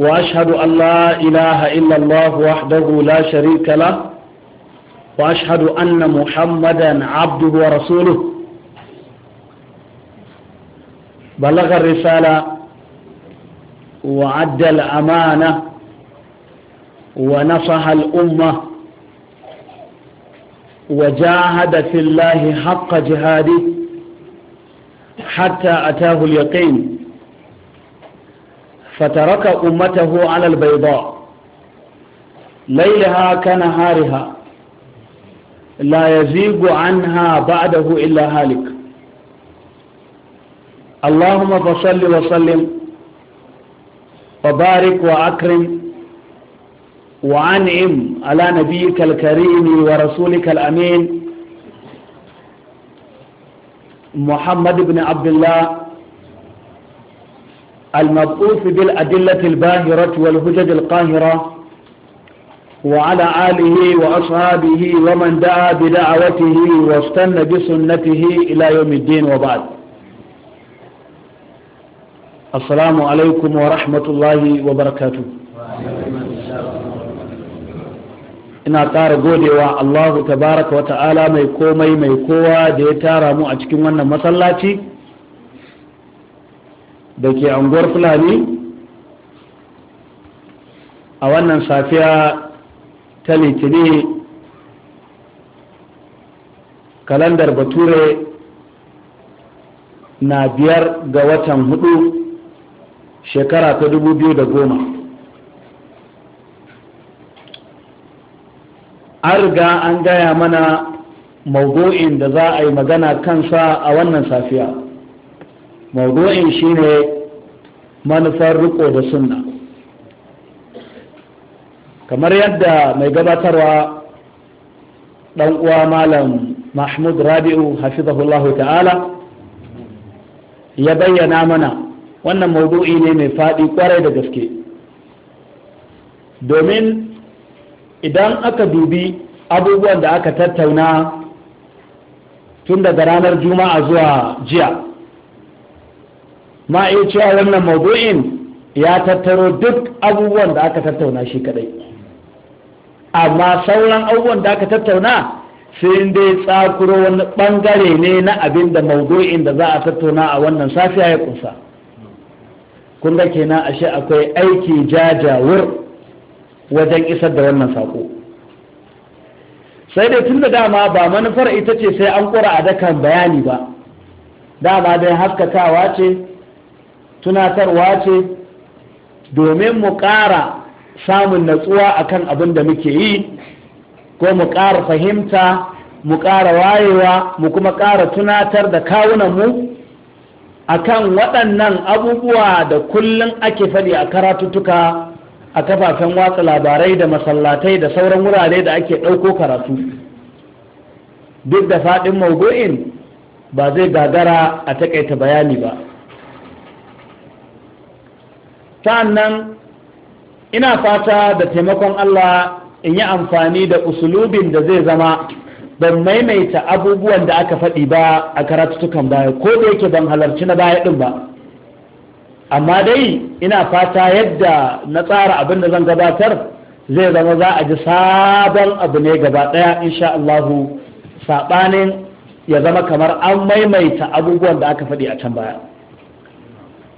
وأشهد أن لا إله إلا الله وحده لا شريك له وأشهد أن محمدا عبده ورسوله بلغ الرسالة وعد الأمانة ونصح الأمة وجاهد في الله حق جهاده حتى أتاه اليقين فترك أمته على البيضاء ليلها كنهارها لا يزيغ عنها بعده إلا هالك اللهم فصل وسلم وبارك وأكرم وعنعم على نبيك الكريم ورسولك الأمين محمد بن عبد الله المبعوث بالأدلة الباهرة والهجج القاهرة وعلى آله وأصحابه ومن دعا بدعوته واستنى بسنته إلى يوم الدين وبعد السلام عليكم ورحمة الله وبركاته ina ƙara godewa Allahu tabaraka wa ta'ala mai komai mai kowa da ya tara mu a cikin da ke anguwar fulani a wannan safiya ta litini kalandar bature na biyar ga watan hudu shekara ta dubu biyu da goma an riga an gaya mana maudu'in da za a yi magana kansa a wannan safiya mawdu'in shine manufar riko da sunna kamar yadda mai gabatarwa dan uwa malam mahmud rabi'u hafizahullahu ta'ala ya bayyana mana wannan mawdu'i ne mai faɗi kwarai da gaske domin idan aka dubi abubuwan da aka tattauna tun daga ranar juma'a zuwa jiya ma iya cewa wannan maudu'in ya tattaro duk abubuwan da aka tattauna shi kadai amma sauran abubuwan da aka tattauna sai dai tsakuro wani bangare ne na abin da maudu'in da za a tattauna a wannan safiya ya ƙusa kun ga kenan ashe akwai aiki jajawur wajen isar da wannan sako sai dai tun da dama ba manufar ita ce sai an kura a dakan bayani ba dama dai haskakawa ce tunatarwa ce domin mu ƙara samun natsuwa akan abin da muke yi ko mu ƙara fahimta mu ƙara wayewa mu kuma ƙara tunatar da kawunanmu A kan waɗannan abubuwa da kullum ake faɗi a karatuttuka a kafafen watsa labarai da masallatai da sauran wurare da ake ɗauko karatu duk da faɗin maudu'in ba zai gagara a taƙaita bayani ba sa'annan ina fata da taimakon Allah in yi amfani da usulubin da zai zama ban maimaita abubuwan da aka faɗi ba a karatutukan baya ko da yake ban halarci na baya ɗin ba amma dai ina fata yadda na tsara abin da zan gabatar zai zama za a ji sabon abu ne gaba ɗaya insha Allahu saɓanin ya zama kamar an maimaita abubuwan da aka faɗi a can baya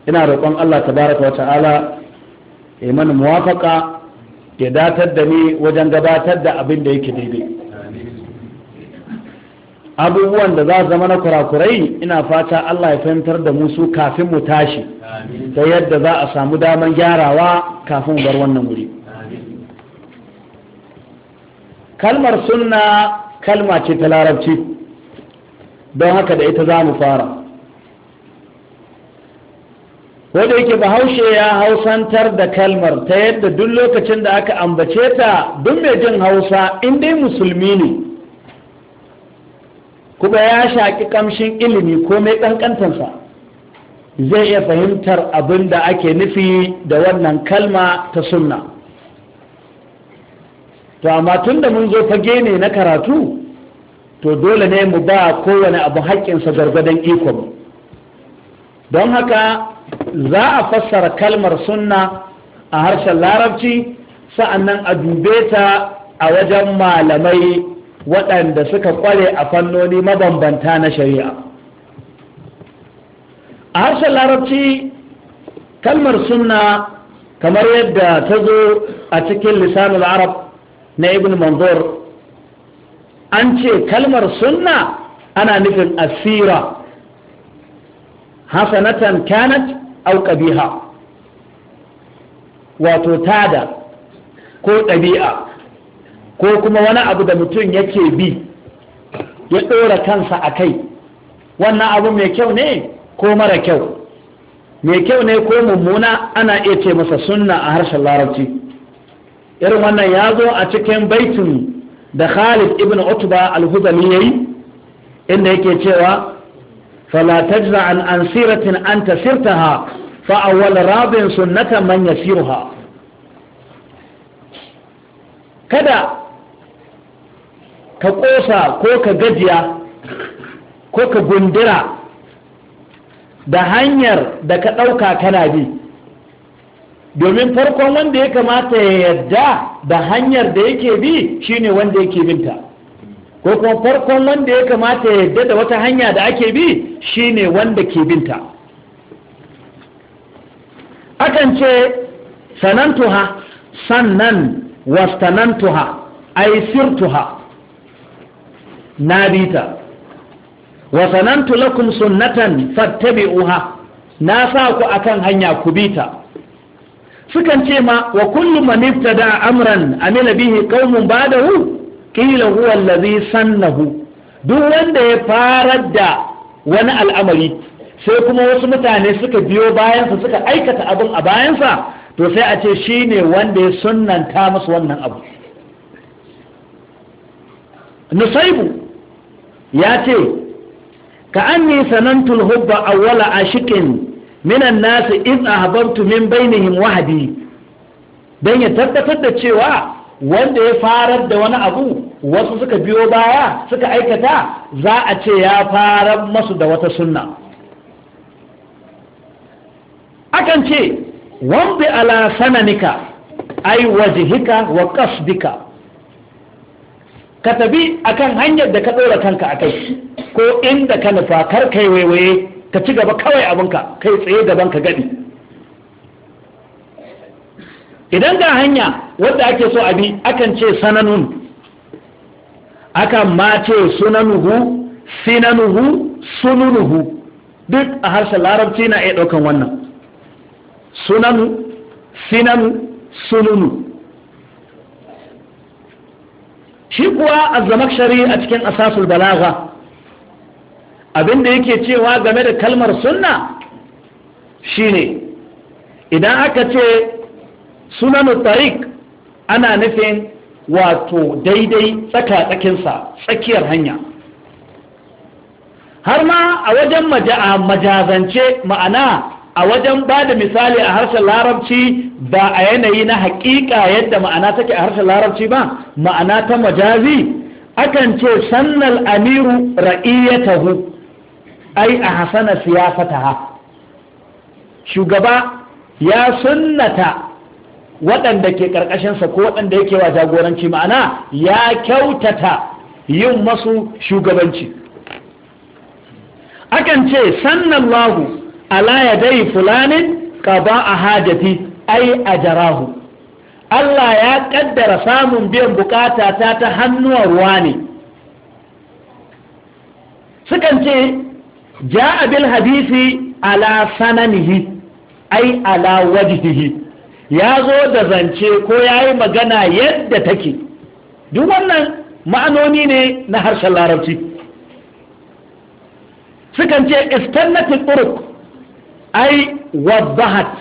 ina roƙon Allah tabaraka wata'ala ya mana muwafaka ya datar da ni wajen gabatar da abin da yake daidai abubuwan da za zama na kurakurai ina fata Allah ya fahimtar da mu su kafin mu tashi ta yadda za a samu damar gyarawa kafin bar wannan wuri kalmar sunna kalma ce ta larabci don haka da ita za mu fara ko da yake bahaushe ya hausantar da kalmar ta yadda duk lokacin da aka ambace ta duk mai jin hausa in dai musulmi ne kuma ya shaƙi ƙamshin ilimi ko mai ƙanƙantarsa zai iya fahimtar abin da ake nufi da wannan kalma ta sunna to amma tun da mun zo fage ne na karatu to dole ne mu ba kowane abu haƙƙinsa gargadon ikon don haka za a fassara kalmar sunna a harshen larabci sa'annan a dube ta a wajen malamai waɗanda suka kware a fannoni mabambanta na shari'a a harshen larabci kalmar sunna kamar yadda ta zo a cikin lisanul arab na ibn manzur an ce kalmar sunna ana nufin asira hasanatan kanat au qabiha wato tada ko ɗabi'a ko kuma wani abu da mutum yake bi ya ɗora kansa a kai wannan abu mai kyau ne ko mara kyau mai kyau ne ko mummuna ana iya ce masa sunna a harshen larabci irin wannan ya zo a cikin baitin da khalid ibn utba al-huzali yayi inda yake cewa fala tajza an an siratin an tasirtaha fa awwal rabin sunnata kada ka kosa ko ka gajiya ko ka gundura da hanyar da ka ɗauka kana bi domin farkon wanda ya kamata ya yadda da hanyar da yake bi shine wanda yake binta ko kuma farkon wanda ya kamata ya yadda da wata hanya da ake bi shine wanda ke binta akan ce sanantuha sannan wastanantuha aisirtuha na bita wa lakum sunnatan fattabi'uha na sa ku akan hanya ku bita sukan ce ma wa kullu man ibtada amran amila bihi qaumun ba'dahu kila huwa allazi sannahu duk wanda ya farar da wani al'amari sai kuma wasu mutane suka biyo bayansa suka aikata abin a bayansa to sai a ce shine wanda ya sunnanta musu wannan abu nusaibu ya ce ka anni sanantul hubba a ashikin minan nasu in ahbabtu min bainihim wahadi dan ya tabbatar da cewa wanda ya farar da wani abu wasu suka biyo baya suka aikata za a ce ya farar masu da wata sunna akan ce wanda ala sananika ai wajihika wa kasdika ka tabi akan hanyar da ka ɗora kanka a kai ko inda ka nufa kar kai waiwaye ka ci gaba kawai abinka kai tsaye gaban ka gadi idan ga hanya wadda ake so abi akan ce sananun akan ma ce sunanuhu sinanuhu sununuhu duk a harshen larabci na iya ɗaukan wannan sunanu sinanu sununu shi kuwa shari a cikin asasul balaga abinda yake cewa game da kalmar sunna shine idan aka ce sunanu tariq ana nufin wato daidai tsaka-tsakinsa tsakiyar hanya har ma a wajen majazance ma'ana a wajen ba da misali a harshen larabci ba a yanayi na haƙiƙa yadda ma'ana take a harshen larabci ba ma'ana ta majazi akan ce sannal amiru ra'iyatahu ai a hasana ha. shugaba ya sunnata waɗanda ke sa ko waɗanda yake wa jagoranci ma'ana ya kyautata yin masu shugabanci akan ce sannan lahu ala ya dai fulanin ƙaba a hajjati ai a jarahu Allah ya ƙaddara samun biyan bukata ta ta hannuwar ruwa ne sukan ce ja bil hadisi ala sananihi ai ala wajihihi ya zo da zance ko ya yi magana yadda take duk wannan ma'anoni ne na harshen larabci sukan ce istannatin uruk ai wabahat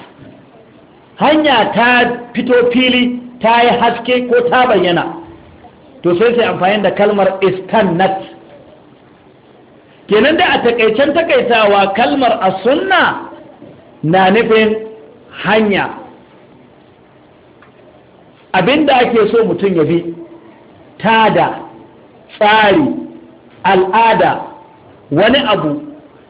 hanya ta fito fili ta yi haske ko ta bayyana to sai sai amfani da kalmar istannat kenan da a takaicen takaitawa kalmar asunna na nufin hanya abinda ake so mutum ya bi tada tsari al'ada wani abu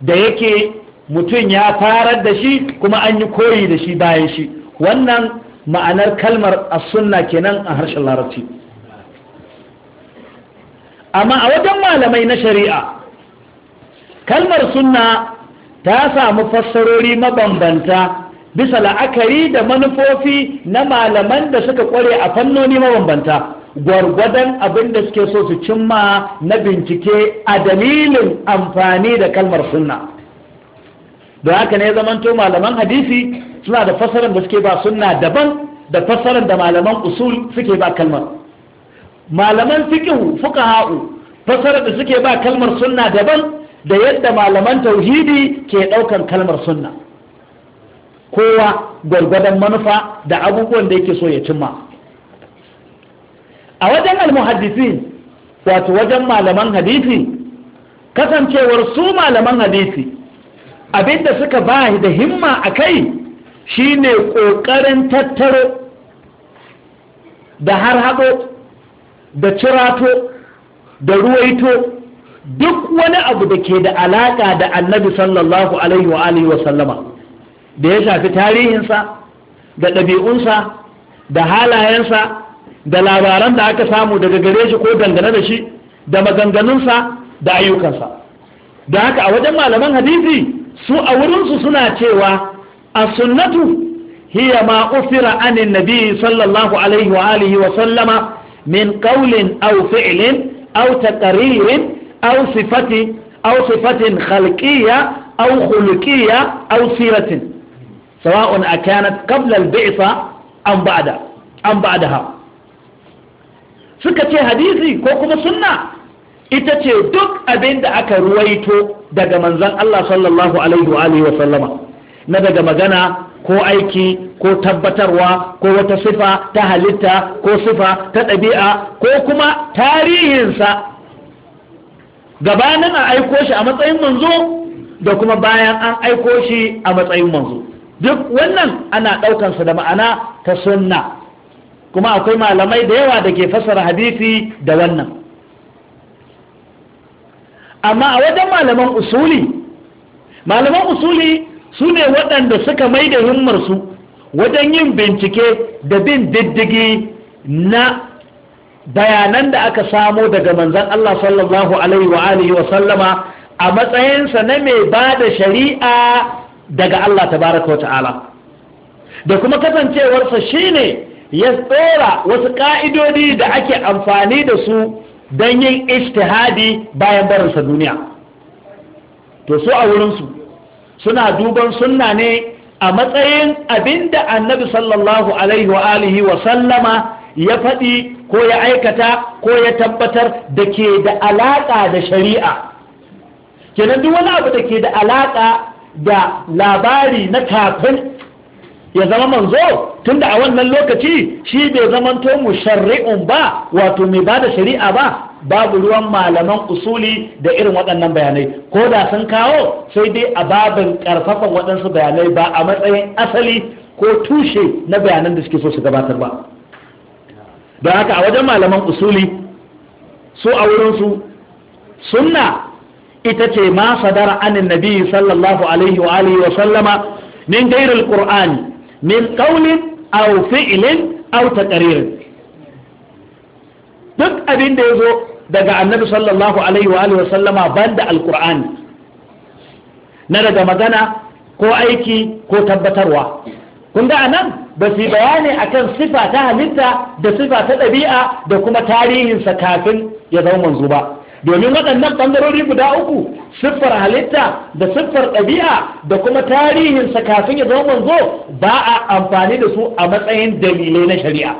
da yake mutum ya farar da shi kuma an yi koyi da shi bayan shi wannan ma'anar kalmar as-sunna kenan a harshen larabci amma a wajen malamai na shari'a kalmar sunna ta samu fassarori mabambanta bisa la'akari da manufofi na malaman da suka kware a fannoni mabambanta gwargwadon abin da suke so su cimma na bincike a dalilin amfani da kalmar sunna don haka ne zamanto malaman hadisi suna da fasarin da suke ba sunna daban da fasarar da malaman usul suke ba kalmar malaman fuka ha'u fasarar da suke ba kalmar sunna daban da yadda malaman tauhidi ke ɗaukan kalmar sunna kowa gwargwadon manufa da abubuwan da yake so ya cimma a wajen almuhadisi wato wajen malaman hadisi kasancewar su malaman hadisi abinda suka ba da himma a kai shine ƙoƙarin tattaro da har haɗo da cirato da ruwaito duk wani abu da ke da alaƙa da annabi sallallahu alaihi wa alihi wa sallama da ya shafi tarihinsa da ɗabi'unsa da halayensa da labaran da aka samu daga gare shi ko dangane da shi da maganganunsa da ayyukansa da haka a wajen malaman hadisi su a wurinsu suna cewa a sunnatu hiya ma ufira anin nabi sallallahu alaihi wa alihi wa sallama min qawlin aw fi'lin aw taqririn aw sifati aw sifatin khalqiyya aw khuluqiyya aw siratin sawa'un akanat qabla al-bi'sa am ba'da am suka ce hadisi ko kuma sunna ita ce duk abin da aka ruwaito daga manzon Allah sallallahu alaihi wa alihi wa sallama na daga magana ko aiki ko tabbatarwa ko wata sifa ta halitta ko sifa ta ɗabi'a ko kuma tarihinsa gabanin a aiko shi a matsayin manzo da kuma bayan an aiko shi a matsayin manzo duk wannan ana ɗaukansa da ma'ana ta sunna kuma akwai malamai da yawa da ke fassara hadisi da wannan amma a wajen malaman usuli malaman usuli su ne waɗanda suka mai da himmarsu wajen yin bincike da bin diddigi na bayanan da aka samo daga manzan Allah sallallahu alaihi wa alihi wa sallama a matsayinsa na mai ba da shari'a daga Allah tabaraka ta'ala da kuma kasancewarsa shine ya tsora wasu ka'idodi da ake amfani da su don yin ijtihadi bayan barinsa duniya to su a wurinsu suna duban sunna ne a matsayin abinda annabi sallallahu alaihi wa alihi wa sallama ya faɗi ko ya aikata ko ya tabbatar da ke da alaƙa da shari'a kenan duk wani abu da ke da alaƙa da labari na kafin ya zama manzo tunda a wannan lokaci shi bai zamanto shari'un ba wato mai da shari'a ba babu ruwan malaman usuli da irin waɗannan bayanai ko da sun kawo sai dai a babin ƙarfafan waɗansu bayanai ba a matsayin asali ko tushe na bayanan da suke so su gabatar ba don haka a wajen malaman usuli su a wurinsu sunna ita ce ma sadara anin nabi sallallahu alaihi wa alihi wa sallama min gairil qur'ani min qawlin aw fi'lin aw taqrir duk abin da yazo daga annabi sallallahu alaihi wa alihi wa sallama banda alqur'ani na daga magana ko aiki ko tabbatarwa kun ga anan ba su bayani akan sifa ta halitta da sifa ta ɗabi'a da kuma tarihinsa kafin ya zama manzo ba domin waɗannan ɓangarori guda uku siffar halitta da siffar ɗabi'a da kuma tarihinsa kafin ya zama wanzo, ba a amfani da su a matsayin dalilai na shari'a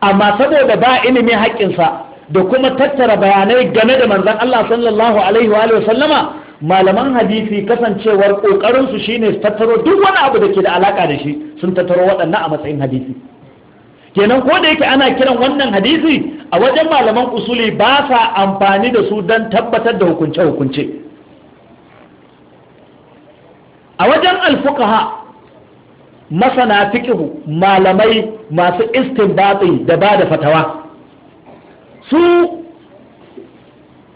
amma saboda ba ilimin haƙƙinsa da kuma tattara bayanai game da manzan Allah sallallahu alaihi wa sallama malaman hadisi kasancewar ƙoƙarinsu shine su tattaro duk wani abu da ke da alaƙa da shi sun tattaro waɗannan a matsayin hadisi kenan ko da yake ana kiran wannan hadisi a wajen malaman usuli ba sa amfani da su don tabbatar da hukunce hukunce a wajen alfukaha masana fiƙihu malamai masu batsi da ba da fatawa su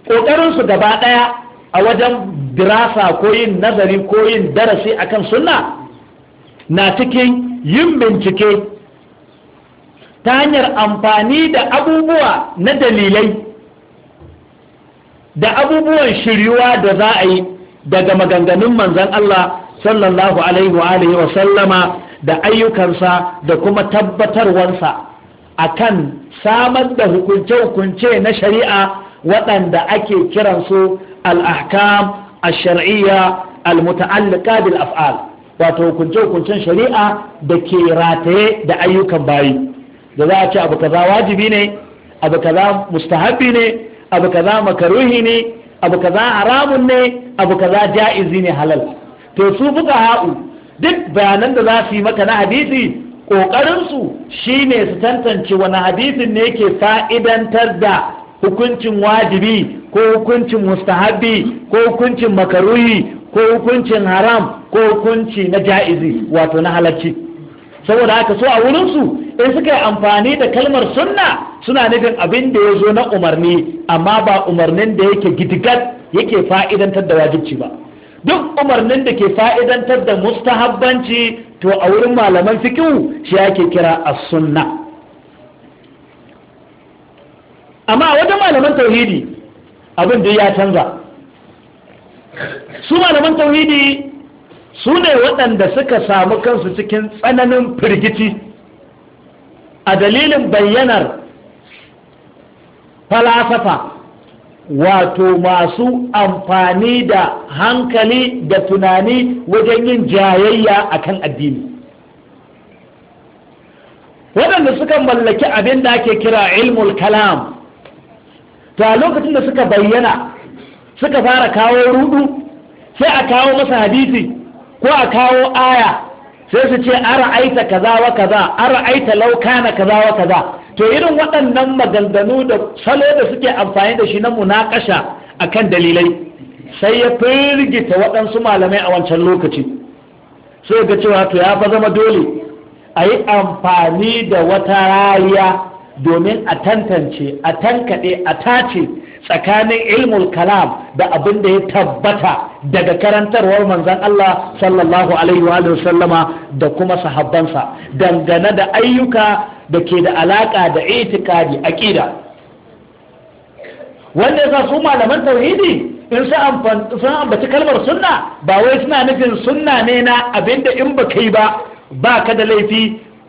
ƙoƙarinsu gaba ɗaya a wajen birasa ko yin nazari ko yin darasi akan sunna na cikin yin bincike ta hanyar amfani da abubuwa na dalilai da abubuwan shiryuwa da za a yi daga maganganun manzan Allah sallallahu alaihi wa alihi wa sallama da ayyukansa da kuma tabbatarwansa kan samar da hukunce-hukunce na shari'a waɗanda ake kiransu al-ahkam al-shar'iyya al-muta'alliqa bil af'al wato hukunce-hukuncen shari'a da ke rataye da ayyukan bayi da za a ce abu kaza wajibi ne abu kaza mustahabi ne abu kaza makaruhi ne abu kaza haramun ne abu kaza ja'izi ne halal to su buga ha'u duk bayanan da za su yi maka na hadisi ƙoƙarinsu shi ne su tantance wani hadisin ne ke fa'idantar da hukuncin wajibi ko hukuncin mustahabi ko hukuncin makaruhi ko hukuncin haram ko hukunci na ja'izi wato na halarci saboda haka so a wurinsu in suka yi amfani da kalmar sunna suna nufin abin da ya zo na umarni amma ba umarnin da yake gidigat yake fa'idantar da wajibci ba duk umarnin da ke fa'idantar da mustahabbanci to a wurin malaman fikihu shi yake kira a sunna amma a wajen malaman tauhidi abin da ya canza su malaman tauhidi su ne waɗanda suka samu kansu cikin tsananin firgici a dalilin bayyanar falasafa wato masu amfani da hankali da tunani wajen yin jayayya akan addini waɗanda suka mallaki abin da ake kira ilmul kalam ta lokacin da suka bayyana suka fara kawo rudu sai a kawo masa hadisi ko a kawo aya sai su ce ara aita kaza wa kaza ara aita laukana kaza wa kaza to irin waɗannan maganganu da salo da suke amfani da shi na munaƙasha a kan dalilai sai ya firgita waɗansu malamai a wancan lokaci sai ga cewa to ya fa zama dole a yi amfani da wata rariya domin a tantance a tankaɗe a tace tsakanin ilmul kalam da abin da ya tabbata daga karantarwar manzon Allah sallallahu alaihi wa sallama da kuma sahabbansa dangane da ayyuka da ke da alaka da itikadi aqida wanda yasa su malaman tauhidi in sun ambaci kalmar sunna ba wai suna nufin sunna ne na abinda in ba kai ba ba ka da laifi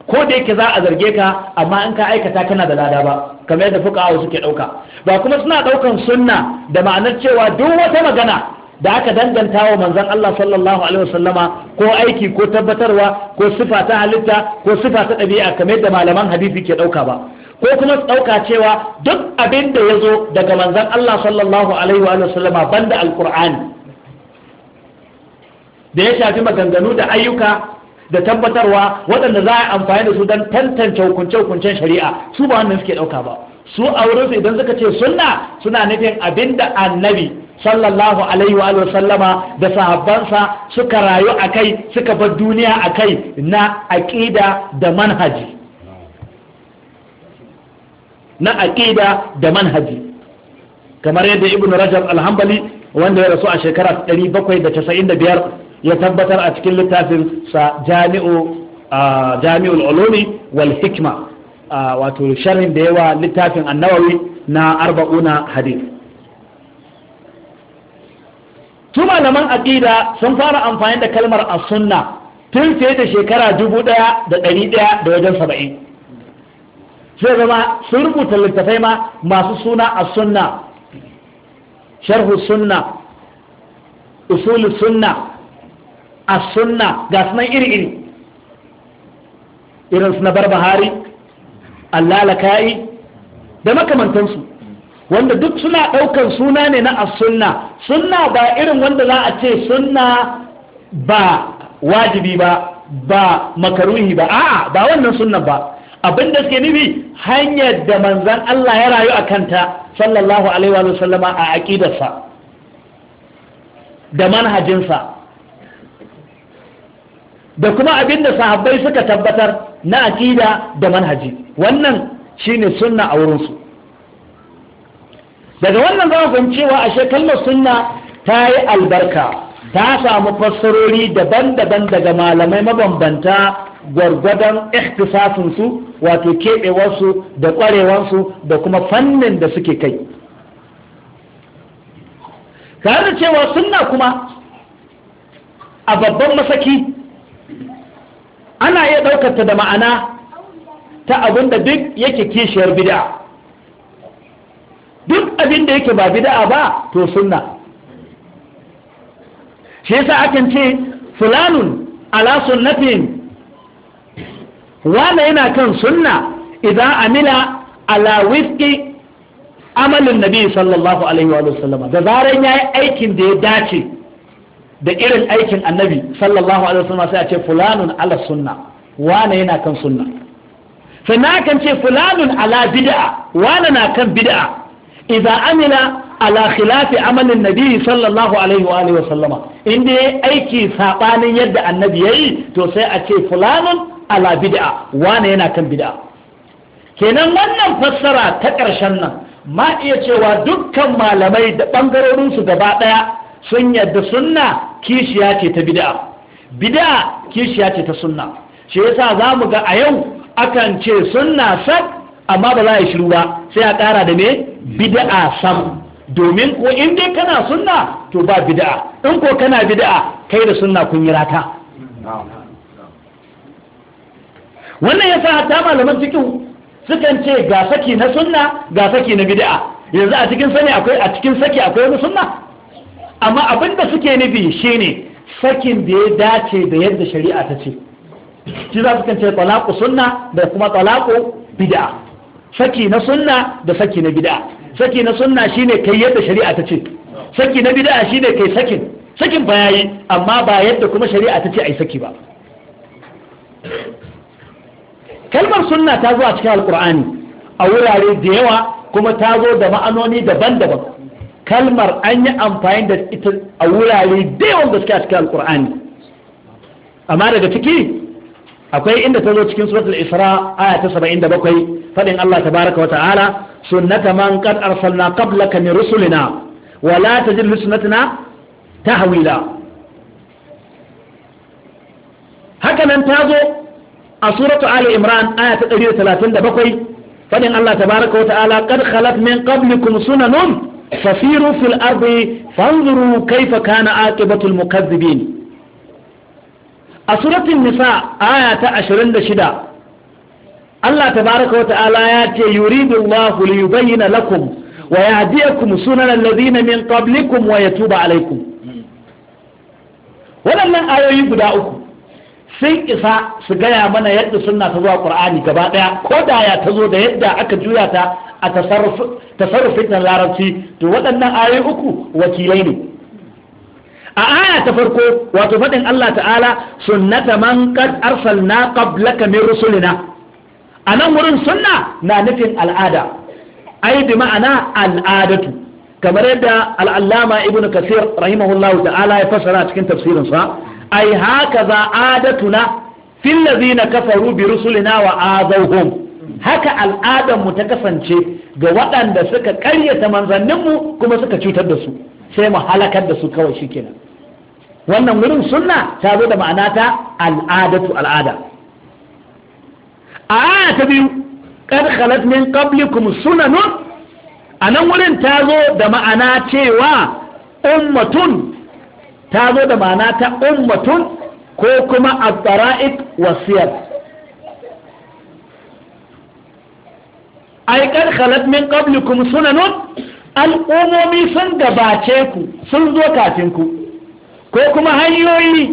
ko da yake za a zarge ka amma in ka aikata kana da lada ba kamar yadda fuka suke ɗauka ba kuma suna ɗaukan sunna da ma'anar cewa duk wata magana da aka danganta wa manzon Allah sallallahu alaihi wasallama ko aiki ko tabbatarwa ko sifa ta halitta ko sifa ta ɗabi'a kamar yadda malaman hadisi ke ɗauka ba ko kuma su ɗauka cewa duk abin da ya zo daga manzon Allah sallallahu alaihi wasallama banda alkur'ani da ya shafi maganganu da ayyuka da tabbatarwa waɗanda za a amfani da su don tantance hukunce-hukuncen shari'a su ba wannan suke ɗauka ba su a wurinsu idan suka ce sunna suna nufin abin da annabi sallallahu alaihi wa sallama da sahabbansa suka rayu a kai suka bar duniya a kai na aƙida da manhaji na aƙida da manhaji kamar yadda ibn rajab alhambali wanda ya rasu a shekara 795 ya tabbatar a cikin littafin sa jami'u jami'ul ulumi wal hikma wato sharhin da yawa littafin annawawi na arba'una hadith tun malaman aqida sun fara amfani da kalmar as-sunna tun fiye da shekara dubu ɗaya da ɗari ɗaya da wajen saba'in sai zama sun rubuta littafai ma masu suna as-sunna sharhu sunna usul sunna a sunna ga sunan iri-iri irin su na barbahari allalaka'i da makamantansu wanda duk suna ɗaukan suna ne na a sunna sunna ba irin wanda za a ce sunna ba wajibi ba ba makaruhi ba a'a ba wannan sunna ba Abin da suke nufi hanyar da manzan Allah ya rayu a kanta sallallahu alaihi wa sallama a aƙidarsa da manhajinsa da kuma abin da sahabbai suka tabbatar na aqida da manhaji wannan shine sunna a wurinsu daga wannan za ku cewa ashe kalmar sunna ta yi albarka ta samu fassarori daban-daban daga malamai mabambanta gwargwadon su wato keɓewarsu da ƙwarewarsu da kuma fannin da suke kai tare da cewa sunna kuma a babban masaki ana iya ɗaukarta da ma'ana ta abin da duk yake kishiyar bid'a duk abin da yake ba bid'a ba to sunna shi yasa akan ce fulanun ala sunnatin wanda yana kan sunna idan amila ala wiski amalin nabi sallallahu alaihi wa sallama da zaran yayi aikin da ya dace da irin aikin annabi sallallahu alaihi wasallam sai a ce fulanun ala sunna wane yana kan sunna sannan kan ce fulanun ala bid'a wane na kan bid'a idza amila ala khilafi amalin nabi sallallahu alaihi wa alihi wasallama in dai aiki sabanin yadda annabi yayi to sai a ce fulanun ala bid'a wane yana kan bid'a kenan wannan fassara ta ƙarshen nan ma iya cewa dukkan malamai da ɓangarorinsu gaba ɗaya sun yadda sunna kishiya ce ta bid'a bid'a kishiya ce ta sunna shi yasa mu ga a yau akan ce sunna sab amma ba za a yi shiru ba sai a ƙara da me bid'a sam domin ko in dai kana sunna to ba bid'a in ko kana bid'a kai da sunna kun yi rata wannan yasa hatta malaman cikin sukan ce ga saki na sunna ga saki na bid'a yanzu a cikin sani akwai a cikin saki akwai wani sunna amma abin da suke nufi shine sakin da ya dace da yadda shari'a ta ce shi za su kance talaku sunna da kuma talaku bid'a saki na sunna da saki na bid'a saki na sunna shine kai yadda shari'a ta ce saki na bid'a shine kai sakin sakin ba yayi amma ba yadda kuma shari'a ta ce ai saki ba kalmar sunna ta zo a cikin alkur'ani a wurare da yawa kuma ta zo da ma'anoni daban-daban kalmar an yi amfani da ita a wurare da yawan gaske a cikin alkur'ani amma daga ciki akwai inda ta zo cikin suratul isra aya ta 77 fadin Allah tabaraka wa ta'ala sunnata man qad arsalna qablaka min rusulina wa la tajid li sunnatina tahwila haka nan ta zo a suratu ali imran aya ta 137 fadin Allah tabaraka wa ta'ala qad khalat min qablikum sunanun فسيروا في الأرض فانظروا كيف كان عاقبة المكذبين أسورة النساء آية عشرين لشدة الله تبارك وتعالى ياتي يريد الله ليبين لكم ويهديكم سنن الذين من قبلكم ويتوب عليكم ولن آية guda sun isa su gaya mana yadda sunna ta zuwa qur'ani gaba daya ko da ya ta zo da yadda aka juya ta a tasarrufin na larabci to waɗannan ayoyi uku wakilai ne a aya ta farko wato faɗin Allah ta'ala sunnata man qad arsalna qablaka min rusulina anan wurin sunna na nufin al'ada ai bi ma'ana al'adatu kamar yadda al'allama ibnu kasir rahimahullahu ta'ala ya fassara cikin tafsirinsa ai haka za adatuna fil ladina kafaru bi rusulina wa azawhum haka al'adar mu ta kasance ga waɗanda suka ƙaryata manzanninmu kuma suka cutar da su sai mu halakar da su kawai shikenan wannan wurin sunna ta zo da ma'ana ta al'adatu al'ada a ta biyu kad khalat min qablikum sunanun anan wurin ta zo da ma'ana cewa ummatun ta zo da ma'ana ta ummatun ko kuma abdara'ik wasiyar ai kan min qablikum sunanun al'ummomi sun gabace ku sun zo kafin ku ko kuma hanyoyi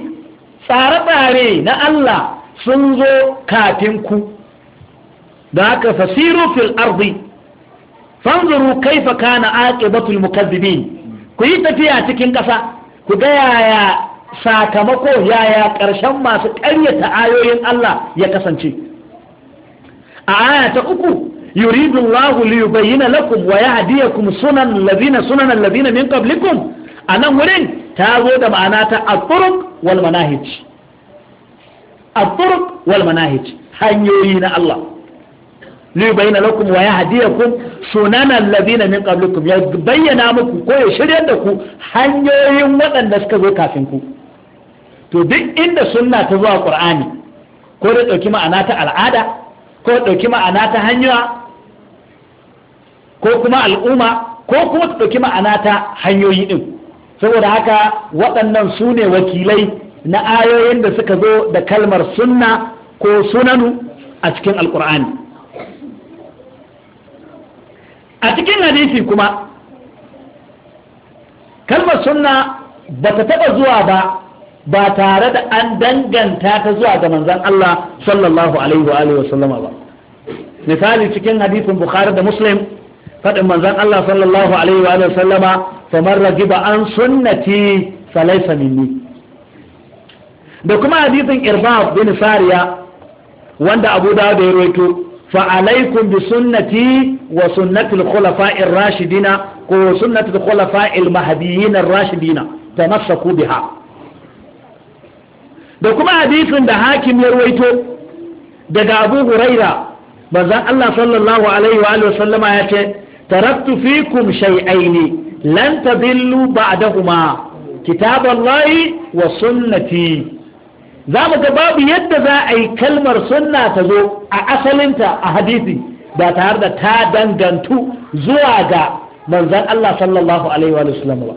tsare-tsare na Allah sun zo kafin ku da haka fasiru fil ardi fanzuru kaifa kana aqibatul mukazzibin ku yi tafiya cikin ƙasa ku ga yaya sakamako yaya ƙarshen masu ƙaryata ayoyin Allah ya kasance a aya ta uku "Yuridun Lahu li yubayyana lakum wa yahdiyakum sunan allazina sunan allazina min qablikum anan wurin ta zo da ma'ana ta at-turuq wal manahij at-turuq wal manahij hanyoyi na Allah li bayyana lakum wa yahdiyakum suna na min qablikum ya bayyana muku ko ya shirya da ku hanyoyin waɗanda suka zo kafin ku to duk inda sunna ta zuwa ƙur'ani ko da ɗauki ma'ana ta al'ada ko da ma'ana ta hanya ko kuma al'umma ko kuma ta ma'ana ta hanyoyi ɗin. saboda haka waɗannan su ne wakilai na ayoyin da suka zo da kalmar sunna ko sunanu a cikin alkur'ani a cikin hadisi kuma kalmar sunna ba ta taɓa zuwa ba ba tare da an danganta ta zuwa ga manzan Allah sallallahu alaihi wa alihi wa sallama ba misali cikin hadisin bukhari da muslim faɗin manzan Allah sallallahu alaihi wa sallama famar ragiba an sunnati falaisa minni da kuma hadisin irbab bin sariya wanda abu da ya rawaito فعليكم بسنتي وسنة الخلفاء الراشدين وسنة الخلفاء المهديين الراشدين تمسكوا بها da kuma hadisin da hakim ya ruwaito daga abu huraira manzon Allah sallallahu alaihi wa sallama ya ce taraktu fikum shay'aini lan tadillu ba'dahuma kitaballahi wa sunnati za mu ga babu yadda za a yi kalmar sunna ta zo a asalinta a hadisi ba tare da ta dangantu zuwa ga manzan Allah sallallahu alaihi wa sallam ba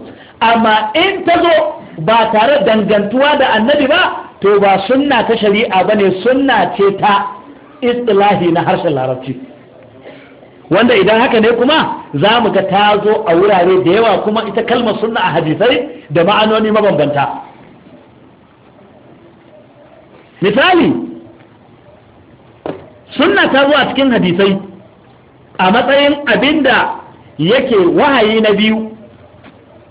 amma in ta zo ba tare dangantuwa da annabi ba to ba sunna ta shari'a ba ne sunna ce ta istilahi na harshen larabci wanda idan haka ne kuma za mu ga ta zo a wurare da yawa kuma ita kalmar sunna a hadisai da ma'anoni mabambanta misali suna ta zuwa cikin hadisai a matsayin abinda yake wahayi na biyu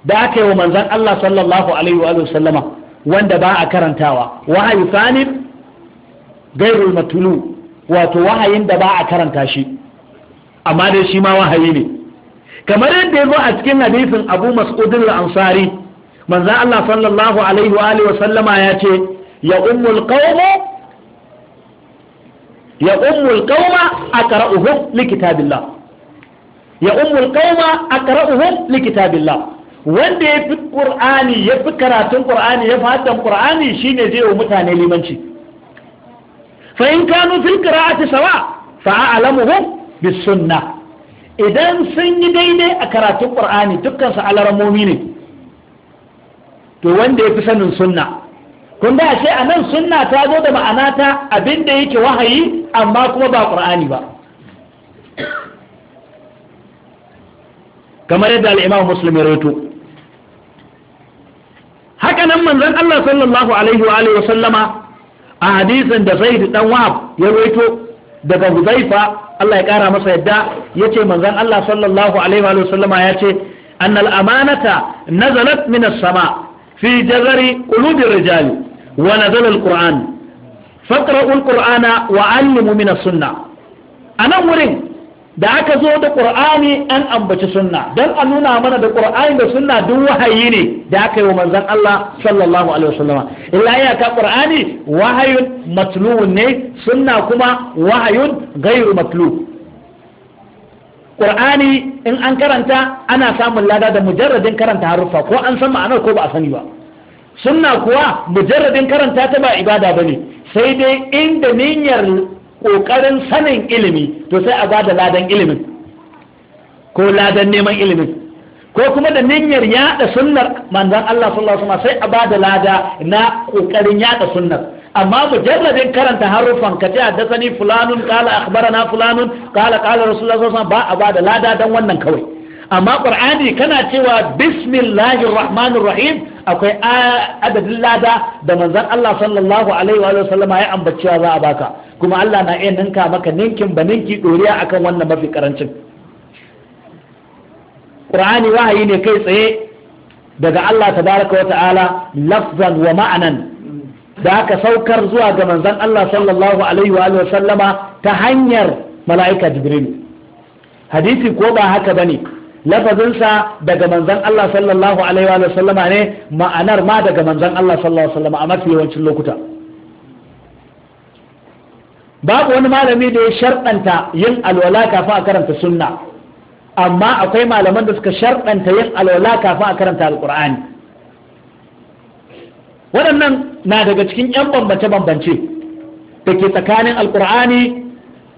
da aka yi wa manzan Allah sallallahu alaihi wa wanda ba a karantawa wahayi sanib gairul matulu wato wahayin da ba a karanta shi amma dai shi ma wahayi ne kamar yadda ya zo a cikin hadisin abu mas'udin al-ansari manzan Allah sallallahu alaihi wa ya ce يؤم القوم يؤم القوم أقرأهم لكتاب الله يؤم القوم أقرأهم لكتاب الله wanda ya fi ƙur'ani ya fi karatun ƙur'ani ya fi haddan ƙur'ani shine zai wa mutane limanci fa in kanu fil qira'ati sawa fa a'lamuhum bis sunna idan sun yi daidai a karatun ƙur'ani dukkan su alarmomi ne to wanda ya fi sanin sunna kun da ce a nan sunna ta zo da ma'ana ta abin da yake wahayi amma kuma ba ƙur'ani ba kamar yadda al'imam muslim ya roto haka nan manzon Allah sallallahu alaihi wa alihi sallama a hadisin da Zaid dan Wahab ya roto daga Huzaifa Allah ya kara masa yadda ya ce manzan Allah sallallahu alaihi wa sallama ya ce, annal amanata nazalat min as-sama fi jazari qulubi rijali wa nazala alquran faqra'u alqur'ana wa 'allimu min as-sunna anan wurin da aka zo da qur'ani an ambaci sunna dan a nuna mana da qur'ani da sunna duk wahayi ne da aka yi wa manzon Allah sallallahu alaihi wasallam illa ya ka qur'ani wahayun matluun ne sunna kuma wahayun gairu matlu qur'ani in an karanta ana samun lada da mujarradin karanta haruffa ko an san ma'anar ko ba a sani ba sunna kuwa mujarradin karanta ta ba ibada ba ne sai dai inda niyyar kokarin sanin ilimi to sai a bada ladan ilimin ko ladan neman ilimin ko kuma da niyyar yada sunnar manzon Allah sallallahu alaihi sai a bada lada na kokarin yada sunnar amma mujarradin karanta harufan kace haddathani fulanun qala akhbarana fulanun qala qala rasulullah sallallahu alaihi wasallam ba a bada lada dan wannan kawai amma qur'ani kana cewa bismillahir rahmanir rahim akwai adadin lada da manzon Allah sallallahu alaihi wa sallama ya ambacewa za a baka kuma Allah na iya ninka maka ninkin ba ninki doriya akan wannan mafi karancin qur'ani wahayi ne kai tsaye daga Allah tabaraka wa ta'ala lafzan wa ma'anan da aka saukar zuwa ga manzon Allah sallallahu alaihi wa sallama ta hanyar mala'ika jibril hadisi ko ba haka bane lafazinsa daga manzan Allah sallallahu alaihi wa sallama ne ma'anar ma daga manzan Allah sallallahu alaihi sallama a mafi yawancin lokuta babu wani malami da ya sharɗanta yin alwala kafin a karanta sunna amma akwai malaman da suka sharɗanta yin alwala kafin a karanta alkur'ani waɗannan na daga cikin 'yan bambance-bambance da ke tsakanin alkur'ani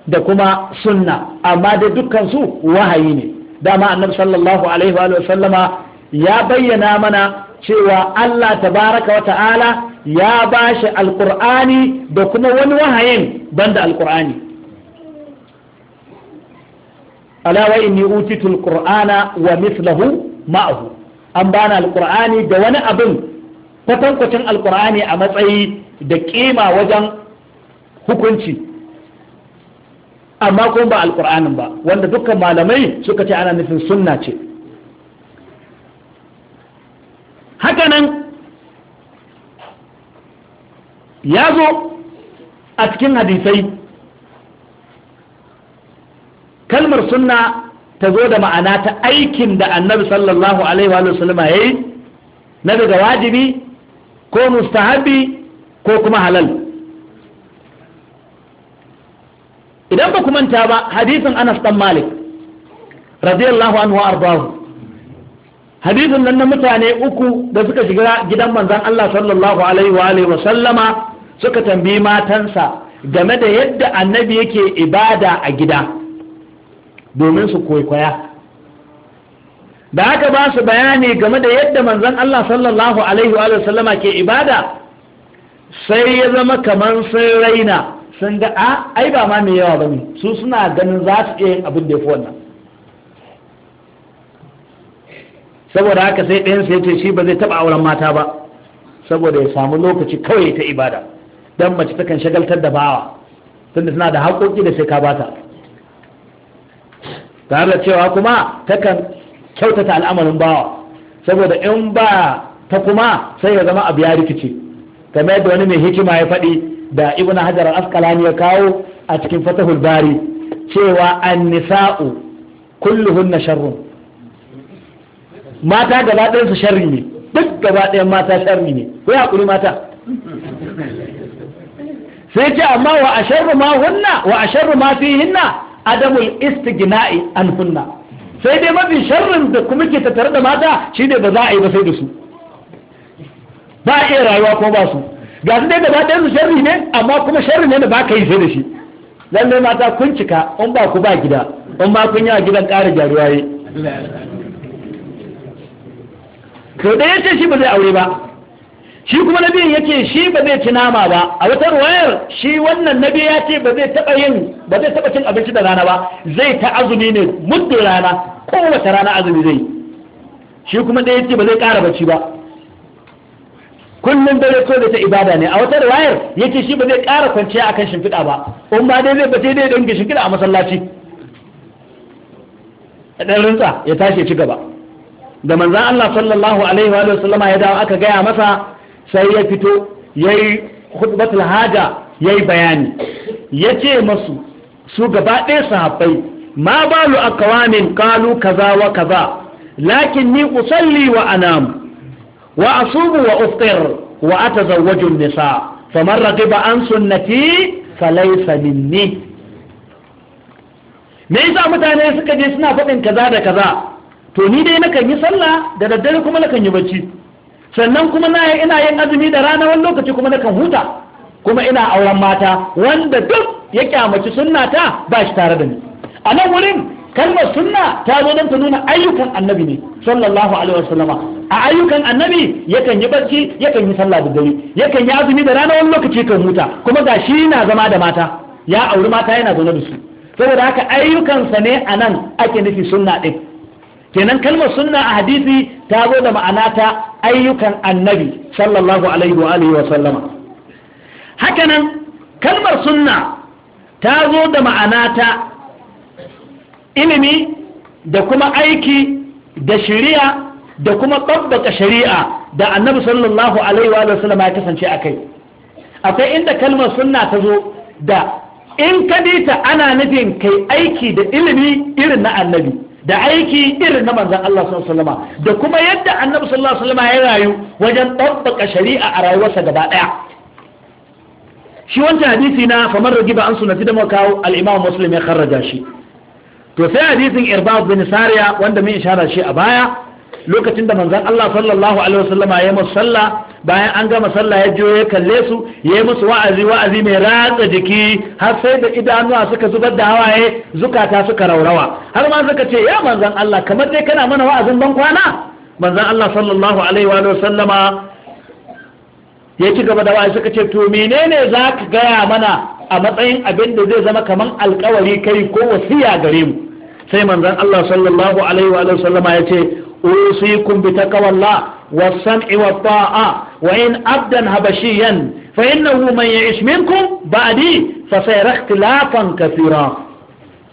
da kuma sunna amma dai dukkansu wahayi ne dama annabi sallallahu alaihi wa sallama ya bayyana mana cewa Allah tabaraka wa ta'ala ya bashi alqur'ani da kuma wani wahayin banda alqur'ani ala wa inni utitu alqur'ana wa mithluhu ma'ahu an bana alqur'ani da wani abin kwatankwacin alqur'ani a matsayi da kima wajen hukunci amma kuma ba alkur'anin ba wanda dukkan malamai suka ce ana nufin sunna ce hakanan ya zo a cikin hadisai kalmar sunna ta zo da ma'ana ta aikin da annabi sallallahu alaihi wa sallam, ya yi na daga wajibi ko mustahabi ko kuma halal idan ba ku manta ba hadisin Anas dan Malik radiyallahu anhu ardahu hadisin nan na mutane uku da suka shiga gidan manzon Allah sallallahu alaihi wa alihi wa sallama suka tambayi matansa game da yadda annabi yake ibada a gida domin su kwaikwaya da haka ba su bayani game da yadda manzon Allah sallallahu alaihi wa sallama ke ibada sai ya zama kamar sun raina sun ga a ah, ai ba ma mai yawa ba ne su suna ganin za su iya yin abin da ya fi wannan saboda haka sai ɗayan sai ce shi ba zai taɓa auren mata ba saboda ya samu lokaci kawai ta ibada don mace takan shagaltar da bawa tunda suna da haƙoƙi da sai ka ta tare da cewa kuma takan kyautata al'amarin bawa saboda in ba ta kuma sai ya zama abu ya rikici kamar yadda wani mai hikima ya faɗi da ibn hajar asqalani ya kawo a cikin fatahul bari cewa an-nisa'u kulluhunna sharrun mata gaba ɗayan su sharri ne duk gaba ɗayan mata sharri ne ko hakuri mata sai ce amma wa asharru ma hunna wa asharru ma fihinna adamul istigna'i, an hunna sai dai mafi sharrin da kuma ke tattare da mata shine ba za a yi ba sai da su ba a iya rayuwa ko ba su ga su dai gaba ɗayan su sharri ne amma kuma sharri ne da ba ka yi sai da shi lallai mata kun cika in ba ku ba gida in ma kun yi a gidan ƙara jaruwa yi to da yace shi ba zai aure ba shi kuma na yake shi ba zai ci nama ba a wata ruwayar shi wannan na ya ce ba zai taɓa yin ba zai taba cin abinci da rana ba zai ta azumi ne muddin rana kowace rana azumi zai shi kuma ɗaya yace ba zai ƙara bacci ba kullum dare ko da ta ibada ne a wata riwayar yace shi ba zai ƙara kwanciya akan shimfiɗa ba in ba dai zai ba sai dai dange shimfiɗa a masallaci dan rinsa ya tashi ci gaba da manzon Allah sallallahu alaihi wa sallama ya dawo aka gaya masa sai ya fito yayi khutbatul haja yayi bayani yace masu su gaba ɗaya sahabbai ma balu akwamin qalu kaza wa kaza lakin ni usalli wa anamu wa asubu wa uftir wa atazawwaju nisa faman raqiba an sunnati falaysa me yasa mutane suka je suna faɗin kaza da kaza to ni dai nakan yi sallah da daddare kuma nakan yi bacci sannan kuma na ina yin azumi da rana wani lokaci kuma nakan huta kuma ina auren mata wanda duk ya kyamaci sunnata ba shi tare da ni a nan wurin kalmar sunna ta zo don ta nuna ayyukan annabi ne sallallahu alaihi wasallama a ayyukan annabi yakan yi barci yakan yi sallah da dare yakan yi azumi da rana wani lokaci kan huta kuma ga shi na zama da mata ya auri mata yana zaune da su saboda haka ayyukansa ne a nan ake nufi sunna ɗin kenan kalmar sunna a hadisi ta zo da ma'ana ta ayyukan annabi sallallahu alaihi wa alihi sallama hakanan kalmar sunna ta zo da ma'ana ta ilimi da kuma aiki da shari'a da kuma ɗabbaka shari'a da annabi sallallahu alaihi wa sallam ya kasance a kai akwai inda kalmar sunna ta zo da in ka ana nufin kai aiki da ilimi irin na annabi da aiki irin na manzan Allah sallallahu alaihi da kuma yadda annabi sallallahu alaihi wasallam ya rayu wajen ɗabbaka shari'a a rayuwarsa gaba ɗaya shi wancan hadisi na famar ragiba an sunati da muka kawo al-Imam Muslim ya kharraja shi to sai hadisin irbad bin sariya wanda mun ishara shi a baya lokacin da manzon Allah sallallahu alaihi wasallama ya musu sallah bayan an gama sallah ya je ya kalle su ya yi musu wa'azi wa'azi mai ratsa jiki har sai da idanuwa suka zubar da hawaye zukata suka raurawa har ma suka ce ya manzon Allah kamar dai kana mana wa'azin ban kwana manzon Allah sallallahu alaihi wa sallama ya ci gaba da wa'azi suka ce to menene za ka gaya mana a matsayin abin da zai zama kamar alkawari kai ko wasiya gare mu sai manzon Allah sallallahu alaihi wa sallama ya ce usikum bi taqwallah was-sam'i wat-ta'a wa in abdan habashiyan fa innahu man ya'ish minkum ba'di fa sayara ikhtilafan kathira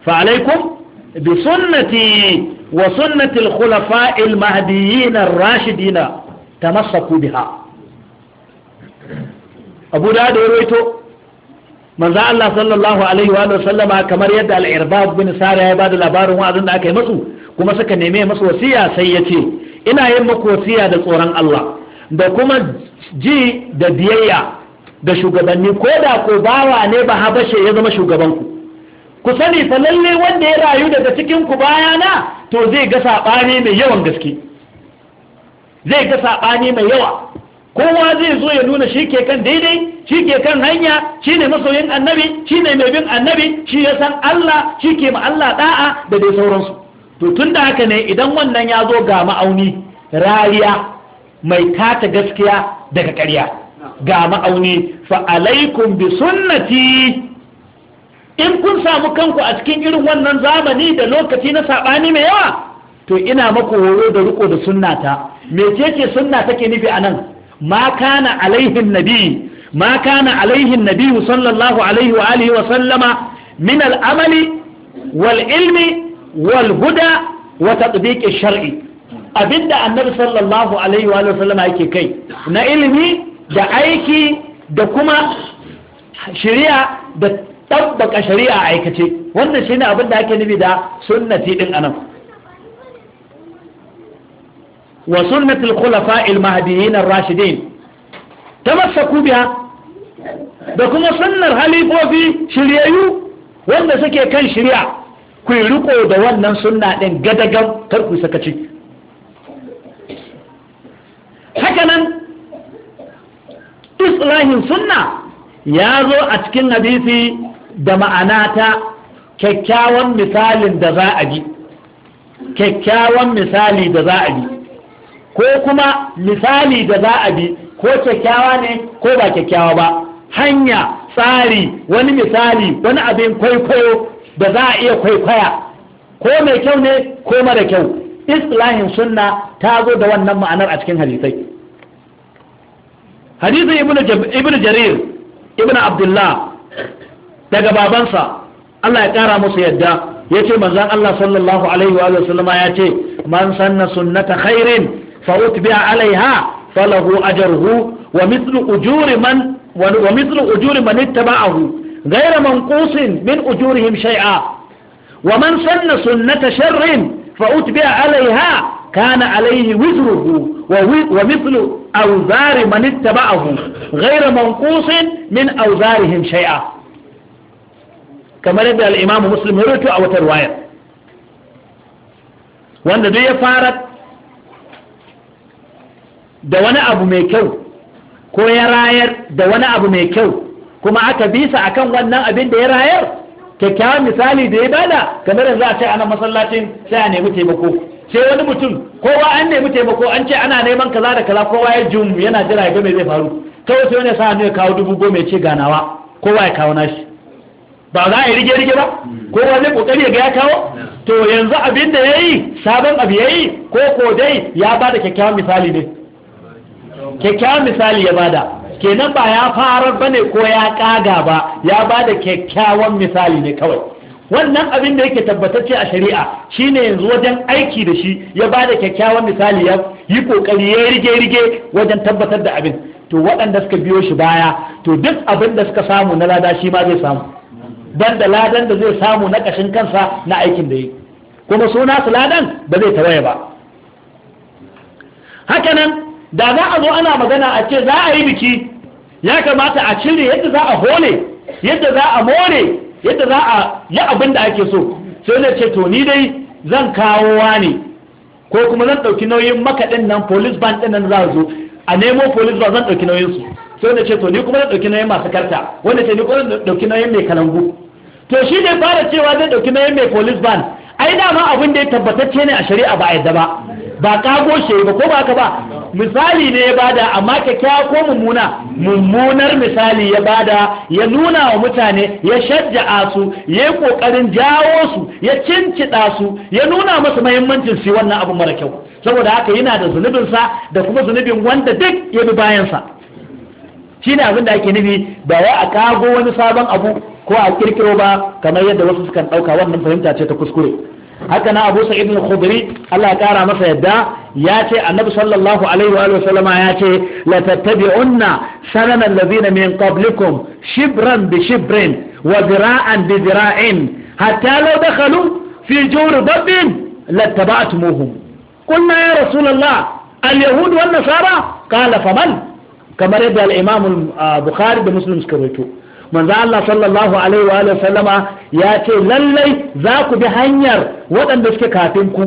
fa alaykum bi sunnati wa sunnati al-khulafa'i al-mahdiyyin ar-rashidin tamassaku biha Abu Dawud ya rawaito manzo Allah sallallahu alaihi wa sallama kamar yadda al-irbab bin sara ya bada labarin wa'azin da aka yi masu kuma suka neme masu wasiya sai ya ce ina yin muku wasiya da tsoron Allah da kuma ji da biyayya da shugabanni ko da ko bawa ne ba habashe ya zama shugabanku ku sani fa lalle wanda ya rayu daga cikin ku bayana to zai ga sabani mai yawan gaske zai ga sabani mai yawa kowa zai zo ya nuna shi ke kan daidai shi ke kan hanya shi ne masoyin annabi shi ne mai bin annabi shi ya san Allah shi ke ma Allah da'a da dai sauransu to tun da haka ne idan wannan ya zo ga ma'auni rariya mai kata gaskiya daga ƙarya ga ma'auni fa alaikum bi sunnati in kun samu kanku a cikin irin wannan zamani da lokaci na saɓani mai yawa to ina maku horo da riko da sunnata Me ce sunna take nufi a nan ma kana alaihin nabi ma kana alaihin sallallahu alaihi wa alihi wa sallama min al'amali wal ilmi wal huda wa tatbiqi shar'i abinda annabi sallallahu alaihi wa alihi wa sallama yake kai na ilimi da aiki da kuma shiriya, da tabbaka shari'a aikace wanda shine abinda ake nufi da sunnati din anan wa sunnatul khulafa'il mahdiyyin ar-rashidin tamassaku biha da kuma sunnar halifofi shiryayyu wanda suke kan shirya ku riko da wannan sunna din gadagan kar ku sakaci haka nan islahin sunna ya zo a cikin hadisi da ma'ana ta kyakkyawan misalin da za a bi kyakkyawan misali da za a bi ko kuma misali da za a bi ko kyakkyawa ne ko ba kyakkyawa ba hanya tsari wani misali wani abin kwaikwayo da za a iya kwaikwaya ko mai kyau ne ko mara kyau islahin sunna ta zo da wannan ma'anar a cikin hadisai hadisin Ibn jarir Ibn abdullah daga babansa Allah ya kara musu yadda ya ce manzan Allah sallallahu alaihi wa sallama ya ce man sanna sunnata khairin فأتبع عليها فله أجره ومثل أجور من ومثل أجور من اتبعه غير منقوص من أجورهم شيئا ومن سن سنة شر فأتبع عليها كان عليه وزره ومثل أوزار من اتبعه غير منقوص من أوزارهم شيئا كما رد الإمام مسلم هرتو أو ترواية وأن دي فارت da wani abu mai kyau ko ya rayar da wani abu mai kyau kuma aka bisa akan wannan abin da ya rayar kyakkyawan misali da ya bada kamar yanzu a ce ana masallacin sai a nemi taimako sai wani mutum kowa an nemi taimako an ce ana neman kaza da kaza kowa ya jin yana jira ya ga me zai faru kawai sai wani sa hannu ya kawo dubu goma ya ce ganawa kowa ya kawo nashi ba za a yi rige rige ba kowa zai kokari ya ga ya kawo to yanzu abin da yayi sabon abu yayi ko ko dai ya bada kyakkyawan misali ne kyakkyawan misali ya bada kenan ba ya farar bane ko ya kaga ba ya bada kyakkyawan misali ne kawai wannan abin da yake tabbatacce a shari'a shine yanzu wajen aiki da shi ya bada kyakkyawan misali ya yi kokari ya rige rige wajen tabbatar da abin to waɗanda suka biyo shi baya to duk abin da suka samu na lada shi ma zai samu dan da ladan da zai samu na kashin kansa na aikin da yi kuma suna su ladan ba zai tawaye ba hakanan da za a zo ana magana a ce za a yi biki ya kamata a cire yadda za a hole yadda za a more yadda za a yi abin da ake so sai na ce to ni dai zan kawo wani ko kuma zan ɗauki nauyin makaɗin nan police band ɗin nan za a zo a nemo police band zan ɗauki nauyin su sai da ce to ni kuma zan ɗauki nauyin masu karta wanda ce ni kuma zan ɗauki nauyin mai kalangu to shi ne fara cewa zai ɗauki nauyin mai police band ai dama abin da ya tabbatacce ne a shari'a ba a yadda ba ba kago shi ba ko ba ka ba misali ne ya bada amma kyakkyawa ko mummuna mummunar misali ya bada ya nuna wa mutane ya shajja'a su ya yi kokarin jawo su ya cincida su ya nuna musu muhimmancin su wannan abu mara kyau saboda haka yana da zunubin sa da kuma zunubin wanda duk ya bi bayansa shi ne abin da ake nufi ba wai a kago wani sabon abu ko a kirkiro ba kamar yadda wasu sukan ɗauka wannan fahimta ce ta kuskure haka na Abu Sa'id al-Khudri Allah ya kara masa yadda ya ce Annabi sallallahu alaihi wa sallama ya ce la tattabi'unna sanana alladhina min qablikum shibran bi shibrin wa dira'an bi dira'in hatta law dakhalu fi jawr dabbin lattaba'tumuhum qulna ya rasulullah al-yahud wan nasara qala faman kamar yadda al-Imam al-Bukhari da Muslim suka rawaito manzo Allah sallallahu alaihi wa sallama ya ce lallai za ku bi hanyar waɗanda suke kafin ku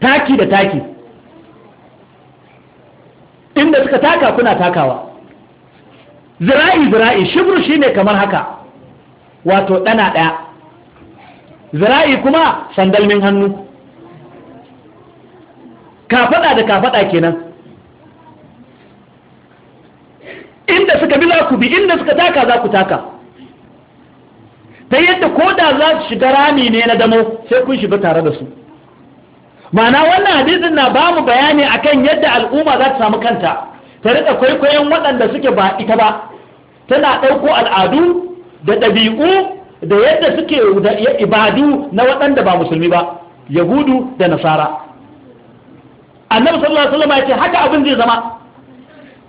taki da taki inda suka taka kuna takawa zira'i zira'i shibru shine kamar haka wato ɗana ɗaya zira'i kuma sandalmin hannu kafaɗa da kafaɗa kenan inda suka bi za bi inda suka taka za ku taka ta yadda ko da za su shiga rami ne na damo sai kun shiga tare da su ma'ana wannan hadisin na ba mu bayani akan yadda al'umma za ta samu kanta ta rika kwaikwayon waɗanda suke ba ita ba tana ɗauko al'adu da ɗabi'u da yadda suke da ibadu na waɗanda ba musulmi ba yahudu da nasara annabi sallallahu alaihi wasallam ya ce haka abin zai zama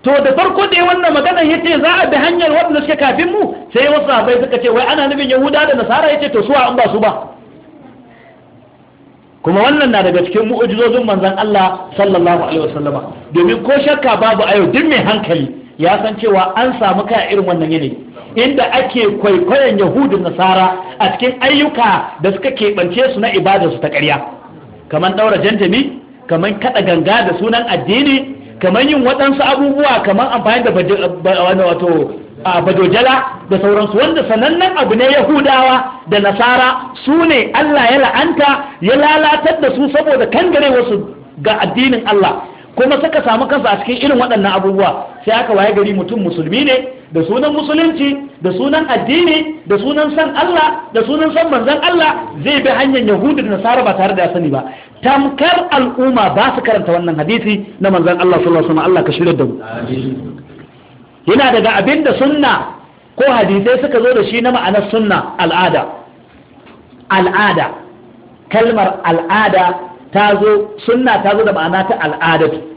to da farko da wannan maganar ya ce za a bi hanyar waɗanda suke kafin mu sai wasu sahabai suka ce wai ana nufin yahuda da nasara ya ce to suwa an ba su ba kuma wannan na daga cikin mu'ujizozin manzon Allah sallallahu alaihi wasallama domin ko shakka babu ayo duk mai hankali ya san cewa an samu kai irin wannan yanayi inda ake kwaikwayon yahudu nasara a cikin ayyuka da suka keɓance su na ibada su ta ƙarya kamar ɗaura jantami kamar kaɗa ganga da sunan addini kamar yin waɗansu abubuwa kamar amfani da wato a bajojala da sauransu wanda sanannen abu ne yahudawa da nasara su ne allah ya la'anta ya lalatar da su saboda kangare wasu ga addinin allah kuma suka samu kansa a cikin irin waɗannan abubuwa sai aka waye gari mutum musulmi ne da sunan musulunci da sunan addini da sunan san Allah da sunan san manzon Allah zai bi hanyar yahudu da nasara ba tare da sani ba tamkar al'umma ba su karanta wannan hadisi na manzan Allah sallallahu alaihi Allah ka shirya da mu yana daga abin da sunna ko hadisai suka zo da shi na ma'anar sunna al'ada al'ada kalmar al'ada ta zo sunna ta zo da ma'ana ta al'adatu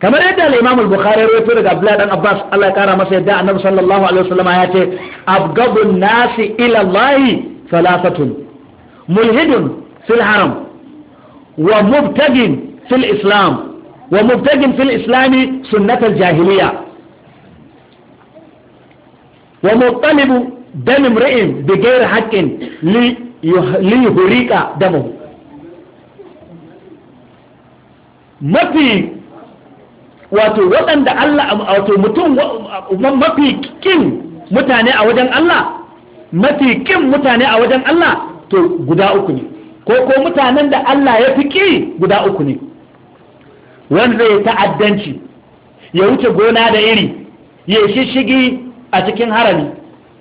kamar yadda al-Imam al-Bukhari ya rawaito daga Abdullah dan Abbas Allah ya kara masa yadda Annabi sallallahu alaihi wasallam ya ce abgabun nasi ila Allah thalathatun mulhidun fil haram wa mubtagin fil islam wa mubtagin fil islam sunnat al-jahiliya wa mutalibu dam imra'in bighayri haqqin li yuhriqa damu mafi wato waɗanda Allah wato mutum mafi kin mutane a wajen Allah mafi kin mutane a wajen Allah to guda uku ne ko ko mutanen da Allah ya fi ki guda uku ne wanda ya ta'addanci ya wuce gona da iri ya shishigi a cikin harami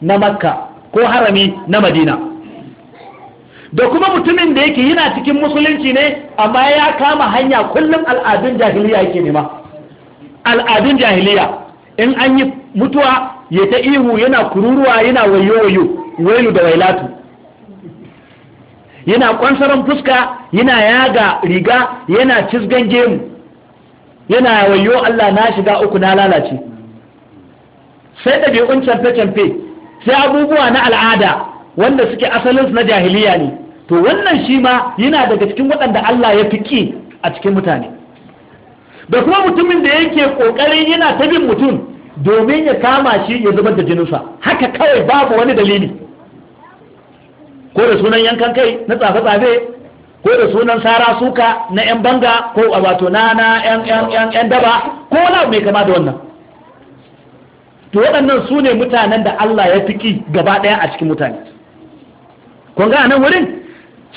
na makka ko harami na madina da kuma mutumin da yake yana cikin musulunci ne amma ya kama hanya kullum al'adun jahiliya yake nema al'adun jahiliya in an yi mutuwa ya ta ihu yana kururuwa yana wayo wayo wailu da wailatu yana kwansaran fuska yana yaga riga yana cizgan gemu yana wayo Allah na shiga uku na lalace sai ɗabi'un canfe-canfe sai abubuwa na al'ada wanda suke asalinsu na jahiliya ne to wannan shi ma yana daga cikin waɗanda Allah ya fi a cikin mutane da kuma mutumin da yake kokarin yana ta bin mutum domin ya kama shi ya zubar da jininsa haka kawai babu wani dalili ko da sunan yankan kai na tsafe-tsafe ko da sunan sara suka na 'yan banga ko a wato na na 'yan daba ko wani mai kama da wannan to waɗannan su ne mutanen da Allah ya fiki gaba ɗaya a cikin mutane kun ga nan wurin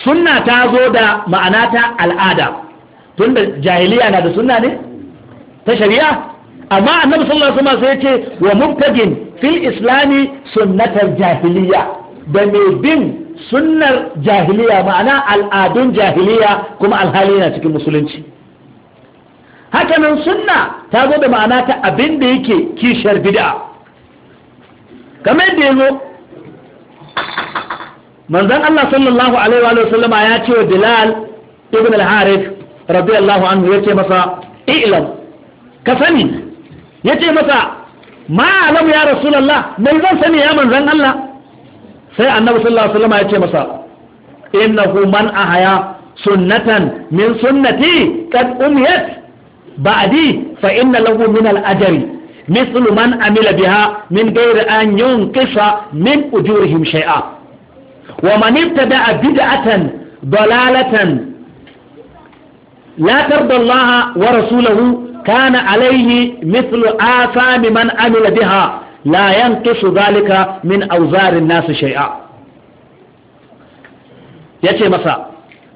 sunna ta zo da ma'ana ta al'ada tunda jahiliya na da sunna ne ta shari'a amma annabi sallallahu alaihi wasallam sai yace wa mubtadin fil islami sunnatar jahiliya da mai bin sunnar jahiliya ma'ana al'adun jahiliya kuma alhali yana cikin musulunci hakanan sunna ta zo da ma'ana ta abin da yake kishar bid'a kamar yadda ya zo manzon Allah sallallahu alaihi wa sallama ya ce wa Bilal ibn al-Harith radiyallahu anhu ce masa i'lam ka sani yace masa ma alam ya rasulallah mai zan sani ya manzan Allah sai annabi sallallahu alaihi wasallam ce masa innahu man ahaya sunnatan min sunnati qad umiyat ba'di fa inna lahu min al-ajri مثل من عمل بها من غير أن ينقص من أجورهم شيئا ومن ابتدع بدعة ضلالة la tarda Allah wa rasulahu kana alaihi mithlu afami man amila biha la yanqisu dhalika min awzarin nas shay'a yace masa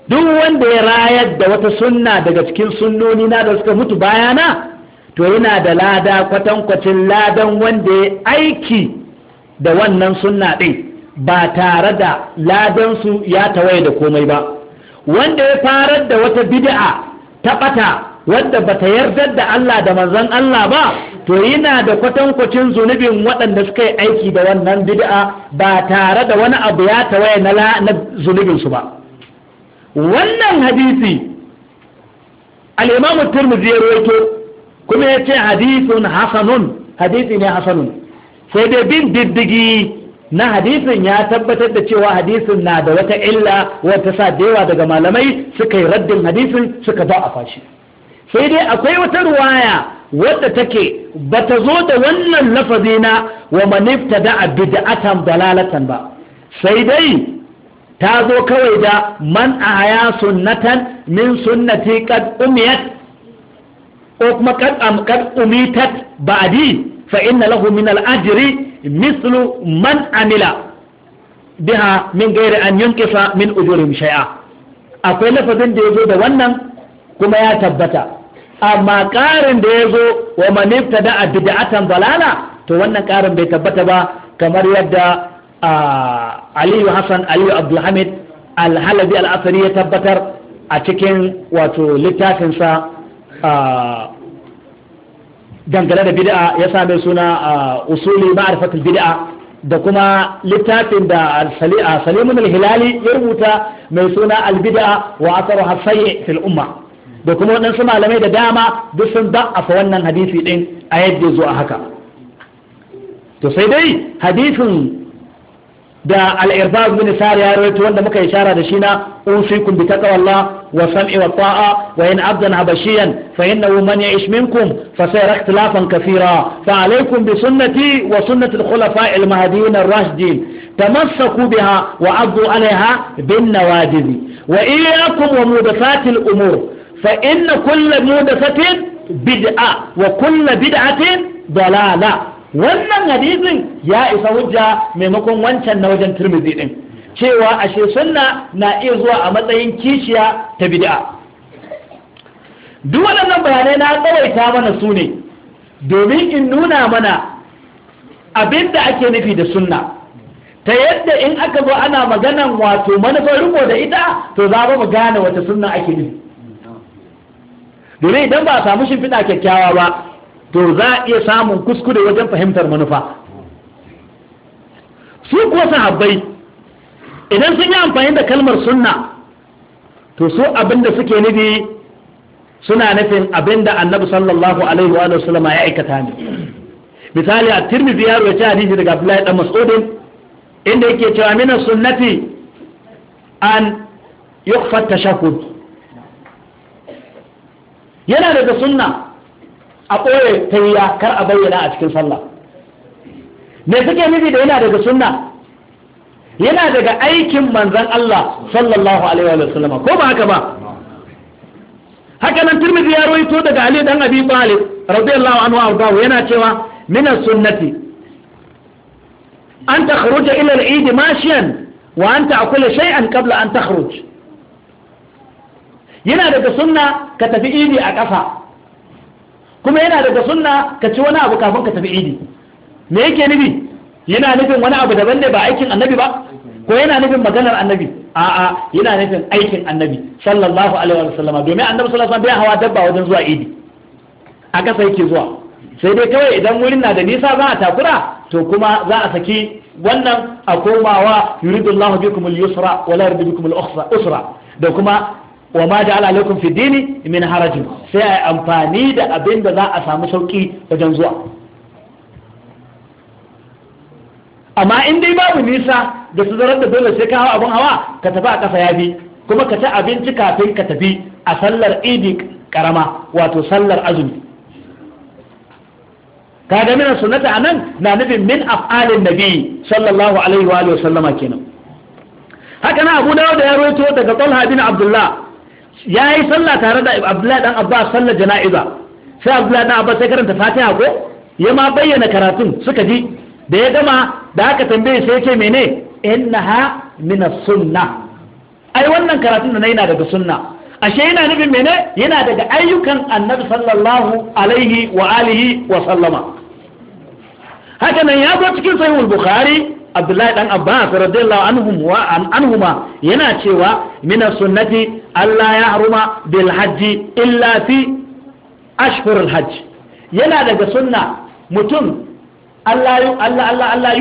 duk wanda ya rayar da wata sunna daga cikin sunnoni na da suka mutu bayana to yana da lada kwatankwacin ladan wanda ya aiki da wannan sunna ɗin ba tare da ladansu ya tawaye da komai ba wanda ya farar da wata bid'a ta ɓata wanda bata yarda da Allah da manzon Allah ba to yana da kwatankwacin zunubin waɗanda suka yi aiki da wannan bid'a ba tare da wani abu ya tawaye na zunubin su ba wannan hadisi al-Imam Tirmidhi ya rawaito kuma yace hadithun hasanun hadisi ne hasanun sai dai bin diddigi na hadisin ya tabbatar da cewa hadisin na da wata illa wata sa da yawa daga malamai suka yi raddin hadisin suka ba a fashi sai dai akwai wata ruwaya wadda take bata zo da wannan lafazi na wa manifta da bid'atan dalalatan ba sai dai ta zo kawai da man ahaya sunnatan min sunnati qad umiyat ko kuma umitat fa na lahu min al-ajri mislu man amila biha min gairi an yunqisa min ujurihim akwai lafazin da yazo da wannan kuma ya tabbata amma ƙarin da ya zo wa manifta da abida'atan balala to wannan ƙarin bai tabbata ba kamar yadda aliyu hassan aliyu abdulhamid al al'asari ya tabbatar a cikin wato littafinsa dangane da bid'a ya same suna usuli ma'rifatul bid'a da kuma littafin da sali'a salimun al-hilali ya rubuta mai suna al-bid'a wa asaru fil umma da kuma waɗansu malamai da dama duk sun da'afa wannan hadisi din a yadda zuwa haka to sai dai hadisin da al-irbaz bin sari ya rawaito wanda muka ishara da shi na usikum bi taqwallah والسمع والطاعة وإن عبدا عبشيا فإنه من يعيش منكم فسير اختلافا كثيرا فعليكم بسنتي وسنة الخلفاء المهديين الراشدين تمسكوا بها وعبدوا عليها بالنواجذ وإياكم ومودفات الأمور فإن كل مودفة بدعة وكل بدعة ضلالة wannan hadisin ya isa hujja maimakon wancan na wajen turmizi din cewa ashe sunna na iya zuwa a matsayin kishiya ta bid'a duk waɗannan bayanai na tsawaita mana su ne domin in nuna mana abin da ake nufi da sunna ta yadda in aka zo ana maganan wato manufar riko da ita to za mu gane wata sunna ake nufi domin idan ba a samu shimfiɗa kyakkyawa ba to za a iya samun kuskure wajen fahimtar manufa su kuwa sahabbai idan sun yi amfani da kalmar sunna to su abinda suke nufi suna nufin abinda annabi sallallahu alaihi wa sallama ya aikata ne misali a tirmidhi ya rawaita hadisi daga Abdullahi dan Mas'udin inda yake cewa min sunnati an yukhfa tashahhud yana daga sunna a ɓoye tayya kar a bayyana a cikin sallah me suke nufi da yana daga sunna yana daga aikin manzan Allah sallallahu alaihi wa sallam ko ba haka ba haka nan turmizi ya rawaito daga Ali dan Abi Talib radiyallahu anhu ardahu yana cewa min sunnati an takhruja ila al-eid mashiyan wa an ta'kula shay'an qabla an takhruj yana daga sunna ka tafi idi a kasa kuma yana daga sunna ka ci wani abu kafin ka tafi idi me yake nufi yana nufin wani abu daban ne ba aikin annabi ba ko yana nufin maganar annabi a'a yana nufin aikin annabi sallallahu alaihi wa sallama domin annabi sallallahu alaihi wa bai hawa dabba wajen zuwa idi a kasa yake zuwa sai dai kawai idan wurin na da nisa za a takura to kuma za a saki wannan a komawa yuridullahu bikum al-yusra wa la yuridu bikum al-usra da kuma wa ma ja'ala alaikum fi dini min harajin sai a amfani da abin da za a samu sauki wajen zuwa amma in dai babu nisa da su zarar da dole sai ka hawa abin hawa ka tafi a ƙasa ya bi, kuma ka ci abinci kafin ka tafi a sallar idi karama wato sallar azumi ka ga mina sunnata anan na nufin min af'alin nabi sallallahu alaihi wa sallama kenan haka na abu dawo da ya roto daga talha bin abdullah ya yi sallah tare da abdullah dan abbas sallar jana'iza sai abdullah dan abbas sai karanta fatiha ko ya ma bayyana karatun suka ji da ya gama da aka tambaye sai ce mene innaha min sunna ai wannan karatun da na yana daga sunna ashe yana nufin mene yana daga ayyukan annabi sallallahu alaihi wa alihi wa sallama haka nan ya zo cikin sahihul bukhari abdullahi dan abbas radiyallahu anhum wa anhuma yana cewa mina sunnati Allah ya haruma bil hajj illa fi al hajj yana daga sunna mutum Allah Allah Allah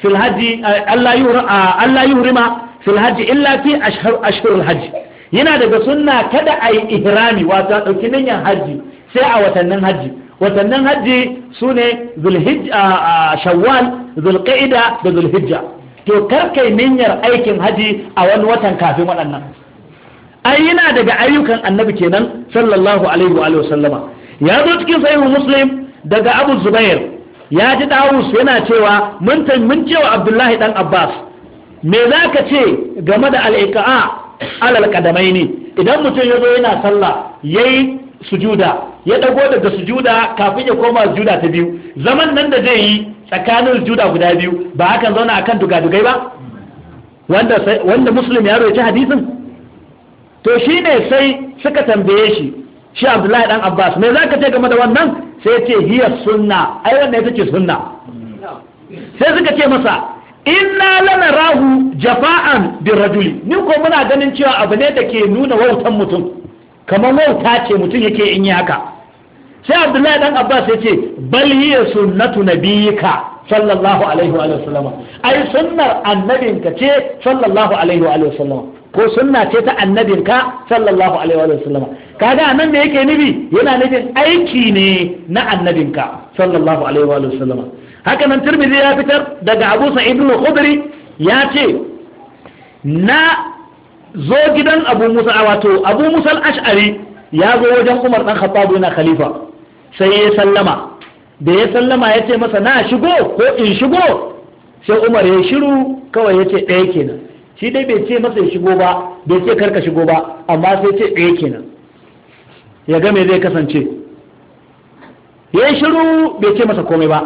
fil hajji eh, ah, illa fi ashirin hajji yana daga sunna kada a yi ihrami wato ɗauki hajji sai a watannin hajji watannin hajji su ne ah, ah, shawwal zulqa'ida da zulhijja to karkai niyyar aikin hajji a wani watan kafin waɗannan ai yana daga ayyukan annabi kenan sallallahu alaihi wa sallama ya zo cikin sahihu muslim daga abu zubair ya ji dawus yana cewa mun mun cewa abdullahi ɗan abbas me za ka ce game da al'iqa'a alal kadamai ne idan mutum ya zo yana sallah yayi sujuda ya dago daga sujuda kafin ya koma sujuda ta biyu zaman nan da zai yi tsakanin sujuda guda biyu ba hakan zauna akan dugadugai ba wanda wanda muslim ya roci hadisin to shi ne sai suka tambaye shi shi abdullahi dan abbas me zaka ce game da wannan sai ce hiya sunna ai wannan ita ce sunna sai suka ce masa inna lana rahu jafa'an bir rajuli ni ko muna ganin cewa abu ne da ke nuna wautan mutum kamar wauta ce mutum yake in yi haka sai abdullahi dan abbas ya ce bal hiya sunnatu nabiyika sallallahu alaihi wa sallama ai sunnar annabinka ce sallallahu alaihi wa sallama ko sunna ce ta annabinka sallallahu alaihi wa sallama kaga nan da yake nubi yana nufin aiki ne na annabinka sallallahu alaihi wa sallama haka nan tirmidhi ya fitar daga abu sa'id al-khudri ya ce na zo gidan abu musa wato abu musa al-ash'ari ya zo wajen umar dan khattab yana khalifa sai ya sallama da ya sallama ya ce masa na shigo ko in shigo sai umar ya shiru kawai ya ce ɗaya kenan shi dai bai ce masa ya shigo ba bai ce karka shigo ba amma sai ce ɗaya eh kenan ya ga me zai kasance ya yi shiru bai ce masa komai ba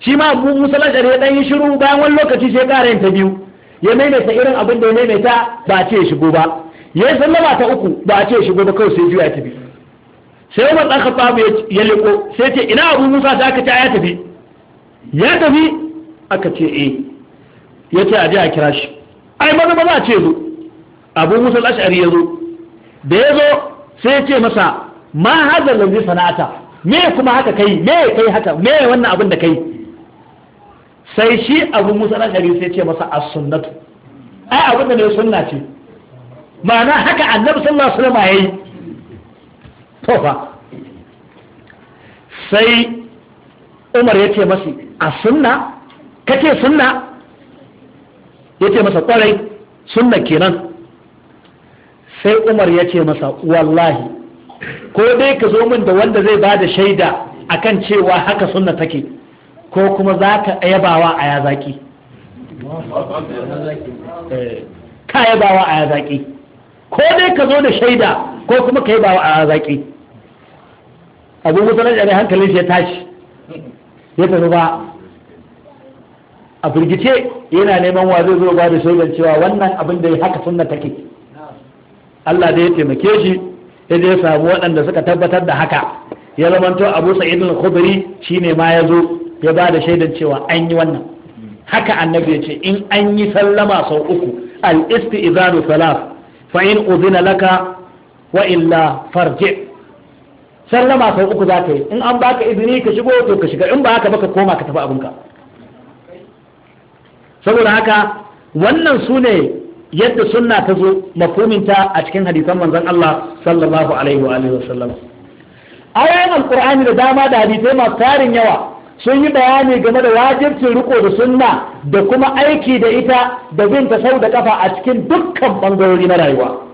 shi ma abu musa lajari ya ɗan yi shiru bayan wani lokaci sai ƙara yin ta biyu ya maimaita irin abin da ya maimaita ba a ce ya shigo ba ya yi sallama ta uku ba a ce ya shigo ba kawai sai juya ya tafi sai umar ɗan khattabu ya liko sai ce ina abu musa sai aka ce ya tafi ya tafi aka ce eh ya ce a je a kira shi ai maza maza a ce zo abu musa ashari ya zo da ya zo sai ya ce masa ma haza lalzi sana'ata me kuma haka kai me kai haka me wannan abin da kai sai shi abu musa ashari sai ce masa as sunnatu ai abin da ne sunna ce ma'ana haka annabi sallallahu alaihi wasallam yayi to fa sai umar ya ce masa a sunna kace sunna ya ce masa kwarai sunna kenan sai umar ya ce masa wallahi ko dai ka zo min da wanda zai ba da shaida akan cewa haka sunna take ko kuma za ka yabawa a yazaki ka yabawa a yazaki ko dai ka zo da shaida ko kuma ka yabawa a yazaki abu musulun da hankalin shi ya tashi ya tafi ba a firgice yana neman wa zai zo ba da shaidan cewa wannan abin da ya haka sunna take Allah da ya taimake shi ya je samu waɗanda suka tabbatar da haka ya zamanto Abu Sa'id al-Khudri shine ma ya zo ya ba da shaidan cewa an yi wannan haka annabi ya ce in an yi sallama sau uku al-istizanu salaf fa in udhina laka wa illa farji sallama sau uku za yi in an baka izini ka shigo to ka shiga in ba haka ba ka koma ka tafi abinka saboda haka wannan su ne yadda sunna ta zo mafuminta a cikin hadisan manzon Allah sallallahu alaihi wa ayoyin alqur'ani da dama da hadisai masu tarin yawa sun yi bayani game da wajibcin riko da sunna da kuma aiki da ita da bin ta sau da kafa a cikin dukkan bangarori na rayuwa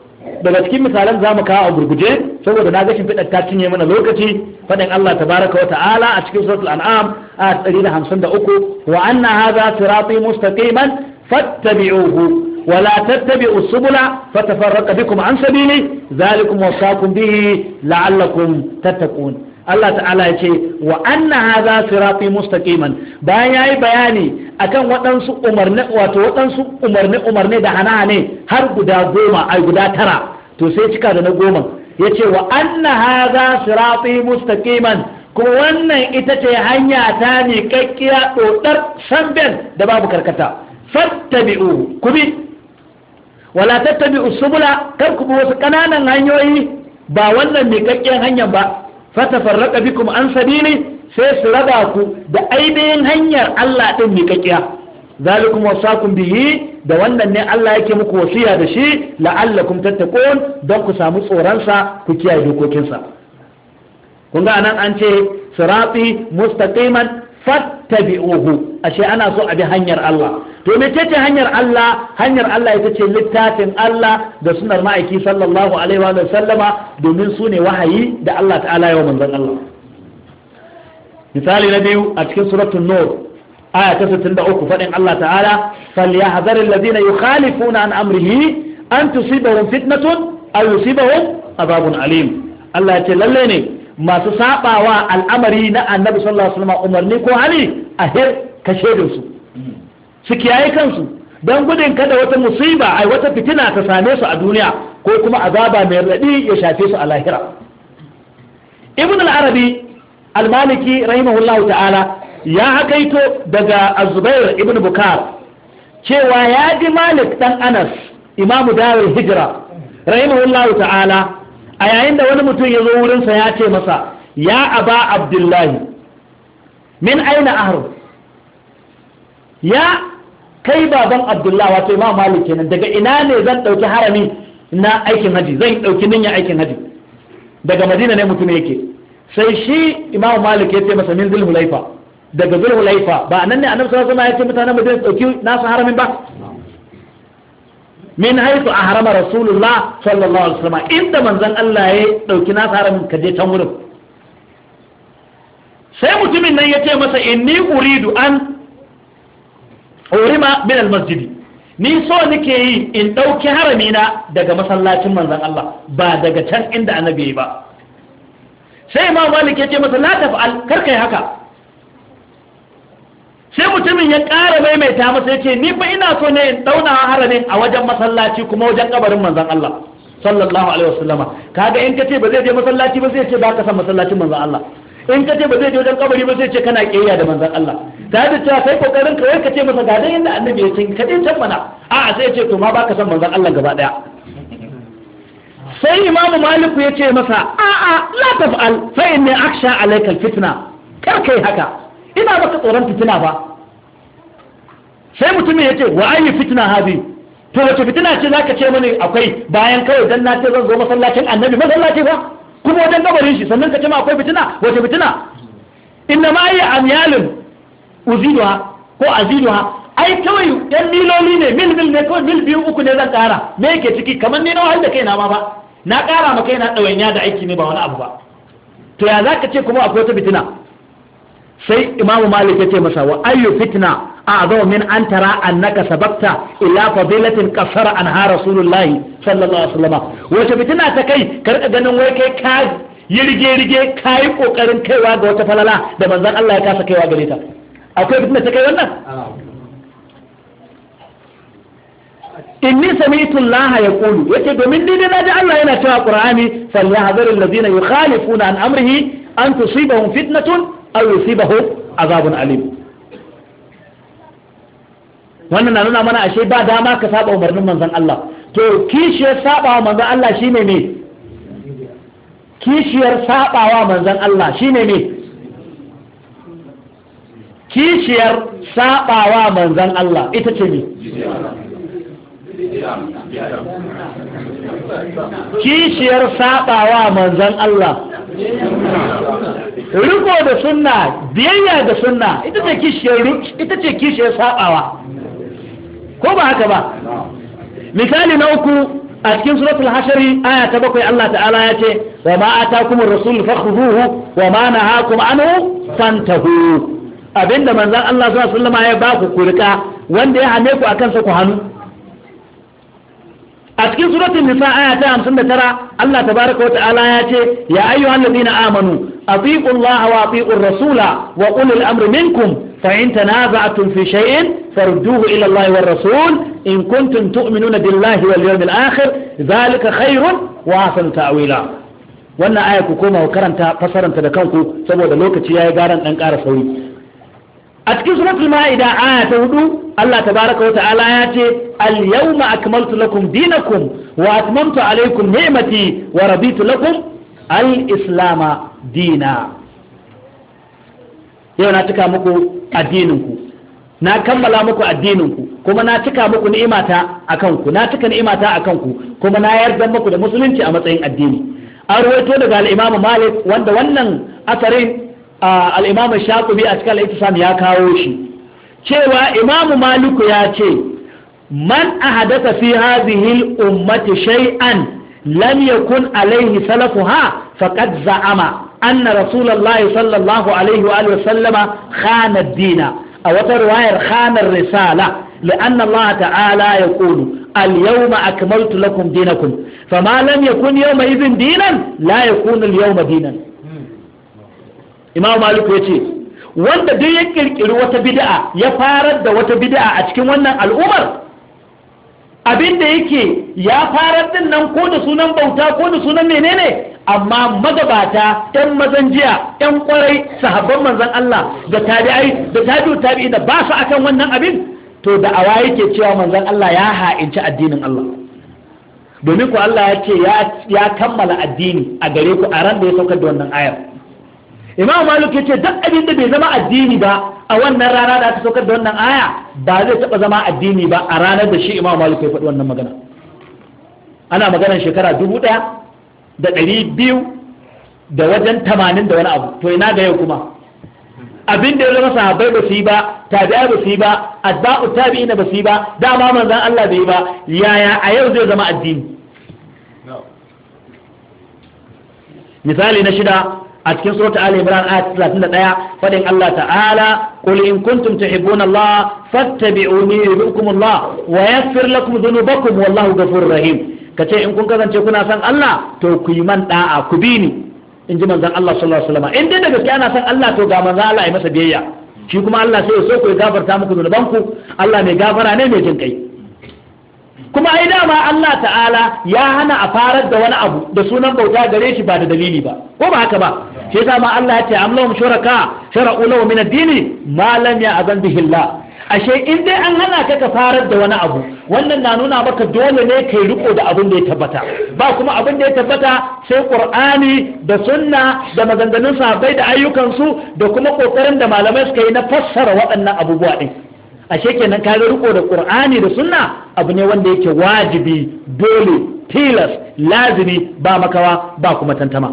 daga cikin misalan za mu kawo a gurguje saboda na ga shimfiɗar ta cinye mana lokaci faɗin Allah tabaraka wa ta'ala a cikin suratul an'am a 153 wa anna hadha sirati mustaqiman fattabi'uhu ولا تتبعوا السبل فتفرق بكم عن سبيله ذلكم وصاكم bihi لعلكم تتقون Allah ta'ala ya ce wa anna hadha sirati mustaqiman bayan yayi bayani akan waɗansu umarni wato waɗansu umarne umarni da hana-hane har guda goma ai guda tara to sai cika da na goma yace wa anna hadha sirati mustaqiman kuma wannan ita ce hanya ta ne kakkiya dodar sanbel da babu karkata fattabi'u kubi wala tattabi'u subula kar ku bi wasu kananan hanyoyi ba wannan mai kakkiyar hanyar ba fatafarraqa bikum an sabili sai su raba ku da ainihin hanyar Allah din miƙaƙiya zalikum wasakum bihi da wannan ne Allah yake muku wasiya da shi la'allakum tattaqun don ku samu tsoron sa ku kiyaye dokokinsa kun ga anan an ce sirati mustaqiman fattabi'uhu ashe ana so a bi hanyar Allah to me hanyar Allah hanyar Allah ita ce littafin Allah da sunar ma'aiki sallallahu alaihi wa sallama domin su ne wahayi da Allah ta'ala yawa manzon Allah misali na biyu a cikin suratul nur aya ta 63 fadin Allah ta'ala falyahzar alladhina yukhalifuna an amrihi an tusibahum fitnatun aw yusibahum azabun alim Allah ya ce lalle ne masu sabawa al'amari na annabi sallallahu alaihi umarni ko hali ahir ka shaidar su su kiyaye kansu don gudun kada wata musiba a wata fitina ta same su a duniya ko kuma azaba mai raɗi ya shafe su a lahira ibn al-arabi al-maliki rahimahullah ta'ala ya hakaito daga azubair ibn bukar cewa ya ji malik dan anas imamu hijira, hijra rahimahullah ta'ala a yayin da wani mutum ya zo wurinsa ya ce masa ya aba abdullahi min aina ahru ya kai baban abdullahi wato imam malik kenan daga ina ne zan ɗauki harami na aikin haji zan ɗauki niyyar aikin haji daga madina ne mutum yake sai shi imam malik ya ce masa min zulhulaifa daga zulhulaifa ba nan ne annabi sallallahu alaihi wasallam ya ce mutanen madina su ɗauki nasu haramin ba min haitu a harama rasulullah sallallahu alaihi wasallam inda manzon Allah ya dauki nasa haramin kaje can wurin sai mutumin nan ya ce masa inni uridu an hurima min almasjidi ni so nake yi in ɗauki haramina daga masallacin manzon Allah ba daga can inda annabi ba sai imam malik ya ce masa la taf'al kar kai haka sai mutumin ya ƙara maimaita masa ya ce ni fa ina so ne in dauna harami a wajen masallaci kuma wajen kabarin manzon Allah sallallahu alaihi wasallama kaga in kace ba zai je masallaci ba zai ce ba ka san masallacin manzon Allah in kace ba zai je wajen kabari ba zai ce kana kiyaya da manzon Allah ta da cewa kai kokarin ka ka ce masa gadan inda annabi ya ce ka dai can mana a'a sai ya ce to ma baka san manzon Allah gaba daya sai imamu maliku ya ce masa a'a la taf'al fa inni aksha alayka alfitna kar kai haka ina baka tsoron fitina ba sai mutumin ya ce wa ayi fitna hadi to wace fitina ce zaka ce mani akwai bayan kawai dan na ce zan zo masallacin annabi masallaci ba kuma wajen gabarin shi sannan ka ce ma akwai fitina wace fitina inna ma ayi amyalun uzidwa ko azidwa ai kawai yan miloli ne mil mil ne kawai mil biyu uku ne zan kara me yake ciki kamar ni na wahal da kaina ma ba na kara ma kaina ɗawainya da aiki ne ba wani abu ba to ya zaka ce kuma akwai wata fitina sai imamu malik ya ce masa wa ayyu fitna a a'zamu min an tara annaka sababta ila fadilatin qasara anha rasulullahi sallallahu alaihi wasallam wata fitina ta kai karka ganin wai kai ka yi rige-rige ka yi kokarin kaiwa ga wata falala da manzon Allah ya kasa kaiwa gare ta akwai fitina ta kai wannan inni sami'tu Allah ya qulu yace domin ni ne naji Allah yana cewa Qur'ani falyahzar alladhina yukhalifuna an amrihi an tusibahum fitnatun aw yusibahum azabun alim wannan na nuna mana ashe ba dama ka saba umarnin manzon Allah to kishiyar sabawa manzon Allah shine ne kishiyar sabawa manzon Allah shine ne kishiyar saɓawa manzan Allah ita ce ne kishiyar saɓawa manzan Allah riko da sunna biyayya da sunna ita ce kishiyar ita ce kishiyar ko ba haka ba misali na uku a cikin suratul hashari aya ta bakwai Allah ta'ala ya ce wa ma atakumur rasul fakhudhuhu wa ma nahakum anhu fantahu abinda manzan Allah sallallahu sallama ya ba ku kurka wanda ya hane ku a sa ku hannu a cikin suratun nisa aya ta tara, Allah tabaraka wataala ya ce ya ayyuhal na amanu atiqu Allah wa atiqu rasula wa ulil amri minkum fa in tanaza'tum fi shay'in farudduhu ila Allah war rasul in kuntum tu'minuna billahi wal yawmil akhir zalika khairun wa ahsanu ta'wila wannan aya ku koma ku karanta fasaranta da kanku saboda lokaci yayi garan dan ƙara sauri a cikin suratul ma'ida aya ta hudu Allah ta tabaraka wata'ala ya ce al-yawma akmaltu lakum dinakum wa atmamtu alaykum ni'mati wa raditu lakum al-islama dina yau na cika muku addininku na kammala muku addininku kuma na cika muku ni'imata akan ku na cika ni'imata akan ku kuma na yarda muku da musulunci a matsayin addini an ruwaito daga al Malik wanda wannan asarin al'imamu shakubi a cikin al'ittisam ya kawo shi cewa imamu maliku ya ce man a hadasa fi hazihil ummati shay'an lam yakun alaihi salafuha faqad za'ama anna rasulullahi sallallahu alaihi wa alihi sallama khana ad-dina aw riwayar khana ar-risala لأن الله تعالى يقول اليوم أكملت لكم دينكم فما لم يكن يومئذ دينا لا يكون اليوم دينا imam malik ya ce wanda duk ya kirkiri wata bid'a ya farar da wata bid'a a cikin wannan al'ummar abinda yake ya farar din nan ko da sunan bauta ko da sunan menene amma magabata ɗan mazan jiya ɗan ƙwarai, sahabban manzan Allah da tabi'ai da tabi'u tabi'i da ba su akan wannan abin to da awa yake cewa manzan Allah ya ha'inci addinin Allah domin ku Allah ya ce ya kammala addini a gare ku a ran da ya saukar da wannan ayar imam malik yace duk abin da bai zama addini ba a wannan rana da aka saukar da wannan aya ba zai taba zama addini ba a ranar da shi imam malik ya faɗi wannan magana ana maganar shekara dubu ɗaya da ɗari biyu da wajen tamanin da wani abu to ina ga yau kuma abin da ya zama sahabbai ba su yi ba tabi'a ba su yi ba atba'u tabi'ina ba su yi ba dama manzon Allah bai yi ba yaya a yau zai zama addini misali na shida a cikin surata Ali ibrahim ayat 31 fadin Allah ta'ala qul in kuntum tuhibbuna Allah fattabi'uni yuhibbukum Allah wa yaghfir lakum dhunubakum wallahu ghafurur rahim kace in kun kasance kuna san Allah to ku yi man da'a ku bi ni in ji manzon Allah sallallahu alaihi wasallam in dai da gaskiya ana san Allah to ga manzon Allah ya masa biyayya shi kuma Allah sai ya so ku ya gafarta muku zunubanku Allah mai gafara ne mai jin kai kuma ai dama Allah ta'ala ya hana a farar da wani abu da sunan bauta gare shi ba da dalili ba ko ba haka ba shi yasa ma Allah ya ce amlahum shuraka shara'u lahum min ad-din ma lam ya'zan bihi Allah ashe in dai an hana ka ka farar da wani abu wannan na nuna maka dole ne kai riko da abin da ya tabbata ba kuma abin da ya tabbata sai qur'ani da sunna da maganganun sahabbai da ayyukan su da kuma kokarin da malamai suka yi na fassara waɗannan abubuwa din ashe kenan ka riko da qur'ani da sunna abu ne wanda yake wajibi dole tilas lazimi ba makawa ba kuma tantama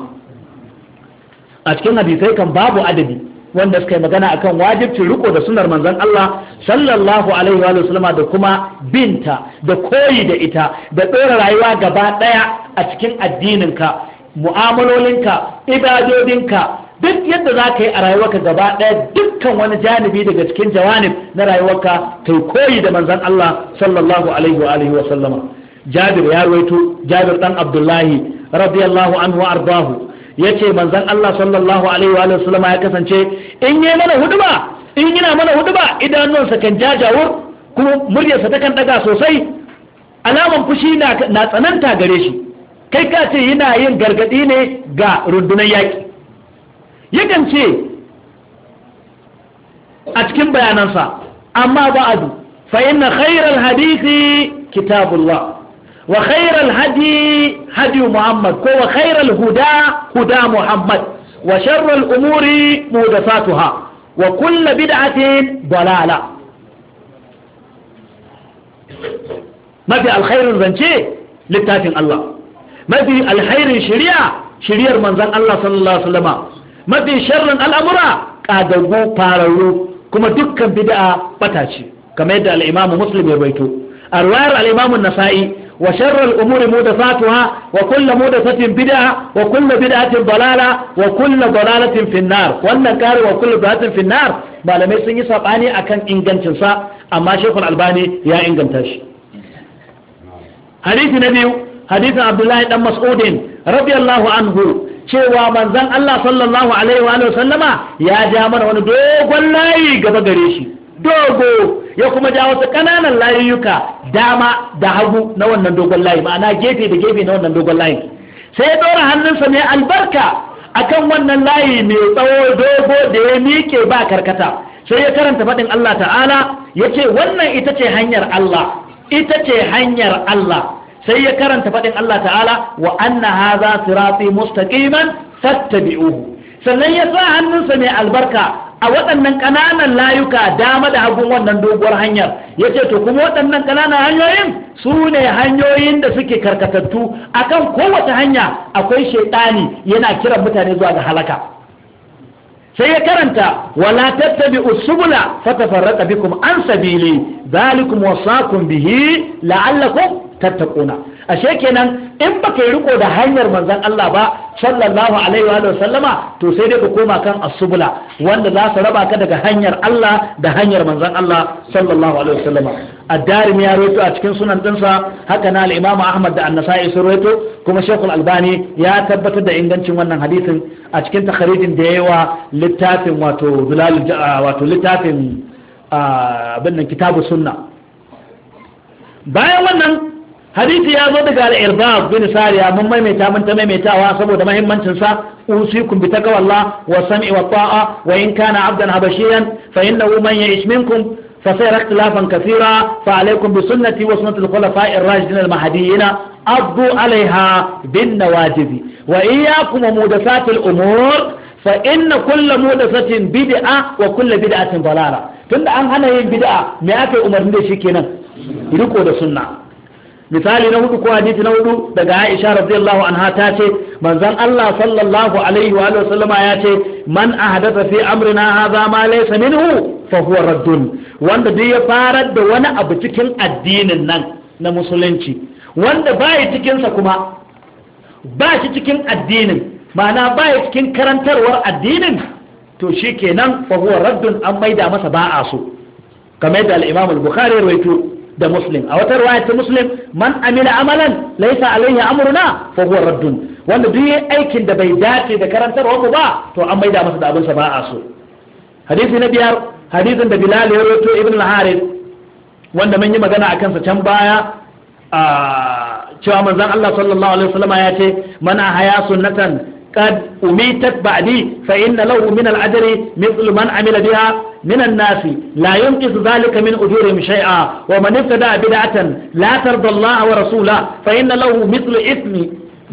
a cikin hadisai kan babu adabi wanda suka yi magana akan wajibcin riko da sunar manzon Allah sallallahu alaihi wa sallama da kuma binta da koyi da ita da tsora rayuwa gaba daya a cikin addininka mu'amalolinka ibadodinka duk yadda za ka yi a rayuwarka gaba ɗaya dukkan wani janibi daga cikin jawanib na rayuwarka kai koyi da manzan Allah sallallahu alaihi wa alihi wa sallama Jabir ya ruwaito Jabir dan Abdullahi radiyallahu anhu ardahu ce manzan Allah sallallahu alaihi wa alihi wa sallama ya kasance in yi mana huduba in yana mana huduba idanunsa kan jajawur kuma muryarsa ta kan daga sosai alaman fushi na tsananta gare shi kai ka ce yana yin gargadi ne ga rundunar yaki yakan ce a cikin bayanansa amma ba'adu fa inna khairal hadithi kitabullah wa khairal hadi hadi muhammad ko wa khairal huda huda muhammad wa sharral umuri muhdathatuha wa kullu bid'atin dalala mafi alkhairin zance littafin Allah mafi alkhairin shari'a shari'ar manzon Allah sallallahu alaihi wasallama mafi sharrin al'amura ƙadago fararru kuma dukkan bid'a bata ce kamar yadda al'imamu muslim ya baito a ruwayar al'imamu nasa'i wa sharral umuri fatuwa wa da mudathatin bid'a wa kulla bid'atin balala wa kulla dalalatin finnar wannan kare wa kulla balalatin finnar malamai sun yi saɓani akan ingancin sa amma shekul albani ya inganta shi hadisi na biyu hadisin abdullahi dan mas'udin radiyallahu anhu cewa manzon Allah sallallahu alaihi wa sallama ya ja mana wani dogon layi gaba gare shi dogo ya kuma ja wasu ƙananan layuka dama da hagu na wannan dogon layi ma'ana gefe da gefe na wannan dogon layi sai ya ɗora hannunsa mai albarka akan wannan layi mai tsawo dogo da ya miƙe ba karkata sai ya karanta faɗin Allah ta'ala ya ce wannan ita ce hanyar Allah ita ce hanyar Allah sai ya karanta faɗin Allah ta'ala wa anna hadha sirati mustaqiman fattabi'uhu sannan ya sa hannunsa mai albarka a waɗannan ƙananan layuka dama da hagun wannan doguwar hanyar ya ce to kuma waɗannan ƙananan hanyoyin su ne hanyoyin da suke karkatattu akan kowace hanya akwai shaiɗani yana kiran mutane zuwa ga halaka sai ya karanta wala tattabi'u subula fatafarraqa bikum an sabili dhalikum wasaqum bihi la'allakum tattaquna ashe kenan in baka yi riko da hanyar manzon Allah ba sallallahu alaihi wa sallama to sai dai ka koma kan asubula wanda za su raba ka daga hanyar Allah da hanyar manzon Allah sallallahu alaihi wa sallama ad-darimi ya rawaito a cikin sunan dinsa haka na al-imamu Ahmad da An-Nasa'i sun rawaito kuma shekul albani ya tabbatar da ingancin wannan hadisin a cikin takharijin da yi wa littafin wato wato littafin ah, abin nan kitabu sunna bayan wannan hadisi ya zo daga al-irbab bin sariya mun maimaita mun ta maimaitawa saboda muhimmancin sa usikum bi taqwallah wa sam'i wa ta'a wa in kana 'abdan habashiyan fa innahu man ya'ish minkum fa sayara ikhtilafan katira fa 'alaykum bi sunnati wa sunnati al-khulafa'i ar-rajidin abdu 'alayha bin nawajibi wa iyyakum mudasat al-umur fa inna kull mudasatin bid'a wa bida'a bid'atin balara? tunda an hana yin bida'a? me ake umarni da shi kenan riko da sunna misali na hudu ko hadisi na hudu daga Aisha radiyallahu anha ta ce manzon Allah sallallahu alaihi wa sallama ya ce man ahdatha fi amrina hadha ma laysa minhu fa huwa raddun wanda duk ya farar da wani abu cikin addinin nan na musulunci wanda baya cikin sa kuma ba shi cikin addinin ma'ana baya cikin karantarwar addinin to shikenan fa huwa raddun an maida masa ba'a su. kamar da al-Imam al-Bukhari rawaito da muslim a wata riwaya ta muslim man amila amalan laisa alayhi amruna fa huwa raddun wanda duk aikin da bai dace da karantar ku ba to an maida masa da abin sa ba a so hadisi na biyar hadisin da bilal ya rawaito ibn al-harith wanda mun yi magana akan sa can baya a cewa manzon Allah sallallahu alaihi wasallam ya ce mana haya sunnatan قد أميتت بعدي فإن له من الأجر مثل من عمل بها من الناس لا ينقص ذلك من أجورهم شيئا ومن ابتدع بدعة لا ترضى الله ورسوله فإن له مثل إثم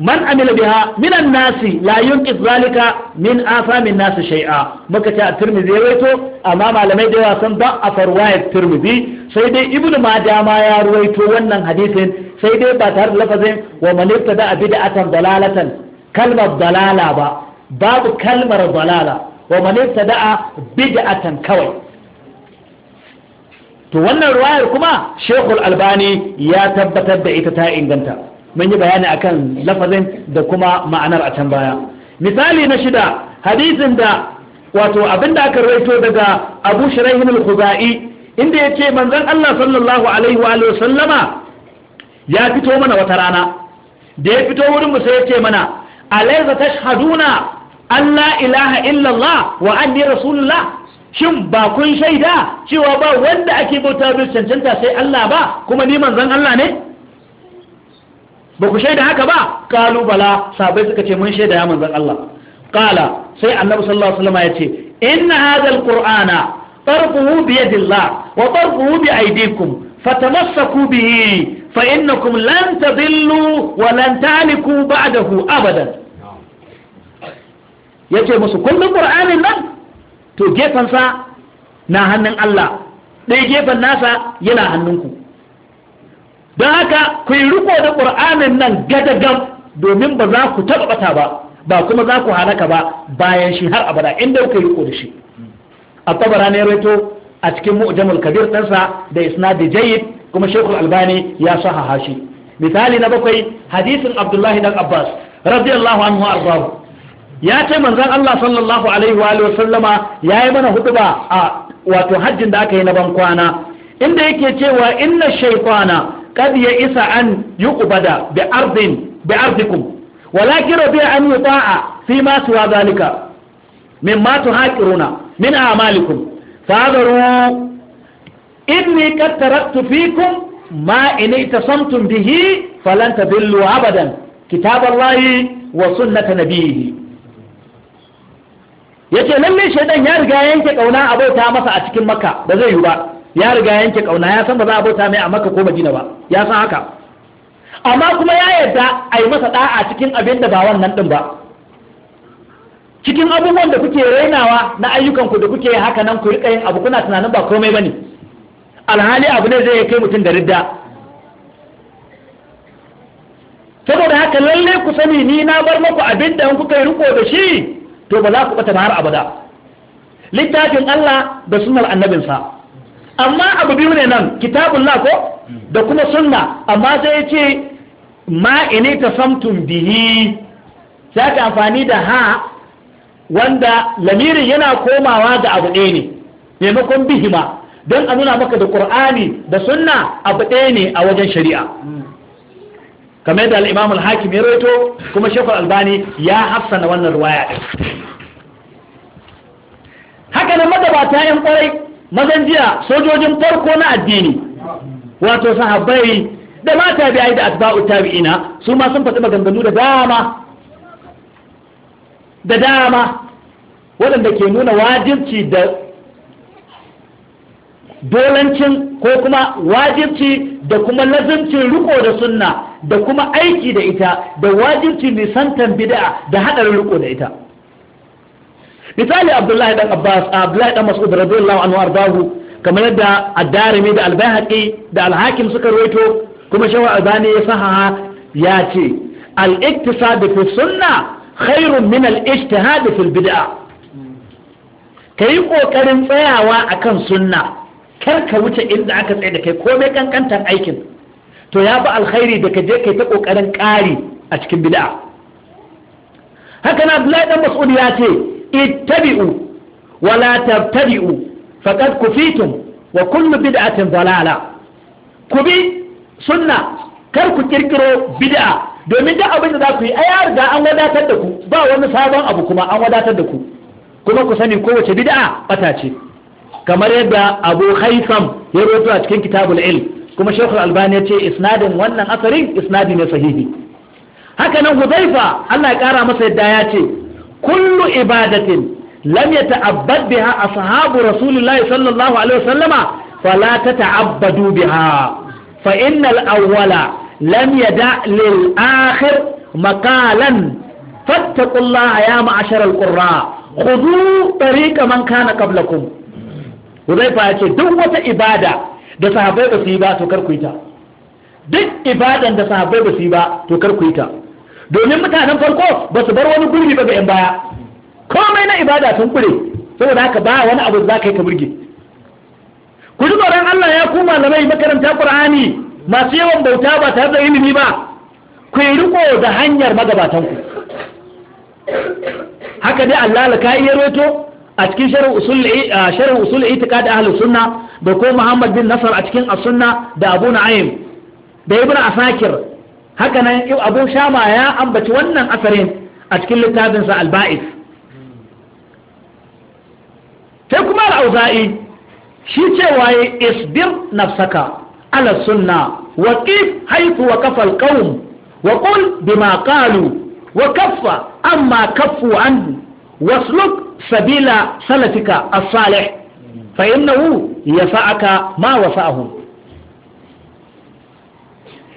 man amila biha minan nasi la yunqis zalika min afamin nasi shay'a muka ce a tirmidhi ya rawaito amma malamai da wasan ba a farwayar tirmidhi sai dai ibnu majah ma ya rawaito wannan hadisin sai dai ba tare da lafazin wa man atan dalalatan kalmar dalala ba babu kalmar dalala wa man da'a bid'atan kawai to wannan ruwayar kuma Sheikhul Albani ya tabbatar da ita ta inganta mun yi bayani akan lafazin da kuma ma'anar a can baya misali na shida hadisin da wato abinda aka rawaito daga Abu Shuraihin al-Khuzai inda yace manzon Allah sallallahu alaihi wa sallama ya fito mana wata rana da ya fito wurin mu sai ya ce mana Alaiza tashhaduna an la ilaha illallah wa anni rasulullah shin ba kun shaida cewa ba wanda ake bauta bil cancanta sai Allah ba kuma ni manzon Allah ne ba ku shaida haka ba kalu bala sabai suka ce mun shaida ya manzon Allah qala sai annabi sallallahu alaihi wasallam ya ce inna hadha alqur'ana tarquhu bi yadillah wa tarquhu bi aydikum fatamassaku bihi fa innakum lan tadillu wa lan taliku yace musu kullum qur'anin nan to gefen sa na hannun Allah ɗaya gefen nasa yana hannunku don haka ku yi riko da ƙur'anin nan gadagam domin ba za ku ɓata ba ba kuma za ku halaka ba bayan shi har abada inda ku yi riko da shi a tabara ne raito a cikin mu'jamul kabir ɗansa da isnadi jayyid kuma shekul albani ya sahaha shi misali na bakwai hadisin abdullahi dan abbas radiyallahu anhu arzahu ya ce manzon Allah sallallahu alaihi wa sallama yayi mana hutuba a wato hajjin da aka yi na ban kwana inda yake cewa inna shaytana qad ya isa an yuqbada bi ardin bi ardikum walakin rabi an yuta'a fi ma suwa zalika mimma tuhaqiruna min a'malikum fadaru inni qad taraktu fikum ma in itasamtum bihi falan tadillu abadan kitaballahi wa sunnata nabiyhi yace ne shaidan ya riga yanke kauna a bauta masa a cikin makka ba zai yi ba ya riga yanke kauna ya san ba za a bauta mai a makka ko madina ba ya san haka amma kuma ya yarda a yi masa da'a cikin abin da ba wannan din ba cikin abubuwan da kuke rainawa na ayyukan ku da kuke haka nan ku riƙa yin abu kuna tunanin ba komai ba ne alhali abu ne zai kai mutum da ridda saboda haka lalle ku sani ni na bar muku abin da kuka yi riko da shi to ba za ku bata har abada littafin Allah da sunnar annabinsa amma abu biyu ne nan kitabun ko da kuma sunna amma sai ce ma ini ta samtum bihi sai ka amfani da ha wanda lamirin yana komawa da abu ɗaya ne maimakon bihima don a nuna maka da ƙur'ani da sunna abu ɗaya ne a wajen shari'a kamar yadda al'imam al-hakim ya roto kuma shekul albani ya hafsana wannan ruwaya ɗin haka nan magabata yan ƙwarai mazan jiya sojojin farko na addini wato sahabbai da mata da atba'u tabi'ina su ma sun faɗi maganganu da dama da dama waɗanda ke nuna wajibci da dolancin ko kuma wajibci da kuma lazimcin riko da sunna da kuma aiki da ita da wajibci nisantan bid'a da haɗarin riko da ita misali abdullahi dan abbas abdullahi dan mas'ud radiyallahu anhu ardahu kamar yadda ad da al da Alhakin suka rawaito kuma shawar albani ya sahaha ya ce al-iktisad fi sunna khairun min al-ijtihad fil bid'a kai kokarin tsayawa akan sunna kar ka wuce inda aka tsaye da kai komai kankantar aikin to ya fi alkhairi da ka je kai ta kokarin ƙari a cikin bid'a haka na Abdullahi dan Mas'ud ya ce ittabi'u wa la tabtadi'u faqad kufitum wa kullu bid'atin dalala ku bi sunna kar ku kirkiro bid'a domin duk abin da za ku yi a ya riga an wadatar da ku ba wani sabon abu kuma an wadatar da ku kuma ku sani kowace bid'a bata ce kamar yadda Abu Haitham ya rawaito a cikin Kitabul Ilm kuma Sheikh albani ya ce isnadin wannan asarin isnadi ne sahihi haka nan Hudhaifa Allah ya kara masa yadda ya ce kullu ibadatin lam yata'abbad biha ashabu Rasulullahi sallallahu alaihi wasallama fala tata'abbadu biha fa innal awwala lam yada lil akhir maqalan fattaqullaha a ma'ashar alqurra khudu tariqa man kana qablakum Huzaifa ya ce duk wata ibada da sahabbai ba su yi ba to kar ku yi ta duk ibadan da sahabbai ba su yi ba to kar ku yi ta domin mutanen farko ba su bar wani gurbi ba ga yan baya komai na ibada sun kure saboda haka ba wani abu za ka yi ka burge ku ji tsoron Allah ya kuma malamai makaranta Qur'ani masu yawan bauta ba tare da ilimi ba ku yi riko da hanyar magabatanku haka dai Allah laka iya roto a cikin sharh itika da ahlus sunna da ko Muhammad bin Nasar a cikin sunna da Abu Na'im da Ibn Asakir haka nan Abu Shama ya ambaci wannan asarin a cikin littafinsa alba'is. sai kuma al-Auza'i shi cewa isbir nafsaka على السنة وقف حيث وقف القوم وقل بما قالوا وكف أما كفوا عنه واسلك سبيل سلفك الصالح فإنه يفعك ما وفعهم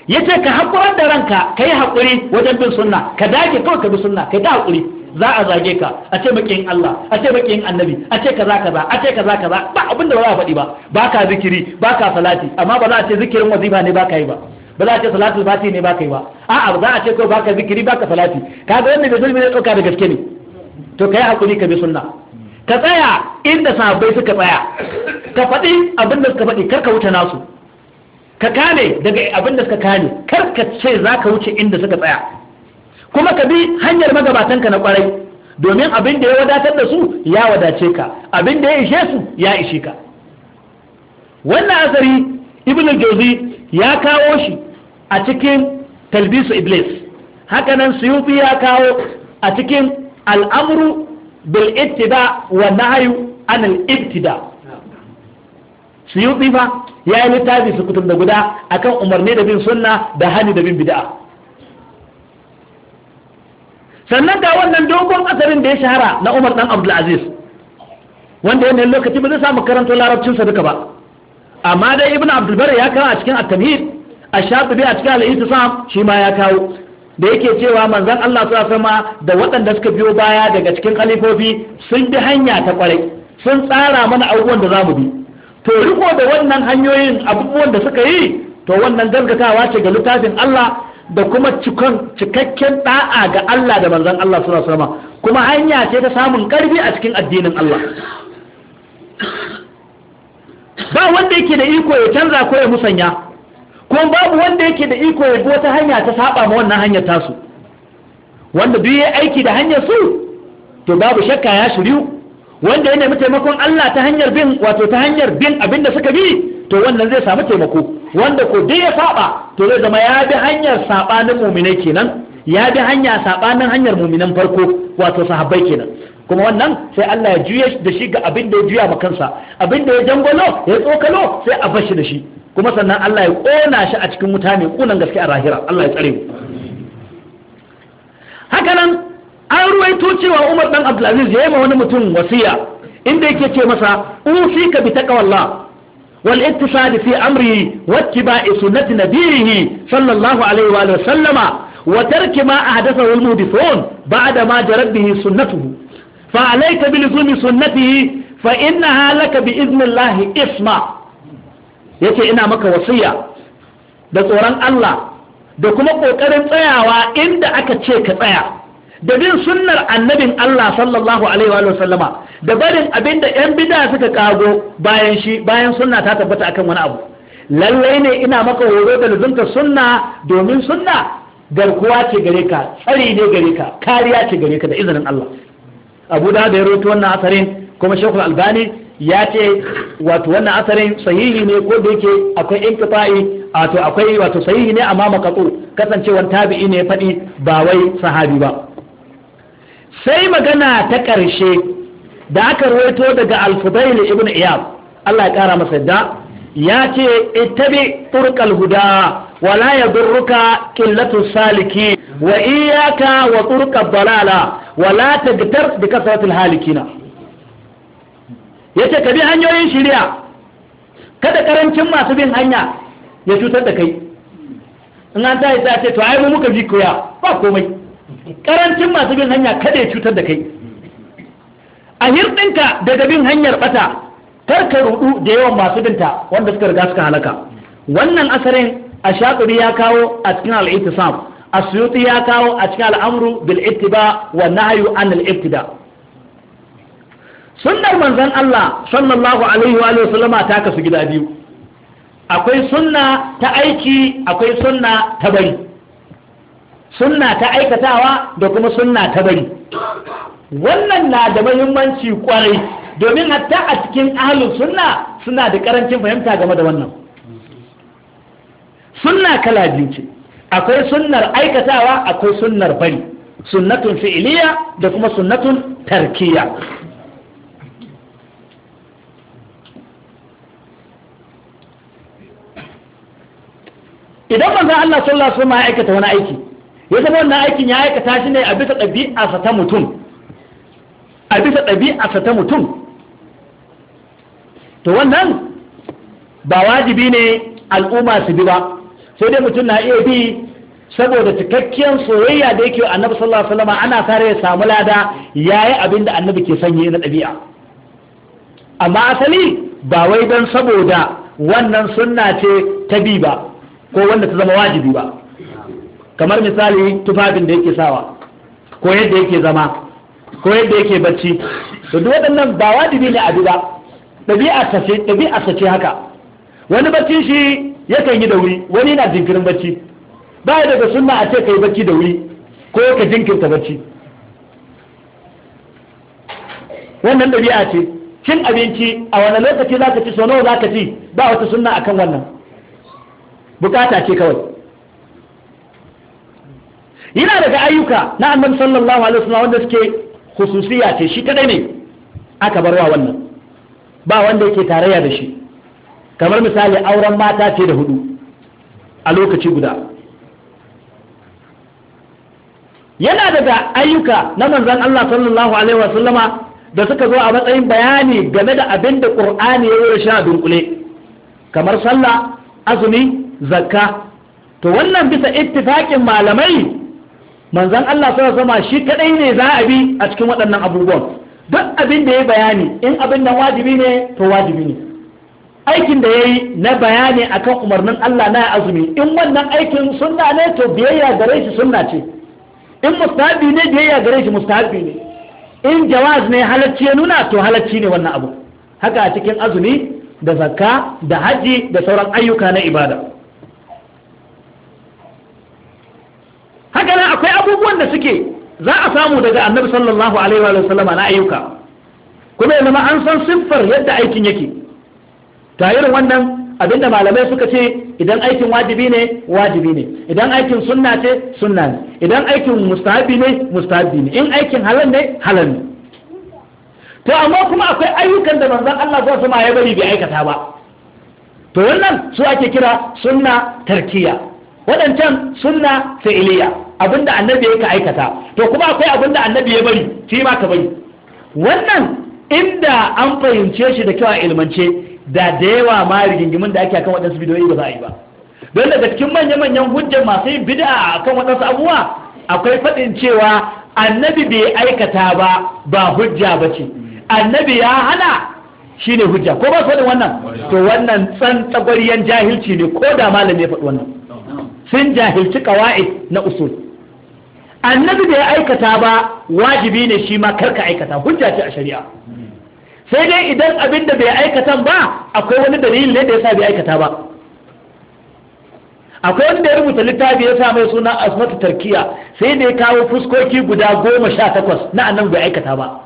yace ka haƙurar da ranka ka yi haƙuri wajen bin sunna ka dage kawai ka bi sunna ka yi ta haƙuri za a zage ka a ce makiyin Allah a ce makiyin annabi a ce kaza kaza a ce kaza kaza ba abin da ba za a faɗi ba ba ka zikiri ba ka salati amma ba za a ce zikirin wazifa ne ba ka yi ba ba za a ce salatul fati ne ba ka yi ba a'a za a ce ko ba ka zikiri ba ka salati Ka ga wanda bai zulmi ne ɗauka da gaske ne to yi hakuri ka bi sunna ka tsaya inda sahabbai suka tsaya ka faɗi abin da suka faɗi kar ka wuce nasu ka kame daga abin da suka kame kar ka ce za ka wuce inda suka tsaya kuma ka bi hanyar magabatanka na kwarai domin abin da ya wadatar da su ya wadace ka abin da ya ishe su ya ishe ka wannan asari ibn al ya kawo shi a cikin talbisu iblis hakanan suyuti ya kawo a cikin al'amru bil ittiba wa nahyu an al ibtida suyuti fa ya yi littafi su kutum da guda akan umarni da bin sunna da hani da bin bid'a sannan ga wannan dogon asalin da ya shahara na Umar dan Abdulaziz wanda ya yana lokaci ba zai samu karanto larabcin sa duka ba amma dai Ibn Abdul ya kawo a cikin At-Tamhid Ash-Shatibi a cikin Al-Ittisam shi ma ya kawo da yake cewa manzon Allah sallallahu alaihi wasallam da waɗanda suka biyo baya daga cikin khalifofi sun bi hanya ta kwarai sun tsara mana abubuwan da za mu bi to riko da wannan hanyoyin abubuwan da suka yi to wannan gaskatawa ce ga littafin Allah da kuma cikakken da'a ga Allah da manzon Allah suna sama. kuma hanya ce ta samun karfi a cikin addinin Allah ba wanda yake da iko ya canza ko ya musanya kuma babu wanda yake da iko ya bi wata hanya ta saba ma wannan hanyar tasu wanda duk ya aiki da hanyar su to babu shakka ya shiryu wanda ya nemi taimakon Allah ta hanyar bin wato ta hanyar bin abinda suka bi to wannan zai samu taimako wanda ko ya saba to zai zama ya bi hanyar sabanin muminai kenan ya bi hanya sabanin hanyar muminan farko wato sahabbai kenan kuma wannan sai Allah ya juya da shi ga abin da ya juya ma kansa abin da ya jangolo ya tsokalo sai a bashi da shi kuma sannan Allah ya kona shi a cikin mutane kunan gaske a rahira Allah ya tsare mu haka nan an ruwaito cewa Umar dan Abdulaziz ya yi ma wani mutum wasiya inda yake ce masa usika bi taqwallah والاتصال في أمره واتباع سنة نبيه صلى الله عليه وآله وسلم وترك ما أحدثه المهدفون بعد ما جرت به سنته فعليك بلزوم سنته فإنها لك بإذن الله اسمع yake ina maka wasiya da tsoron Allah da kuma ƙoƙarin tsayawa inda aka ce ka tsaya da bin sunnar annabin Allah sallallahu alaihi wa sallama da barin abin da 'yan bida suka kago bayan shi bayan sunna ta tabbata akan wani abu lallai ne ina maka horo da luzunta sunna domin sunna garkuwa ke gare ka tsari ne gare ka kariya ce gare ka da izinin Allah abu da ya rawaito wannan asarin kuma shekul albani ya ce wato wannan asarin sahihi ne ko da yake akwai inqita'i wato akwai wato sahihi ne amma makatu kasancewar tabi'i ne faɗi ba wai sahabi ba sai magana ta ƙarshe da aka ruwaito daga al-fudail ibn iyad Allah ya kara masa da ya ce ittabi turqal huda wa la yadurruka qillatu saliki wa iyyaka wa turqad dalala wa la tagtar bi kasrati halikina yace ka bi hanyoyin shari'a kada karancin masu bin hanya ya cutar da kai in an tashi ta ce to ai mu muka bi koya ba komai karancin masu bin hanya kada ya cutar da kai a hirɗinka daga bin hanyar ɓata kar ka ruɗu da yawan masu binta wanda suka riga suka halaka wannan asarin a shaɗuri ya kawo a cikin al'itisam a suyuti ya kawo a cikin al'amru bil ittiba wa nahyu an al ibtida sunnar manzon Allah sallallahu alaihi wa sallama ta kasu gida biyu akwai sunna ta aiki akwai sunna ta bari sunna ta aikatawa da kuma sunna ta bari wannan na da mahimmanci kwarai domin hatta a cikin ahlus sunna suna da karancin fahimta game da wannan sunna kala biyu ce akwai sunnar aikatawa akwai sunnar bari sunnatun fi'iliya da kuma sunnatun tarkiya idan manzon Allah sallallahu alaihi wasallam ya aikata wani aiki ya zama wannan aikin ya aikata shi ne a bisa ɗabi'a ta mutum a bisa ɗabi'arsa ta mutum to wannan ba wajibi ne al'umma su bi ba sai dai mutum na iya bi saboda cikakkiyar soyayya da yake annabi sallallahu alaihi wasallam ana tare ya samu lada yayi abin da annabi ke sanye na ɗabi'a amma asali ba wai don saboda wannan sunna ce ta bi ba ko wanda ta zama wajibi ba kamar misali tufafin da yake sawa ko yadda yake zama ko yadda yake bacci to duk waɗannan ba wajibi ne a duba ɗabi'a ta ce ɗabi'a ta ce haka wani bacci shi yakan yi da wuri wani na jinkirin bacci ba ya daga sunna a ce ka yi bacci da wuri ko ka jinkirta bacci wannan ɗabi'a ce cin abinci a wani lokaci za ka ci sau nawa za ka ci ba wata sunna akan wannan bukata ce kawai yana daga ayyuka na annabi sallallahu alaihi wasallam wanda suke hususiya ce shi kadai ne aka barwa wannan ba wanda yake tarayya da shi kamar misali auren mata ce da hudu a lokaci guda yana daga ayyuka na manzan Allah sallallahu alaihi wasallama da suka zo a matsayin bayani game da abin da ƙur'ani ya yi sha dunkule kamar sallah azumi zakka to wannan bisa ittifaƙin malamai Manzan Allah sallallahu sama shi kadai ne za a bi a cikin waɗannan abubuwan duk abin da ya bayani in abin da wajibi ne to wajibi ne aikin da ya yi na bayani akan umarnin Allah na azumi in wannan aikin sunna ne to biyayya gare shi sunna ce in mustahabi ne biyayya gare shi mustahabi ne in jawaz ne halacci ya nuna to halacci ne wannan abu haka a cikin azumi da zakka da haji da sauran ayyuka na ibada suke za a samu daga annabi sallallahu alaihi wa sallama na ayyuka kuma ya zama an san siffar yadda aikin yake ta irin wannan abinda malamai suka ce idan aikin wajibi ne wajibi ne idan aikin sunna ce sunna ne idan aikin mustahabi ne mustahabi ne in aikin halal ne halal ne to amma kuma akwai ayyukan da manzon Allah zai sama ya bari bai aikata ba to wannan su ake kira sunna tarkiya waɗancan sunna fi'iliya da annabi ya ka aikata to kuma akwai da annabi ya bari shi ma ka bari wannan inda an fahimce shi da kyau a ilmance da da yawa ma rigingimin da ake akan waɗansu bidiyoyi ba za a yi ba don daga cikin manya-manyan hujjar masu yin bid'a akan waɗansu abubuwa akwai faɗin cewa annabi bai aikata ba ba hujja ba ce annabi ya hana shi ne hujja ko ba su faɗin wannan to wannan tsan tsagwariyan jahilci ne ko da malami ya faɗi wannan sun jahilci kawai na usul annabi da ya aikata ba wajibi ne shi ma karka aikata hujja ce a shari'a sai dai idan abin da bai aikata ba akwai wani dalilin ne da yasa bai aikata ba akwai wani da ya rubuta littafi ya sa mai suna asmatu tarkiya sai da ya kawo fuskoki guda goma sha takwas na annan bai aikata ba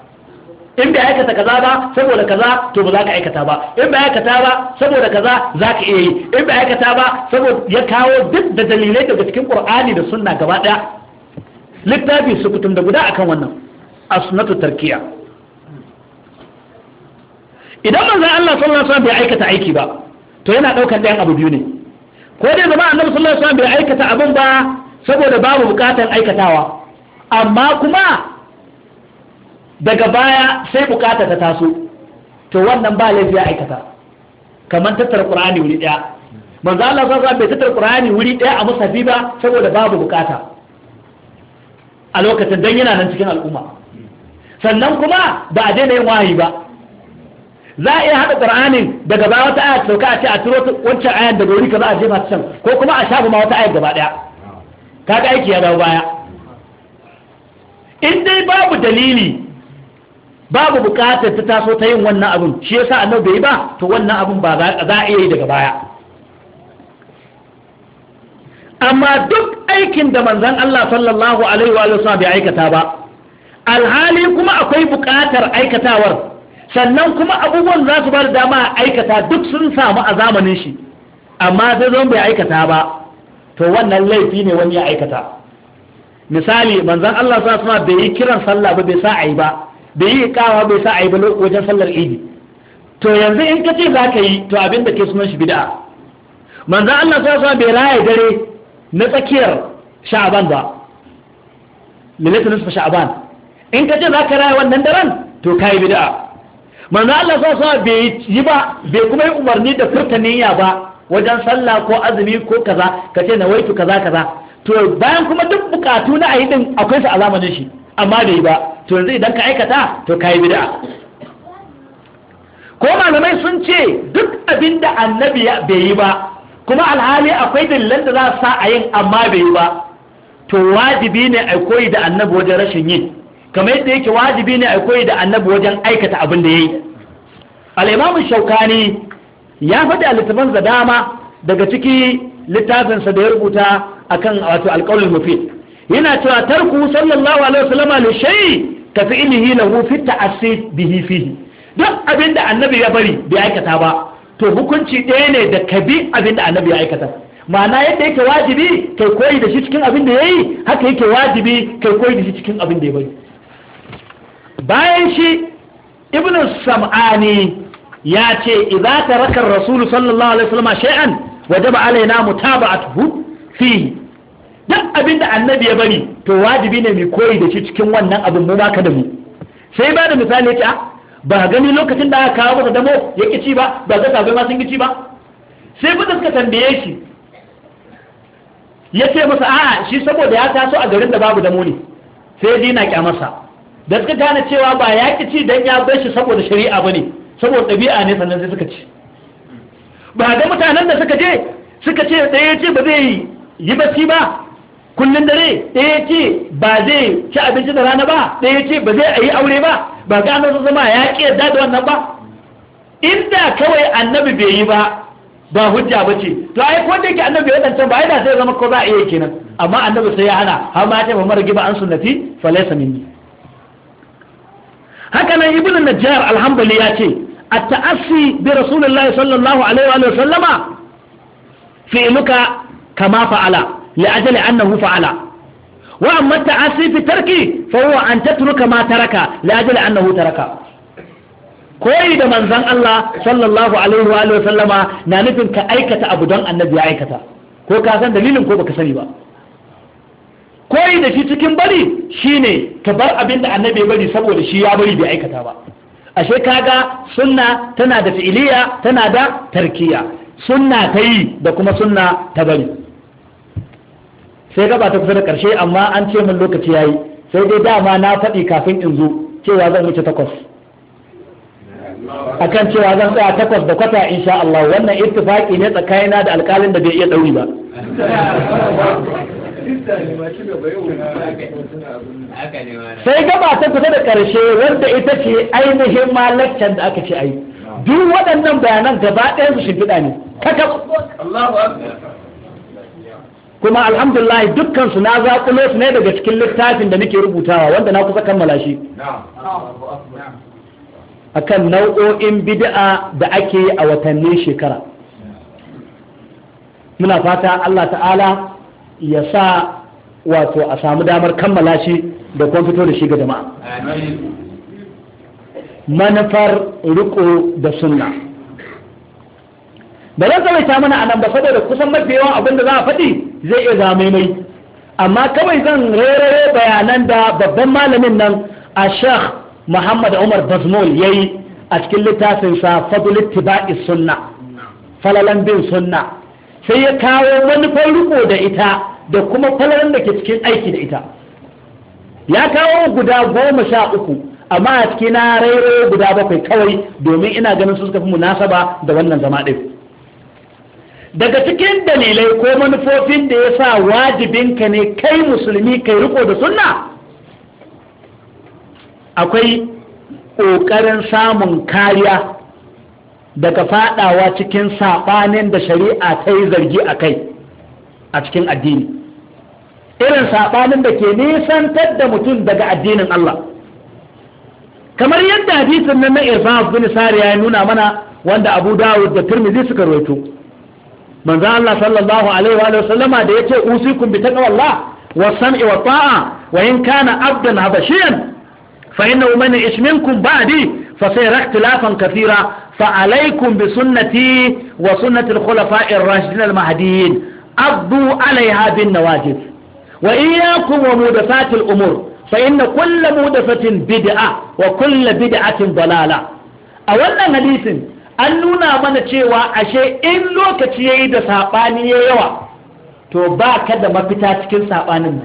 in bai aikata kaza ba saboda kaza to ba za ka aikata ba in bai aikata ba saboda kaza za ka iya yi in bai aikata ba saboda ya kawo duk da dalilai daga cikin qur'ani da sunna gaba daya littafi su kutum da guda akan wannan a sunatu tarkiya idan manzon Allah sallallahu alaihi wasallam bai aikata aiki ba to yana daukar ɗayan abu biyu ne ko dai zama annabi sallallahu alaihi wasallam bai aikata abin ba saboda babu bukatar aikatawa amma kuma daga baya sai bukata ta taso to wannan ba laifi ya aikata kamar tattara qur'ani wuri daya manzo Allah sallallahu alaihi wasallam bai tattara qur'ani wuri daya a musafi ba saboda babu bukata a lokacin don yana nan cikin al'umma sannan kuma ba a daina yin wahayi ba za a iya haɗa ƙur'anin daga ba wata aya sauka a ce a turo wancan ayan daga wuri kaza a jefa can ko kuma a shafa ma wata ayar gaba ɗaya ga aiki ya dawo baya in dai babu dalili babu buƙatar ta taso ta yin wannan abun shi yasa annabi bai yi ba to wannan abun ba za a iya yi daga baya amma duk aikin da manzan Allah sallallahu alaihi wa sallam bai aikata ba alhali kuma akwai buƙatar aikatawar sannan kuma abubuwan za su ba da dama a aikata duk sun samu a zamanin shi amma sai zon bai aikata ba to wannan laifi ne wani ya aikata misali manzan Allah sallallahu alaihi bai yi kiran sallah ba bai sa a yi ba bai yi kawa bai sa a yi ba wajen sallar idi to yanzu in ka ce za ka yi to abin da ke sunan shi bid'a manzan Allah sallallahu alaihi bai raya dare na tsakiyar sha'aban ba lalata nusfa sha'aban in ka ce za ka raya wannan daren to ka yi bida manzo Allah sa sa bai yi ba bai kuma yi umarni da furta niyya ba wajen sallah ko azumi ko kaza ka ce na waitu kaza kaza to bayan kuma duk bukatu na ayi din akwai su a zamanin shi amma bai ba to yanzu idan ka aikata to ka yi bid'a ko malamai sun ce duk abinda da annabi bai yi ba kuma alhali akwai dalilan da za sa a yin amma bai yi ba to wajibi ne a koyi da annabi wajen rashin yin kamar yadda yake wajibi ne a koyi da annabi wajen aikata abin da ya yi al'imamu shaukani ya faɗi a da dama daga ciki littafinsa da ya rubuta akan wato alƙawlin mufid yana cewa tarku sallallahu alaihi wasallam li shay ka fi ilmihi lahu fi ta'assi bihi fihi duk abinda annabi ya bari bai aikata ba to hukunci ɗaya ne da ka bi abin da annabi ya aikata ma'ana yadda yake wajibi kai koyi da shi cikin abin da ya yi haka yake wajibi kai koyi da shi cikin abin da ya bari bayan shi ibn sam'ani ya ce idza taraka ar-rasul sallallahu alaihi wasallam shay'an wajaba alaina mutaba'atuhu fihi duk abin da annabi ya bari to wajibi ne mu koyi da shi cikin wannan abin mu ma mu sai ba da misali ya ah, ba gani lokacin da aka kawo masa damo ya ci ba ba ga sabai masu sun ci ba sai fa suka tambaye shi ya ce masa a'a shi saboda ya taso a garin da babu damo ne sai dina kyamarsa da suka gane cewa ba ya ki ci don ya bai shi saboda shari'a ba ne, saboda ɗabi'a ne sannan sai suka ci ba ga mutanen da suka je suka ce ɗaya ce ba zai yi bacci ba kullun dare ɗaya ce ba zai ci abinci da rana ba ɗaya ce ba zai yi aure ba ba ga annabi zama ya ƙi yadda da wannan ba inda kawai annabi bai yi ba ba hujja ba ce to ai ko da yake annabi ya danta ba yana sai zama ko za a iya kenan amma annabi sai ya hana har ma ta mamar giba an sunnati fa minni haka nan ibnu najjar alhamdulillah ya ce at-ta'assi bi rasulillahi sallallahu alaihi wa sallama fi'luka kama fa'ala لأجل أنه فعل وأما التعسي في الترك فهو أن تترك ما ترك لأجل أنه ترك koyi da manzan Allah sallallahu alaihi wa sallama na nufin ka aikata abu don annabi ya aikata ko ka san dalilin ko baka sani ba koyi da shi cikin bari shi ne, ka bar abin da annabi ya bari saboda shi ya bari bai aikata ba ashe ka ga sunna tana da fi'iliya tana da tarkiya sunna ta yi da kuma sunna ta bari sai gaba ta kusa da ƙarshe amma an ce min lokaci ya yi sai dai dama na faɗi kafin in zo cewa zan wuce takwas A kan cewa zan tsaya takwas da kwata insha Allah wannan ittifaki ne tsakanina da alƙalin da bai iya ɗauri ba sai gaba ta kusa da ƙarshe wanda ita ce ainihin malaccan da aka ce ai duk waɗannan bayanan gaba ɗaya su shimfiɗa ne kakaf kuma alhamdulillah dukkan su na zaƙulo su ne daga cikin littafin da nake rubutawa wanda na kusa kammala shi akan nau'o'in bid'a da ake yi a watanni shekara muna fata Allah ta'ala ya sa wato a samu damar kammala shi da kuma fito da shi ga jama'a manufar riko da sunna ba zan tsawaita mana a nan ba saboda kusan mafi yawan abin da za a faɗi zai iya zama mai amma kawai zan rairaye bayanan da babban malamin nan a shekh muhammad umar basmol ya yi a cikin littafin sa fadul tiba'i sunna falalan bin sunna sai ya kawo wani riko da ita da kuma falalan da ke cikin aiki da ita ya kawo guda goma sha uku amma a cikin na rairaye guda bakwai kawai domin ina ganin su suka fi munasaba da wannan zama ɗin daga cikin dalilai ko manufofin da ya sa wajibinka ne kai musulmi kai riko da sunna akwai ƙoƙarin samun kariya daga faɗawa cikin saɓanin da shari'a ta yi zargi a kai a cikin addini irin saɓanin da ke nisantar da mutum daga addinin Allah kamar yadda hadisin nan na irfan bin sariya ya nuna mana wanda abu dawud da turmizi suka rawaito manzo Allah sallallahu alaihi wa sallama da yake usikum bi taqwallah wa sam'i wa ta'a wa in kana abdan habashiyan fa innahu man isminkum ba'di fa sayara ikhtilafan kathira fa alaykum bi sunnati wa sunnati al khulafair rashidin al-mahdiyyin abdu 'alayha bin nawajib wa iyyakum wa mudathati al-umur fa inna kull mudafatin bid'a wa kull bid'atin dalalah a wannan hadisin an nuna mana cewa ashe in lokaci ya yi da saɓani ya yawa to ba ka da mafita cikin saɓanin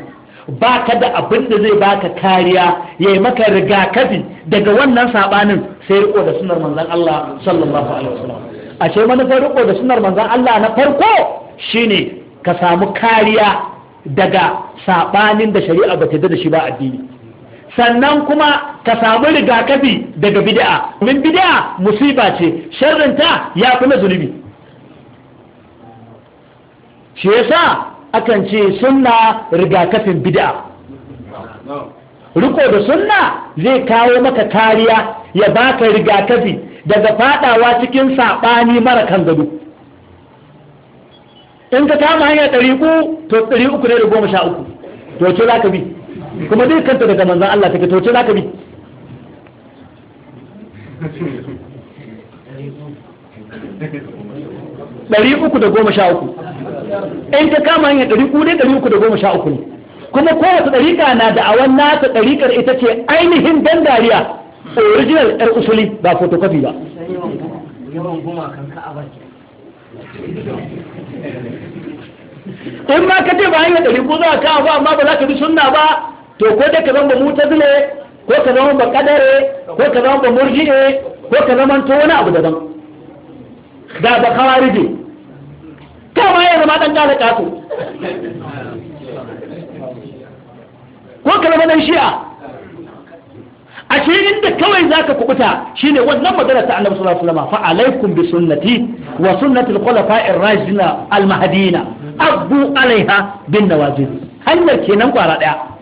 ba ka da abin da zai baka kariya ya yi maka rigakafi daga wannan saɓanin sai riko da sunar manzan Allah sallallahu alaihi wasallam ashe manufar riko da sunar manzan Allah na farko shine ka samu kariya daga saɓanin da shari'a ba ta da shi ba addini sannan kuma ka samu rigakafi daga bid'a min bid'a musiba ce sharrinta ya fi na zunubi shi yasa akan ce sunna rigakafin bid'a riko da sunna zai kawo maka kariya ya baka rigakafi daga fadawa cikin saɓani mara kan gado in ka kama hanyar ɗari uku to ɗari uku ne da goma sha uku to ce za ka bi kuma dai kanta daga manzan Allah take to ce za ka bi ɗari uku da goma sha uku in ka kama hanyar ɗari uku ne ɗari uku da goma sha uku ne kuma kowace ɗarika na wani nata ɗarikar ita ce ainihin dan dariya original ƴar usuli ba photocopy ba in ma ka ce ba hanyar ɗari uku za ka ba amma ba za ka bi sunna ba to ko dai ka zama mutazile ko ka zama ba kadare ko ka zama ba murji'e ko ka zama to wani abu daban da ba kawarije kama ya zama dan kala kato ko ka zama dan shi'a a cikin da kawai za zaka kubuta shine wannan magana ta Annabi sallallahu alaihi wasallam fa alaikum bi sunnati wa sunnati al-khulafa'ir rashidina al-mahdina abu alaiha bin nawajid hanyar kenan kwara daya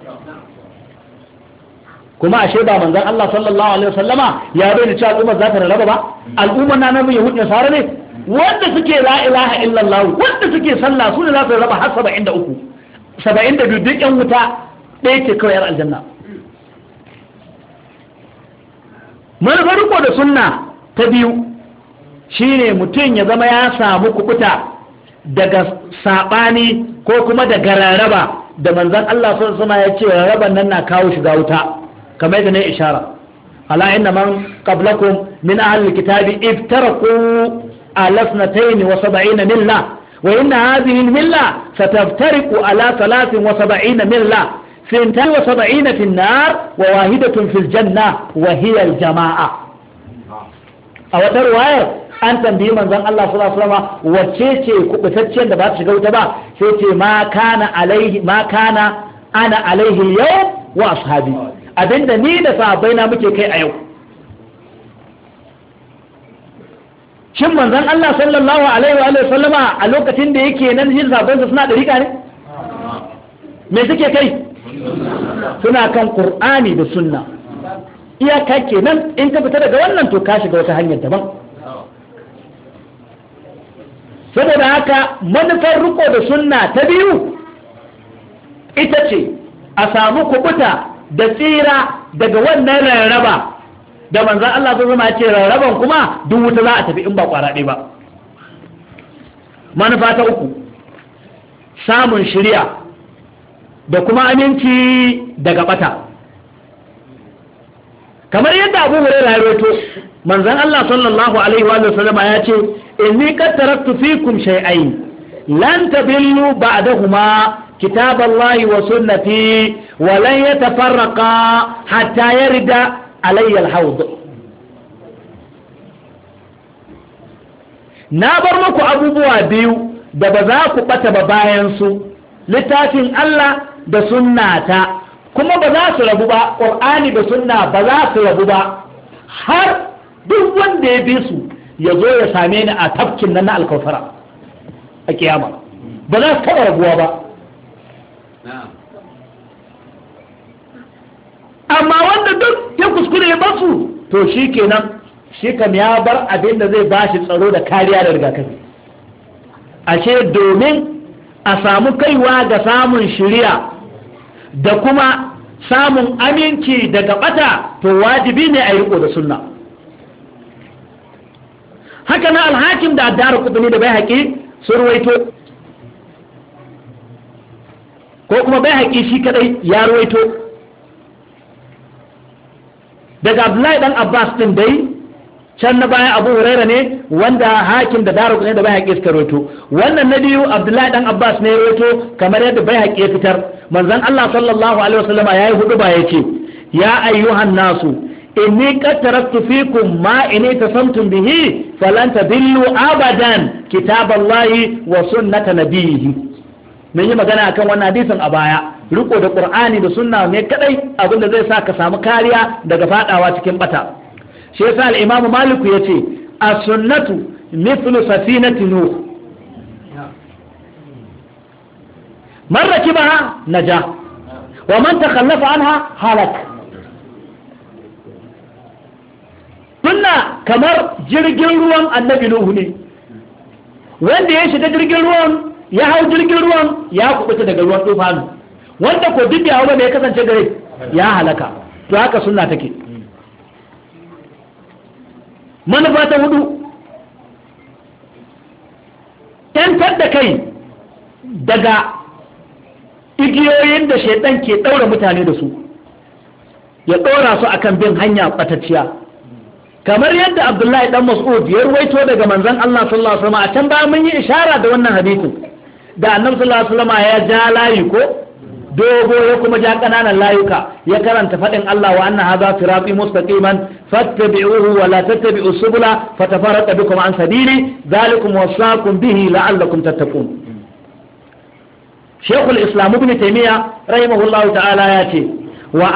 kuma ashe ba manzon Allah sallallahu alaihi wasallama ya bai da cewa al'umma za ta rarraba ba al'umma na nan yahud nasara ne wanda suke la ilaha illallah wanda suke sallah su ne za su raba har 73 72 duk yan wuta ɗaya ce kawai yar aljanna manufar riko da sunna ta biyu shine mutum ya zama ya samu kukuta daga saɓani ko kuma daga rarraba da manzan Allah sun suna ya ce rarraban nan na kawo shiga wuta kamar da na ishara ala inna man qablakum min ahli alkitabi iftaraqu ala 72 milla wa inna hadhihi almilla sataftariqu ala 73 milla ثنتان وسبعين في النار وواحدة في الجنة وهي الجماعة أو ترواية an tambayi manzon Allah sallallahu alaihi wasallam wacce ce kubutaccen da ba ta shiga wuta ba sai ce ma kana alaihi ma kana ana alaihi yau wa ashabi abinda ni da sahabbai na muke kai a yau shin manzon Allah sallallahu alaihi wa sallama a lokacin da yake nan jin su suna rika ne me suke kai suna kan Qur'ani da sunna iyaka kenan in ka fita daga wannan to ka shiga wata hanyar daban saboda haka manufar riko da sunna ta biyu ita ce a samu kubuta da tsira daga wannan rarraba da manzan Allah sun zama ce rarraban kuma duk wuta za a tafi in ba kwara ba manufa ta uku samun shirya da kuma aminci daga bata kamar yadda abu hurairah ya to manzan Allah sallallahu alaihi wa sallama ya ce inni qad taraktu fikum shay'ain lan tabillu ba'dahuma كتاب الله وسنتي ولن يتفرقا حتى يرد علي الحوض na bar muku abubuwa biyu da ba za ku ɓata ba bayan su, littafin Allah da ta, kuma ba za su rabu ba ƙur'ani da sunna ba za su rabu ba har duk wanda ya bi su ya zo ya same ni a tafkin nan na a kiyama ba za su taɓa rabuwa ba amma wanda duk ya kuskure ya basu to shi kenan shi kan ya bar abin da zai ba shi tsaro da kariya da rigakafi ashe domin a samu kaiwa ga samun shirya da kuma samun aminci daga bata to wajibi ne a yi riko da sunna haka na alhakin da addara kudini da bai haƙi sun ruwaito ko kuma bai haƙi shi kadai ya ruwaito daga abdullahi dan abbas din dai can na baya abu huraira ne wanda hakim da daru ne da bai haƙi suka ruwaito wannan na biyu abdullahi dan abbas ne ruwaito kamar yadda bai haƙi ya fitar manzon allah sallallahu alaihi wasallama yayi hudu ba yace ya ayyuhan nasu inni qad taraktu fikum ma in tasamtum bihi falan tadillu abadan kitaballahi wa sunnata nabiyhi mun yi magana akan wannan hadisin a baya riko da qur'ani da sunna ne kadai abin da zai sa ka samu kariya daga fadawa cikin bata shi yasa al-imam malik yace as-sunnatu mithlu safinati nuh man rakibaha najah wa man takhallafa anha halak sunna kamar jirgin ruwan annabi nuhu ne wanda ya shiga jirgin ruwan ya hau jirgin ruwan ya kubuta daga ruwan tufanu wanda ko duk ya kasance gare ya halaka to haka sunna take manufa ta hudu tantar da kai daga igiyoyin da shaidan ke ɗaura mutane da su ya ɗora su akan bin hanya ɓatacciya kamar yadda abdullahi dan mas'ud ya ruwaito daga manzon Allah sallallahu alaihi wasallam a can ba mun yi ishara da wannan hadisin da annabi sallallahu alaihi wasallam ya ja layi dogo ya kuma ja kananan layuka ya karanta fadin Allah wa anna hadha sirati mustaqiman fattabi'uhu wa la tattabi'u subula fatafaraqu bikum an sabili dhalikum wasaqum bihi la'allakum tattaqun Sheikhul Islam Ibn Taymiyyah rahimahullahu ta'ala ya ce wa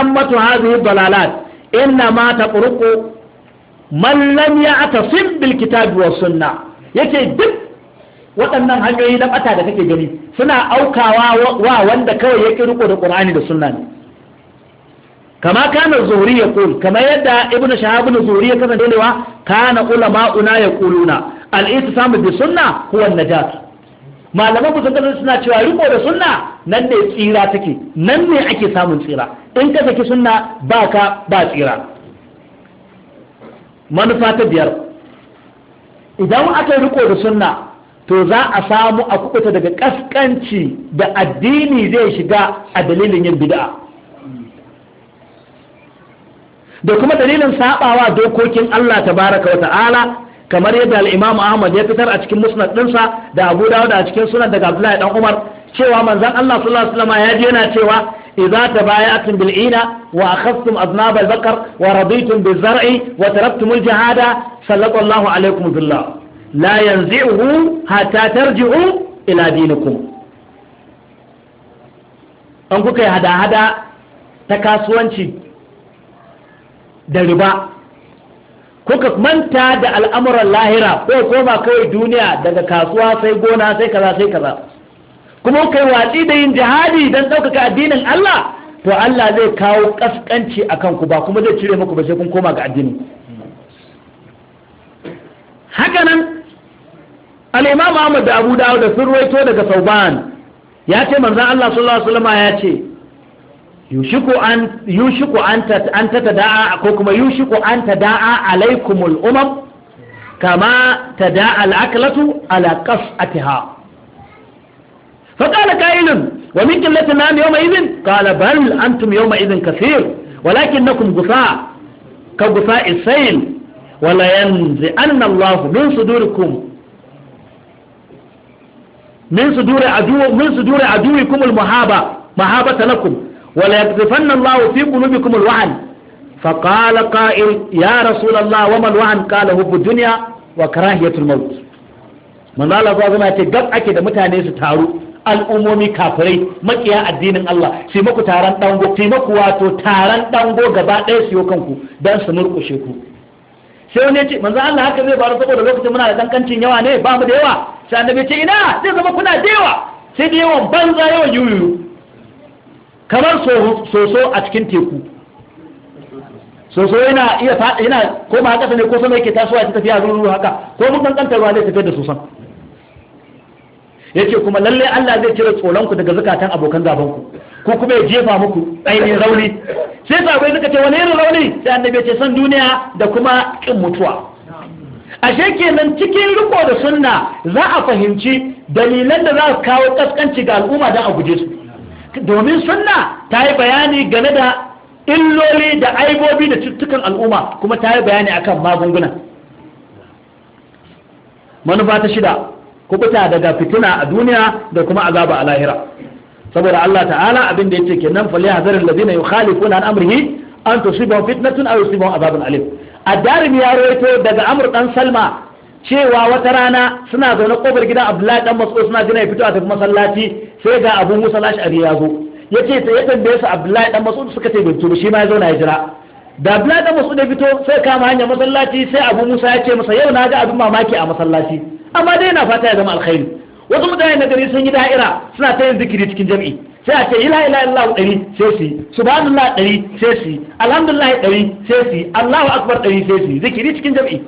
ammatu hadhihi dalalat inna ma taqruqu man lam ya'tasim bil kitabi was sunnah yake duk waɗannan hanyoyi na ɓata da kake gani suna aukawa wa wanda kawai ya ƙi riko da ƙur'ani da sunna ne kama kana zuri ya kul kama yadda ibn shahab ibn zuri ya kasance cewa kana ulama'una ya kuluna al-ittisam bi sunna huwa najat malaman ku sun suna cewa riko da sunna nan ne tsira take nan ne ake samun tsira in ka saki sunna ba ka ba tsira manufa ta biyar idan aka riko da sunna to za a samu a kubuta daga kaskanci da addini zai shiga a dalilin yin bid'a da kuma dalilin sabawa dokokin Allah tabaraka wa ta'ala kamar yadda al-Imam Ahmad ya fitar a cikin musnad dinsa da Abu Dawud a cikin sunan daga Abdullahi dan Umar cewa manzon Allah sallallahu alaihi wasallam ya ji yana cewa إذا تبايعتم بالعينة وأخذتم أذناب البقر ورضيتم wa وتركتم الجهاد سلط الله عليكم بالله la yanzi'uhu hatta tarji'u ila dinikum an kuka yi hada-hada ta kasuwanci da riba kuka manta da al'amuran lahira ko koma kawai duniya daga kasuwa sai gona sai kaza sai kaza kuma kai watsi da yin jihadi don ɗaukaka addinin Allah to Allah zai kawo ƙasƙanci a kanku ba kuma zai cire muku ba sai kun koma ga addini hakanan al-imam Ahmad da Abu Dawud da sun ruwaito daga Sauban ya ce manzon Allah sallallahu alaihi ya ce yushiku an yushiku an ta da'a ko kuma yushiku an ta da'a alaikumul umam kama ta da'a al-aklatu ala qas'atiha fa qala qailun wa min qillati nam yawma idhin qala bal antum yawma idhin kaseer walakinnakum gusaa ka gusa as-sayl wa la yanzi anna Allah min sudurikum min suduri aduwi min suduri aduwikum almuhaba mahabata lakum wa la yakzifanna Allah fi qulubikum alwahn fa qala qa'il ya rasul Allah wa mal wahn qala hubbu dunya wa karahiyatul maut manzo Allah zama ce gab ake da mutane su taru al'ummomi kafirai makiya addinin Allah sai maku taron dango sai maku wato taron dango gaba ɗaya su yi kanku don su murƙushe ku sai wani ya ce manzo Allah haka zai faru saboda lokacin muna da kankancin yawa ne ba mu da yawa sai annabi ce ina zai zama kuna da yawa sai da yawan banza yawan yuyu kamar soso a cikin teku soso yana iya yana ko ma haka ne ko sama yake tasowa ta tafiya ruru haka ko mun kankanta ruwa ne tafi da soson yace kuma lalle Allah zai cire tsoron ku daga zakatan abokan gaban ku ko kuma ya jefa muku ainihin rauni sai sabai suka ce wani irin rauni sai annabi ya ce san duniya da kuma kin mutuwa ashe kenan cikin riko da sunna za a fahimci dalilan da za su kawo kaskanci ga al'umma don a guje su domin sunna ta yi bayani game da illoli da aibobi da cututtukan al'umma kuma ta yi bayani akan magunguna manufa ta shida kubuta daga fitina a duniya da kuma azaba a lahira saboda Allah ta'ala abin da yake kenan fali hazar alladhina yukhalifuna an amrihi an tusibahum fitnatun aw yusibahum azabun alim ad ya rawaito daga Amr dan Salma cewa wata rana suna zaune kofar gidan Abdullahi dan Mas'ud suna gina ya fito a tafi masallaci sai ga Abu Musa al-Ash'ari ya zo yace ta ya tambaye su Abdullahi dan Mas'ud suka ce bai tuba shi ma ya zauna ya jira da Abdullahi dan da fito sai kama hanyar masallaci sai Abu Musa ya ce masa yau na ga abin mamaki a masallaci amma dai na fata ya zama alkhairi wasu mutane na gari sun yi da'ira suna ta yin zikiri cikin jami'i sai a ce ila ila Allahu ɗari sai su subhanallah ɗari sai su alhamdulillah ɗari sai su allahu akbar ɗari sai su zikiri cikin jami'i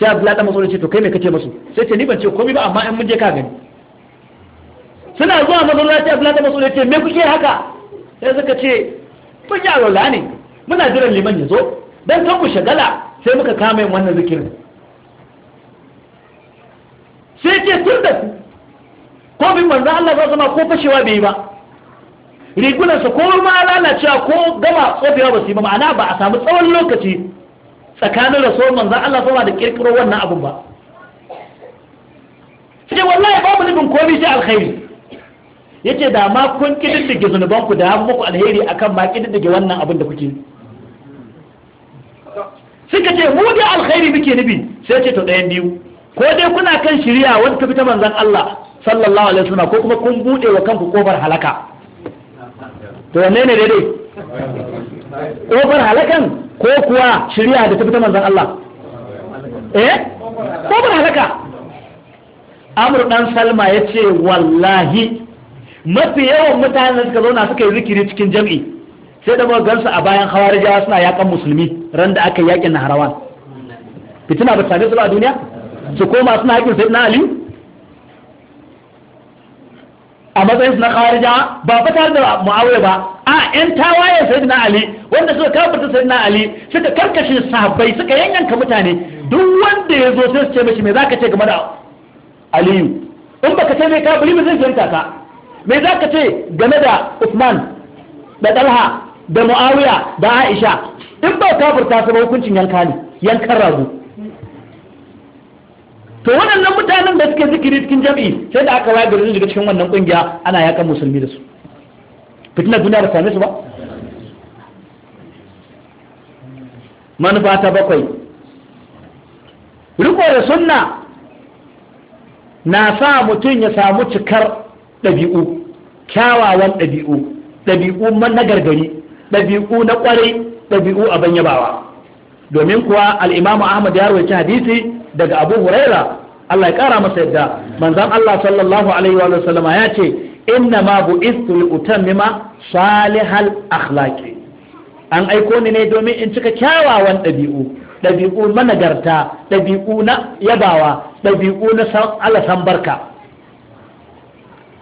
sai abdullahi dan ce to kai me kace masu? sai ce ni ban ce komai ba amma in mun je ka gani suna zuwa masallaci abdullahi dan ce me kuke haka sai suka ce mun yi alwala ne muna jiran liman ya zo don kan ku shagala sai muka kama yin wannan zikirin sai ce tun da ku ko bin manzo Allah zai zama ko fashewa bai yi ba rigunansa ko ma lalacewa ko gama tsofewa ba su yi ba ma'ana ba a samu tsawon lokaci tsakanin rasuwar manzan Allah sama da kirkiro wannan abun ba sai wallahi babu nufin komai sai alkhairi yace da ma kun kididdige zunuban ku da muku alheri akan ma kididdige wannan abin da kuke suka ce mu da alheri muke nubi sai ce to ɗayan biyu ko dai kuna kan shirya wanda ta fita manzon Allah sallallahu alaihi wasallam ko kuma kun bude wa kanku kofar halaka to wanne ne daidai kofar halakan ko kuwa shirya da ta fita manzon Allah eh kofar halaka Amr dan Salma yace wallahi mafi yawan mutane suka zauna suka yi zikiri cikin jam'i sai da su a bayan hawarijawa suna yakan musulmi ran da aka yi yakin na harawan fitina ba same su ba a duniya su koma suna yakin sai na aliyu a matsayin su na hawarijawa ba fa tare da mu'awiya ba a yan tawayen sai na ali wanda suka kafirta sai na ali suka karkashe sahabbai suka yanyanka mutane duk wanda ya zo sai su ce mashi me zaka ce game da aliyu in baka sai mai kafiri ba zai fahimta ka me za ka ce game da Usman da Talha da Muawiya da Aisha in ba kafirta su ba hukuncin yanka ne yankan rago to waɗannan mutanen da suke zikiri cikin jami'i, sai da aka waya garin daga cikin wannan kungiya ana yakan musulmi da su fitinar duniya da same su ba manufa ta bakwai riko da sunna na sa mutum ya samu cikar ɗabi'u kyawawan ɗabi'u ɗabi'u na gargari ɗabi'u na ƙwarai ɗabi'u a yabawa domin kuwa al'imamu ahmad ya rawaita hadisi daga abu huraira Allah ya ƙara masa yadda manzan Allah sallallahu alaihi wa sallama ya ce inna ma bu'istu li utammima salihal akhlaqi an aiko ni ne domin in cika kyawawan ɗabi'u ɗabi'u managarta ɗabi'u na yabawa ɗabi'u na alasan barka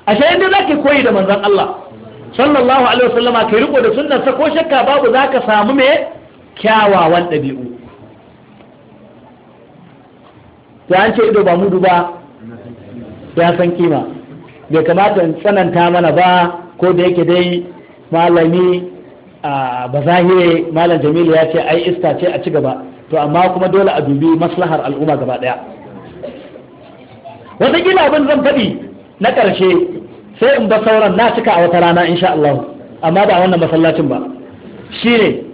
ashe inda zaki koyi da manzon Allah sallallahu alaihi wasallama kai riko da sunnar sa ko shakka babu zaka samu me kyawawan dabi'u to an ce ido ba mudu ba ya san kima bai kamata in tsananta mana ba ko da yake dai malami a bazahire malam jamilu ya ce ai ista ce a ci gaba to amma kuma dole a dubi maslahar al'umma gaba daya wataƙila abin zan faɗi na ƙarshe sai in ba sauran na cika a wata rana insha Allah amma ba wannan masallacin ba shine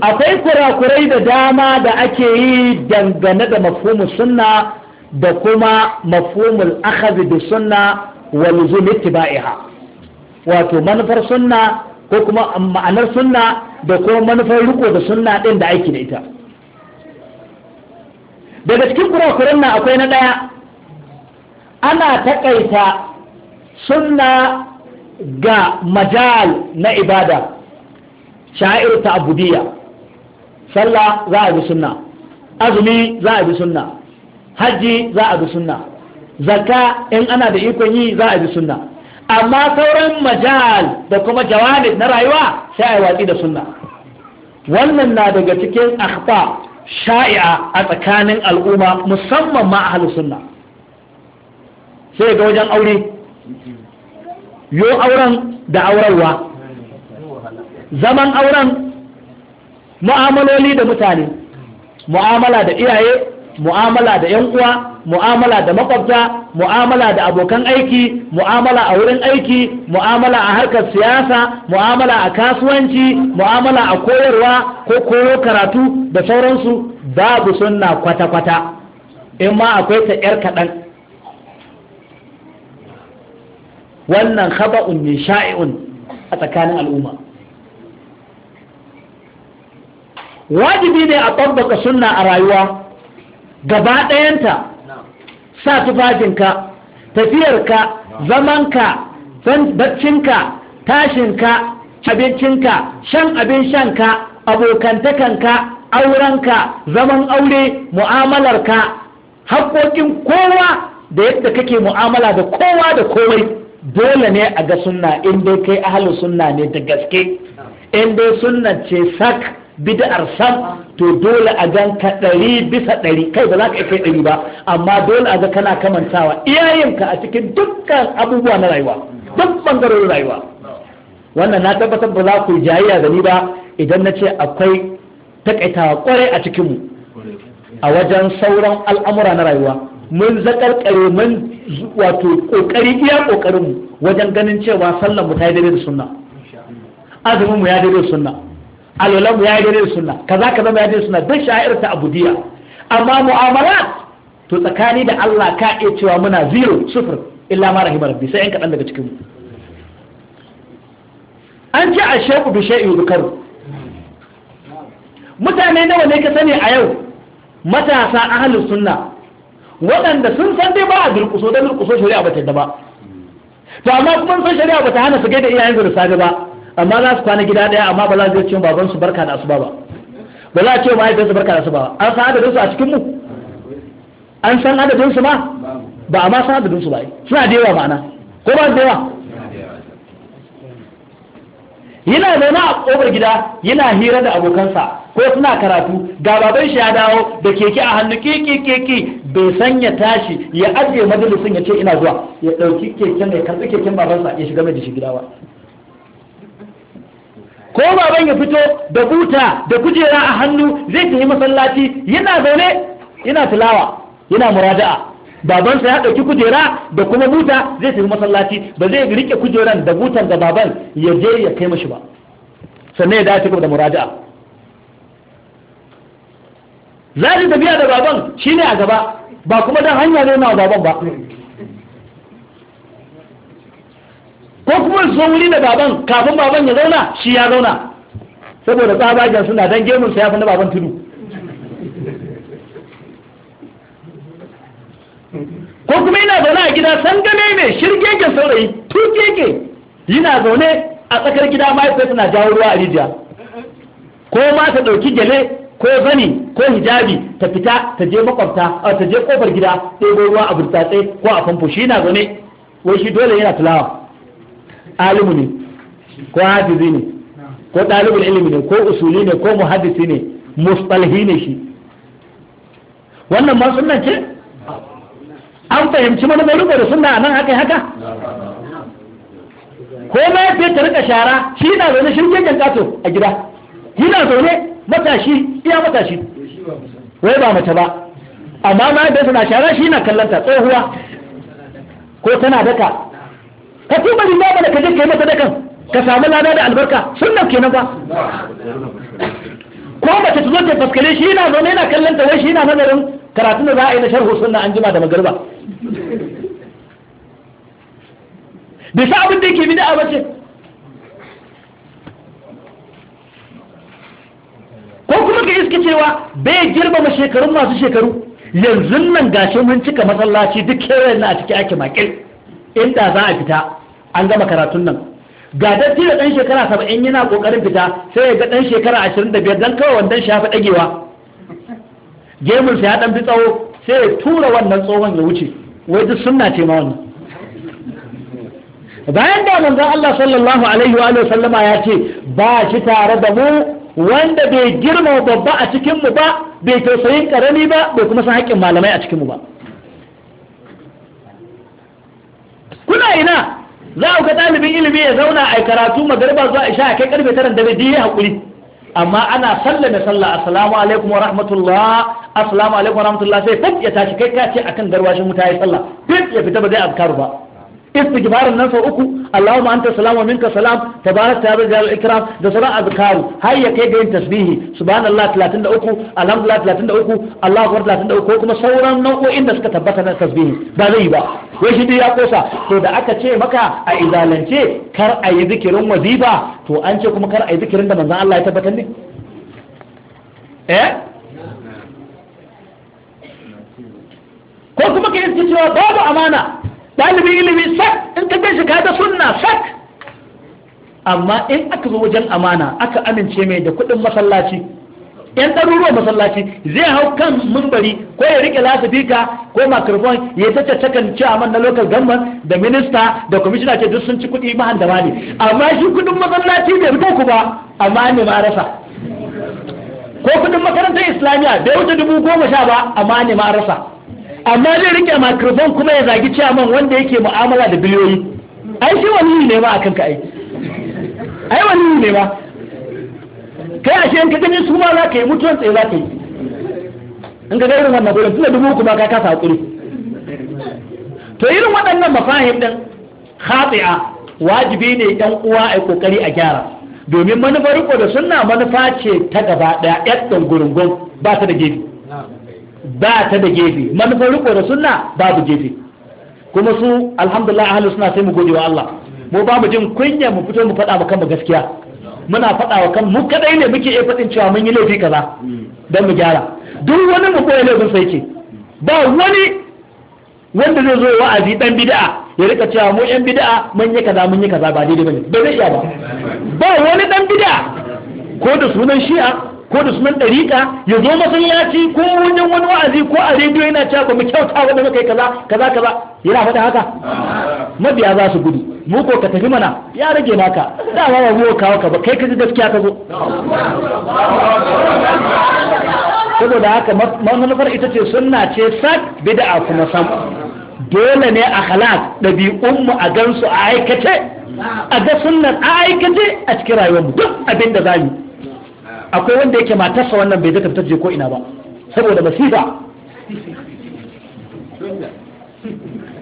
akwai kurakurai da dama da ake yi dangane da mafhumu sunna da kuma mafhumul akhadhi bi sunna wa luzum ittiba'iha wato manufar sunna ko kuma ma'anar sunna da kuma manufar riko da sunna din da aiki da ita daga cikin kurakuran nan akwai na ɗaya? ana taƙaita sunna ga majal na ibada sha'ir ta abudiyya sallah za a bi sunna azumi za a bi sunna hajji za a bi sunna zakka in ana da ikon yi za a bi sunna amma sauran majal da kuma jawanib na rayuwa sai a yi watsi da sunna wannan na daga cikin akhta sha'i'a a tsakanin al'umma musamman ma ahlus sunna sai ga wajen aure yo auren da aurarwa zaman auren mu'amaloli da mutane mu'amala da iyaye mu'amala da yan uwa mu'amala da makwabta mu'amala da abokan aiki mu'amala a wurin aiki mu'amala a harkar siyasa mu'amala a kasuwanci mu'amala a koyarwa ko koyo karatu da sauransu babu sunna kwata-kwata in ma akwai ta 'yar kaɗan wannan khaba'un ne sha'i'un a tsakanin al'umma wajibi ne a tabbata sunna a rayuwa gaba ɗayanta sa tufafinka tafiyarka zamanka baccinka tashinka abincinka shan abin shanka abokantakanka aurenka zaman aure mu'amalarka haƙoƙin kowa da yadda kake mu'amala da kowa da kowai dole ne a ga sunna in dai kai ahalu sunna ne da gaske in dai sunna ce sak bid'ar sam to dole a gan ka ɗari bisa ɗari kai ba za ka kai ɗari ba amma dole a ga kana kamantawa iyayenka a cikin dukkan abubuwa na rayuwa duk bangarorin rayuwa wannan na tabbatar ba za ku jayayya da ni ba idan na ce akwai takaitawa kwarai a cikinmu a wajen sauran al'amura na rayuwa mun zakarkare mun wato kokari iya kokarin mu wajen ganin cewa sallar mu ta yi daidai da sunna azumin mu ya daidai da sunna alwalan mu ya yi daidai da sunna kaza kaza mu ya daidai da sunna duk sha'ir ta abudiya amma mu'amalat to tsakani da Allah ka iya cewa muna zero sufur illa ma rahimar rabbi sai yan kaɗan daga cikin mu an ce a sheku bi shay'in yukaru mutane nawa ne ka sani a yau matasa ahlus sunna waɗanda sun san dai ba a durƙuso da durƙuso shari'a ba ta ba to amma kuma san shari'a ba ta hana su gaida iyayen su da safe ba amma za su kwana gida ɗaya amma ba za su ce baban su barka da asuba ba ba za a ce mahaifin su barka da asuba ba an san adadin su a cikin mu an san adadin su ma ba amma san adadin su ba suna da yawa ma'ana ko ba da yawa yana zaune a kofar gida yana hira da abokansa ko suna karatu ga baban shi ya dawo da keke a hannu keke keke bai san ya tashi ya ajiye majalisin ya ce ina zuwa ya dauki keken ya karbi keken babansa ya shiga mai da gida ba ko baban ya fito da buta da kujera a hannu zai tafi masallaci yana zaune yana tilawa yana muraja'a babansa ya ɗauki kujera da kuma buta zai tafi masallaci ba zai rike kujeran da butan da baban ya je ya kai mashi ba sannan ya dace da muraja'a zai tafiya da baban shine a gaba ba kuma dan hanya ne na baban ba ko kuma zo wuri da baban kafin baban ya zauna shi ya zauna saboda tsabagen suna dan gemun sa ya fi na baban tudu ko kuma yana zaune a gida san game mai shirgegen saurayi tukeke yana zaune a tsakar gida mahaifiyarsa suna jawo ruwa a rijiya ko ma ta ɗauki gele, ko zani ko hijabi ta fita ta je makwabta ta je kofar gida ɗebo ruwa a burtsatse ko a famfo shi na zaune wai shi dole yana tulawa alimu ne ko hadisi ne ko ɗalibin ilimi ne ko usuli ne ko muhaddisi ne mustalhi ne shi wannan ma sunan ce an fahimci manufar da suna a nan haka haka ko ma ya ta rika shara shi na zaune shi yankin kato a gida na zaune matashi iya matashi wai ba mace ba amma ma da suna shara shi na kallanta tsohuwa ko tana daka ka tuba limama da ka je kai mata dakan ka samu lada da albarka sunna kenan ba ko mace ta zo ta faskale shi yana zaune yana kallon ta wai shi yana nazarin karatun da za a yi na sharhu sunna an jima da magarba bai sa abin da yake bi ba ce ko kuma ka iska cewa bai girmama shekarun masu shekaru yanzu nan gashi mun cika masallaci duk kewayen na a ciki ake makil inda za a fita an gama karatun nan ga datti da dan shekara saba'in yana kokarin fita sai ya ga ɗan shekara ashirin da biyar don kawai wandon shafi ɗagewa gemunsa ya dan fi tsawo sai ya tura wannan tsohon ya wuce wai duk sunna ce ma wannan bayan da manzon Allah sallallahu alaihi wa sallama ya ce ba shi tare da mu wanda bai girma babba a cikin mu ba bai tausayin karami ba bai kuma san haƙƙin malamai a cikin mu ba kuna ina za a ga ɗalibin ilimi ya zauna a karatu magarba zuwa isha a kai karfe tara da bai hakuri amma ana sallame sallah assalamu alaikum wa rahmatullah assalamu alaikum wa rahmatullah sai fit ya tashi kai ka ce akan garwashin mutane sallah fit ya fita ba zai azkaru ba istighfarin nan sau uku Allahumma anta salam wa minka salam tabarakta ya bil ikram da sauran azkaru har ya kai ga yin tasbihi subhanallah 33 alhamdulillah 33 Allahu akbar 33 ko kuma sauran nau'o'in da suka tabbata na tasbihi ba zai ba wai shi ya kosa to da aka ce maka a izalance kar a yi zikirin waziba to an ce kuma kar a yi zikirin da Allah ya eh? ko kuma ka yi cewa babu amana ɗalibin ilimi sak in ka gaishe ka da sunna sak amma in aka zo wajen amana aka amince mai da kuɗin masallaci yan ɗaruruwan masallaci zai hau kan mumbari ko ya rike lasifika ko makarfon ya ta a ciyaman na local government da minista da kwamishina ke duk sun ci kuɗi ma da ne amma shi kuɗin masallaci bai fito ku ba amma ne ma rasa ko kuɗin makarantar islamiyya bai wuce dubu goma sha ba amma ne ma rasa amma zai rike microphone kuma ya zagi chairman wanda yake mu'amala da biliyoyi ai shi wani ne ma akan ka ai ai wani ne ma kai ashe in ka gani su ma za ka yi mutuwan tsaye za ka yi in ka ga irin wannan gurin tunda dubu kuma ka kasa hakuri to irin waɗannan mafahim din khati'a wajibi ne ɗan uwa a kokari a gyara domin manufar ko da sunna manufa ce ta gaba ɗaya ɗan gurungun ba ta da gidi ba ta da gefe manufar riko da sunna babu gefe kuma su alhamdulillah ahli suna sai mu gode wa Allah mu ba mu jin kunya mu fito mu faɗa wa kanmu gaskiya muna faɗa wa kan mu kadai ne muke iya faɗin cewa mun yi laifi kaza don mu gyara duk wani mu koyi laifin sai ke ba wani wanda zai zo wa'azi dan bid'a ya rika cewa mu yan bid'a mun yi kaza mun yi kaza ba daidai bane ba zai iya ba ba wani dan bid'a ko da sunan shi'a ko da sunan ɗariƙa ya zo masallaci ko wajen wani wa'azi ko a rediyo yana cewa ba mu kyauta wanda muka yi kaza kaza kaza yana faɗa haka mabiya za su gudu mu ko ka tafi mana ya rage naka da ba ba mu kawo ka ba kai ka ji gaskiya ka zo saboda haka manufar ita ce sunna ce sak bid'a kuma sam dole ne akhlaq ɗabi'un mu a gansu a aikace a ga sunnan a aikace a cikin rayuwar duk abin da mu. akwai wanda yake matarsa wannan bai zaka je ko ina ba saboda masifa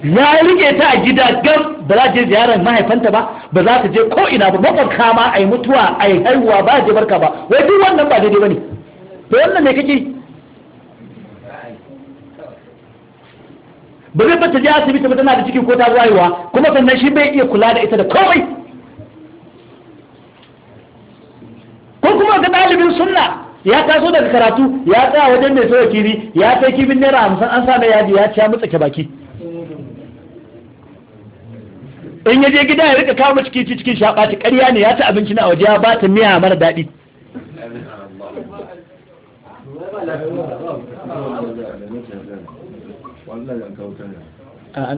ya rike ta a gida gam ba za je ziyarar mahaifanta ba ba za ta je ko ina ba mafarka ma a mutuwa a yi haihuwa ba je barka ba wai duk wannan ba daidai ba ne to wannan ne kake ba zai fata je asibiti ba tana da ciki ko ta zuwa kuma sannan shi bai iya kula da ita da komai ko kuma ga ɗalibin sunna ya taso daga karatu ya tsaya wajen mai sauya kifi ya kai kifin naira hamsin an sa mai yaji ya ci ya ke baki in ya je gida ya rika kawo ciki cikin shaɓa ta ƙarya ne ya ci abinci na waje ya ba ta miya mara daɗi ah,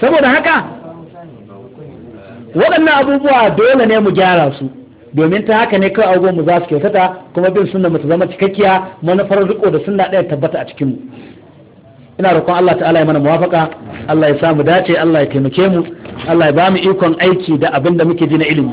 saboda haka waɗannan abubuwa dole ne mu gyara su domin ta haka ne kai a mu za su kyautata kuma bin sunna mu ta zama cikakkiya manufar riko da sunna ɗaya tabbata a cikin mu ina roƙon Allah ta'ala ya mana muwafaka Allah ya samu dace Allah ya taimake mu Allah ya ba mu ikon aiki da abin da muke ji na ilimi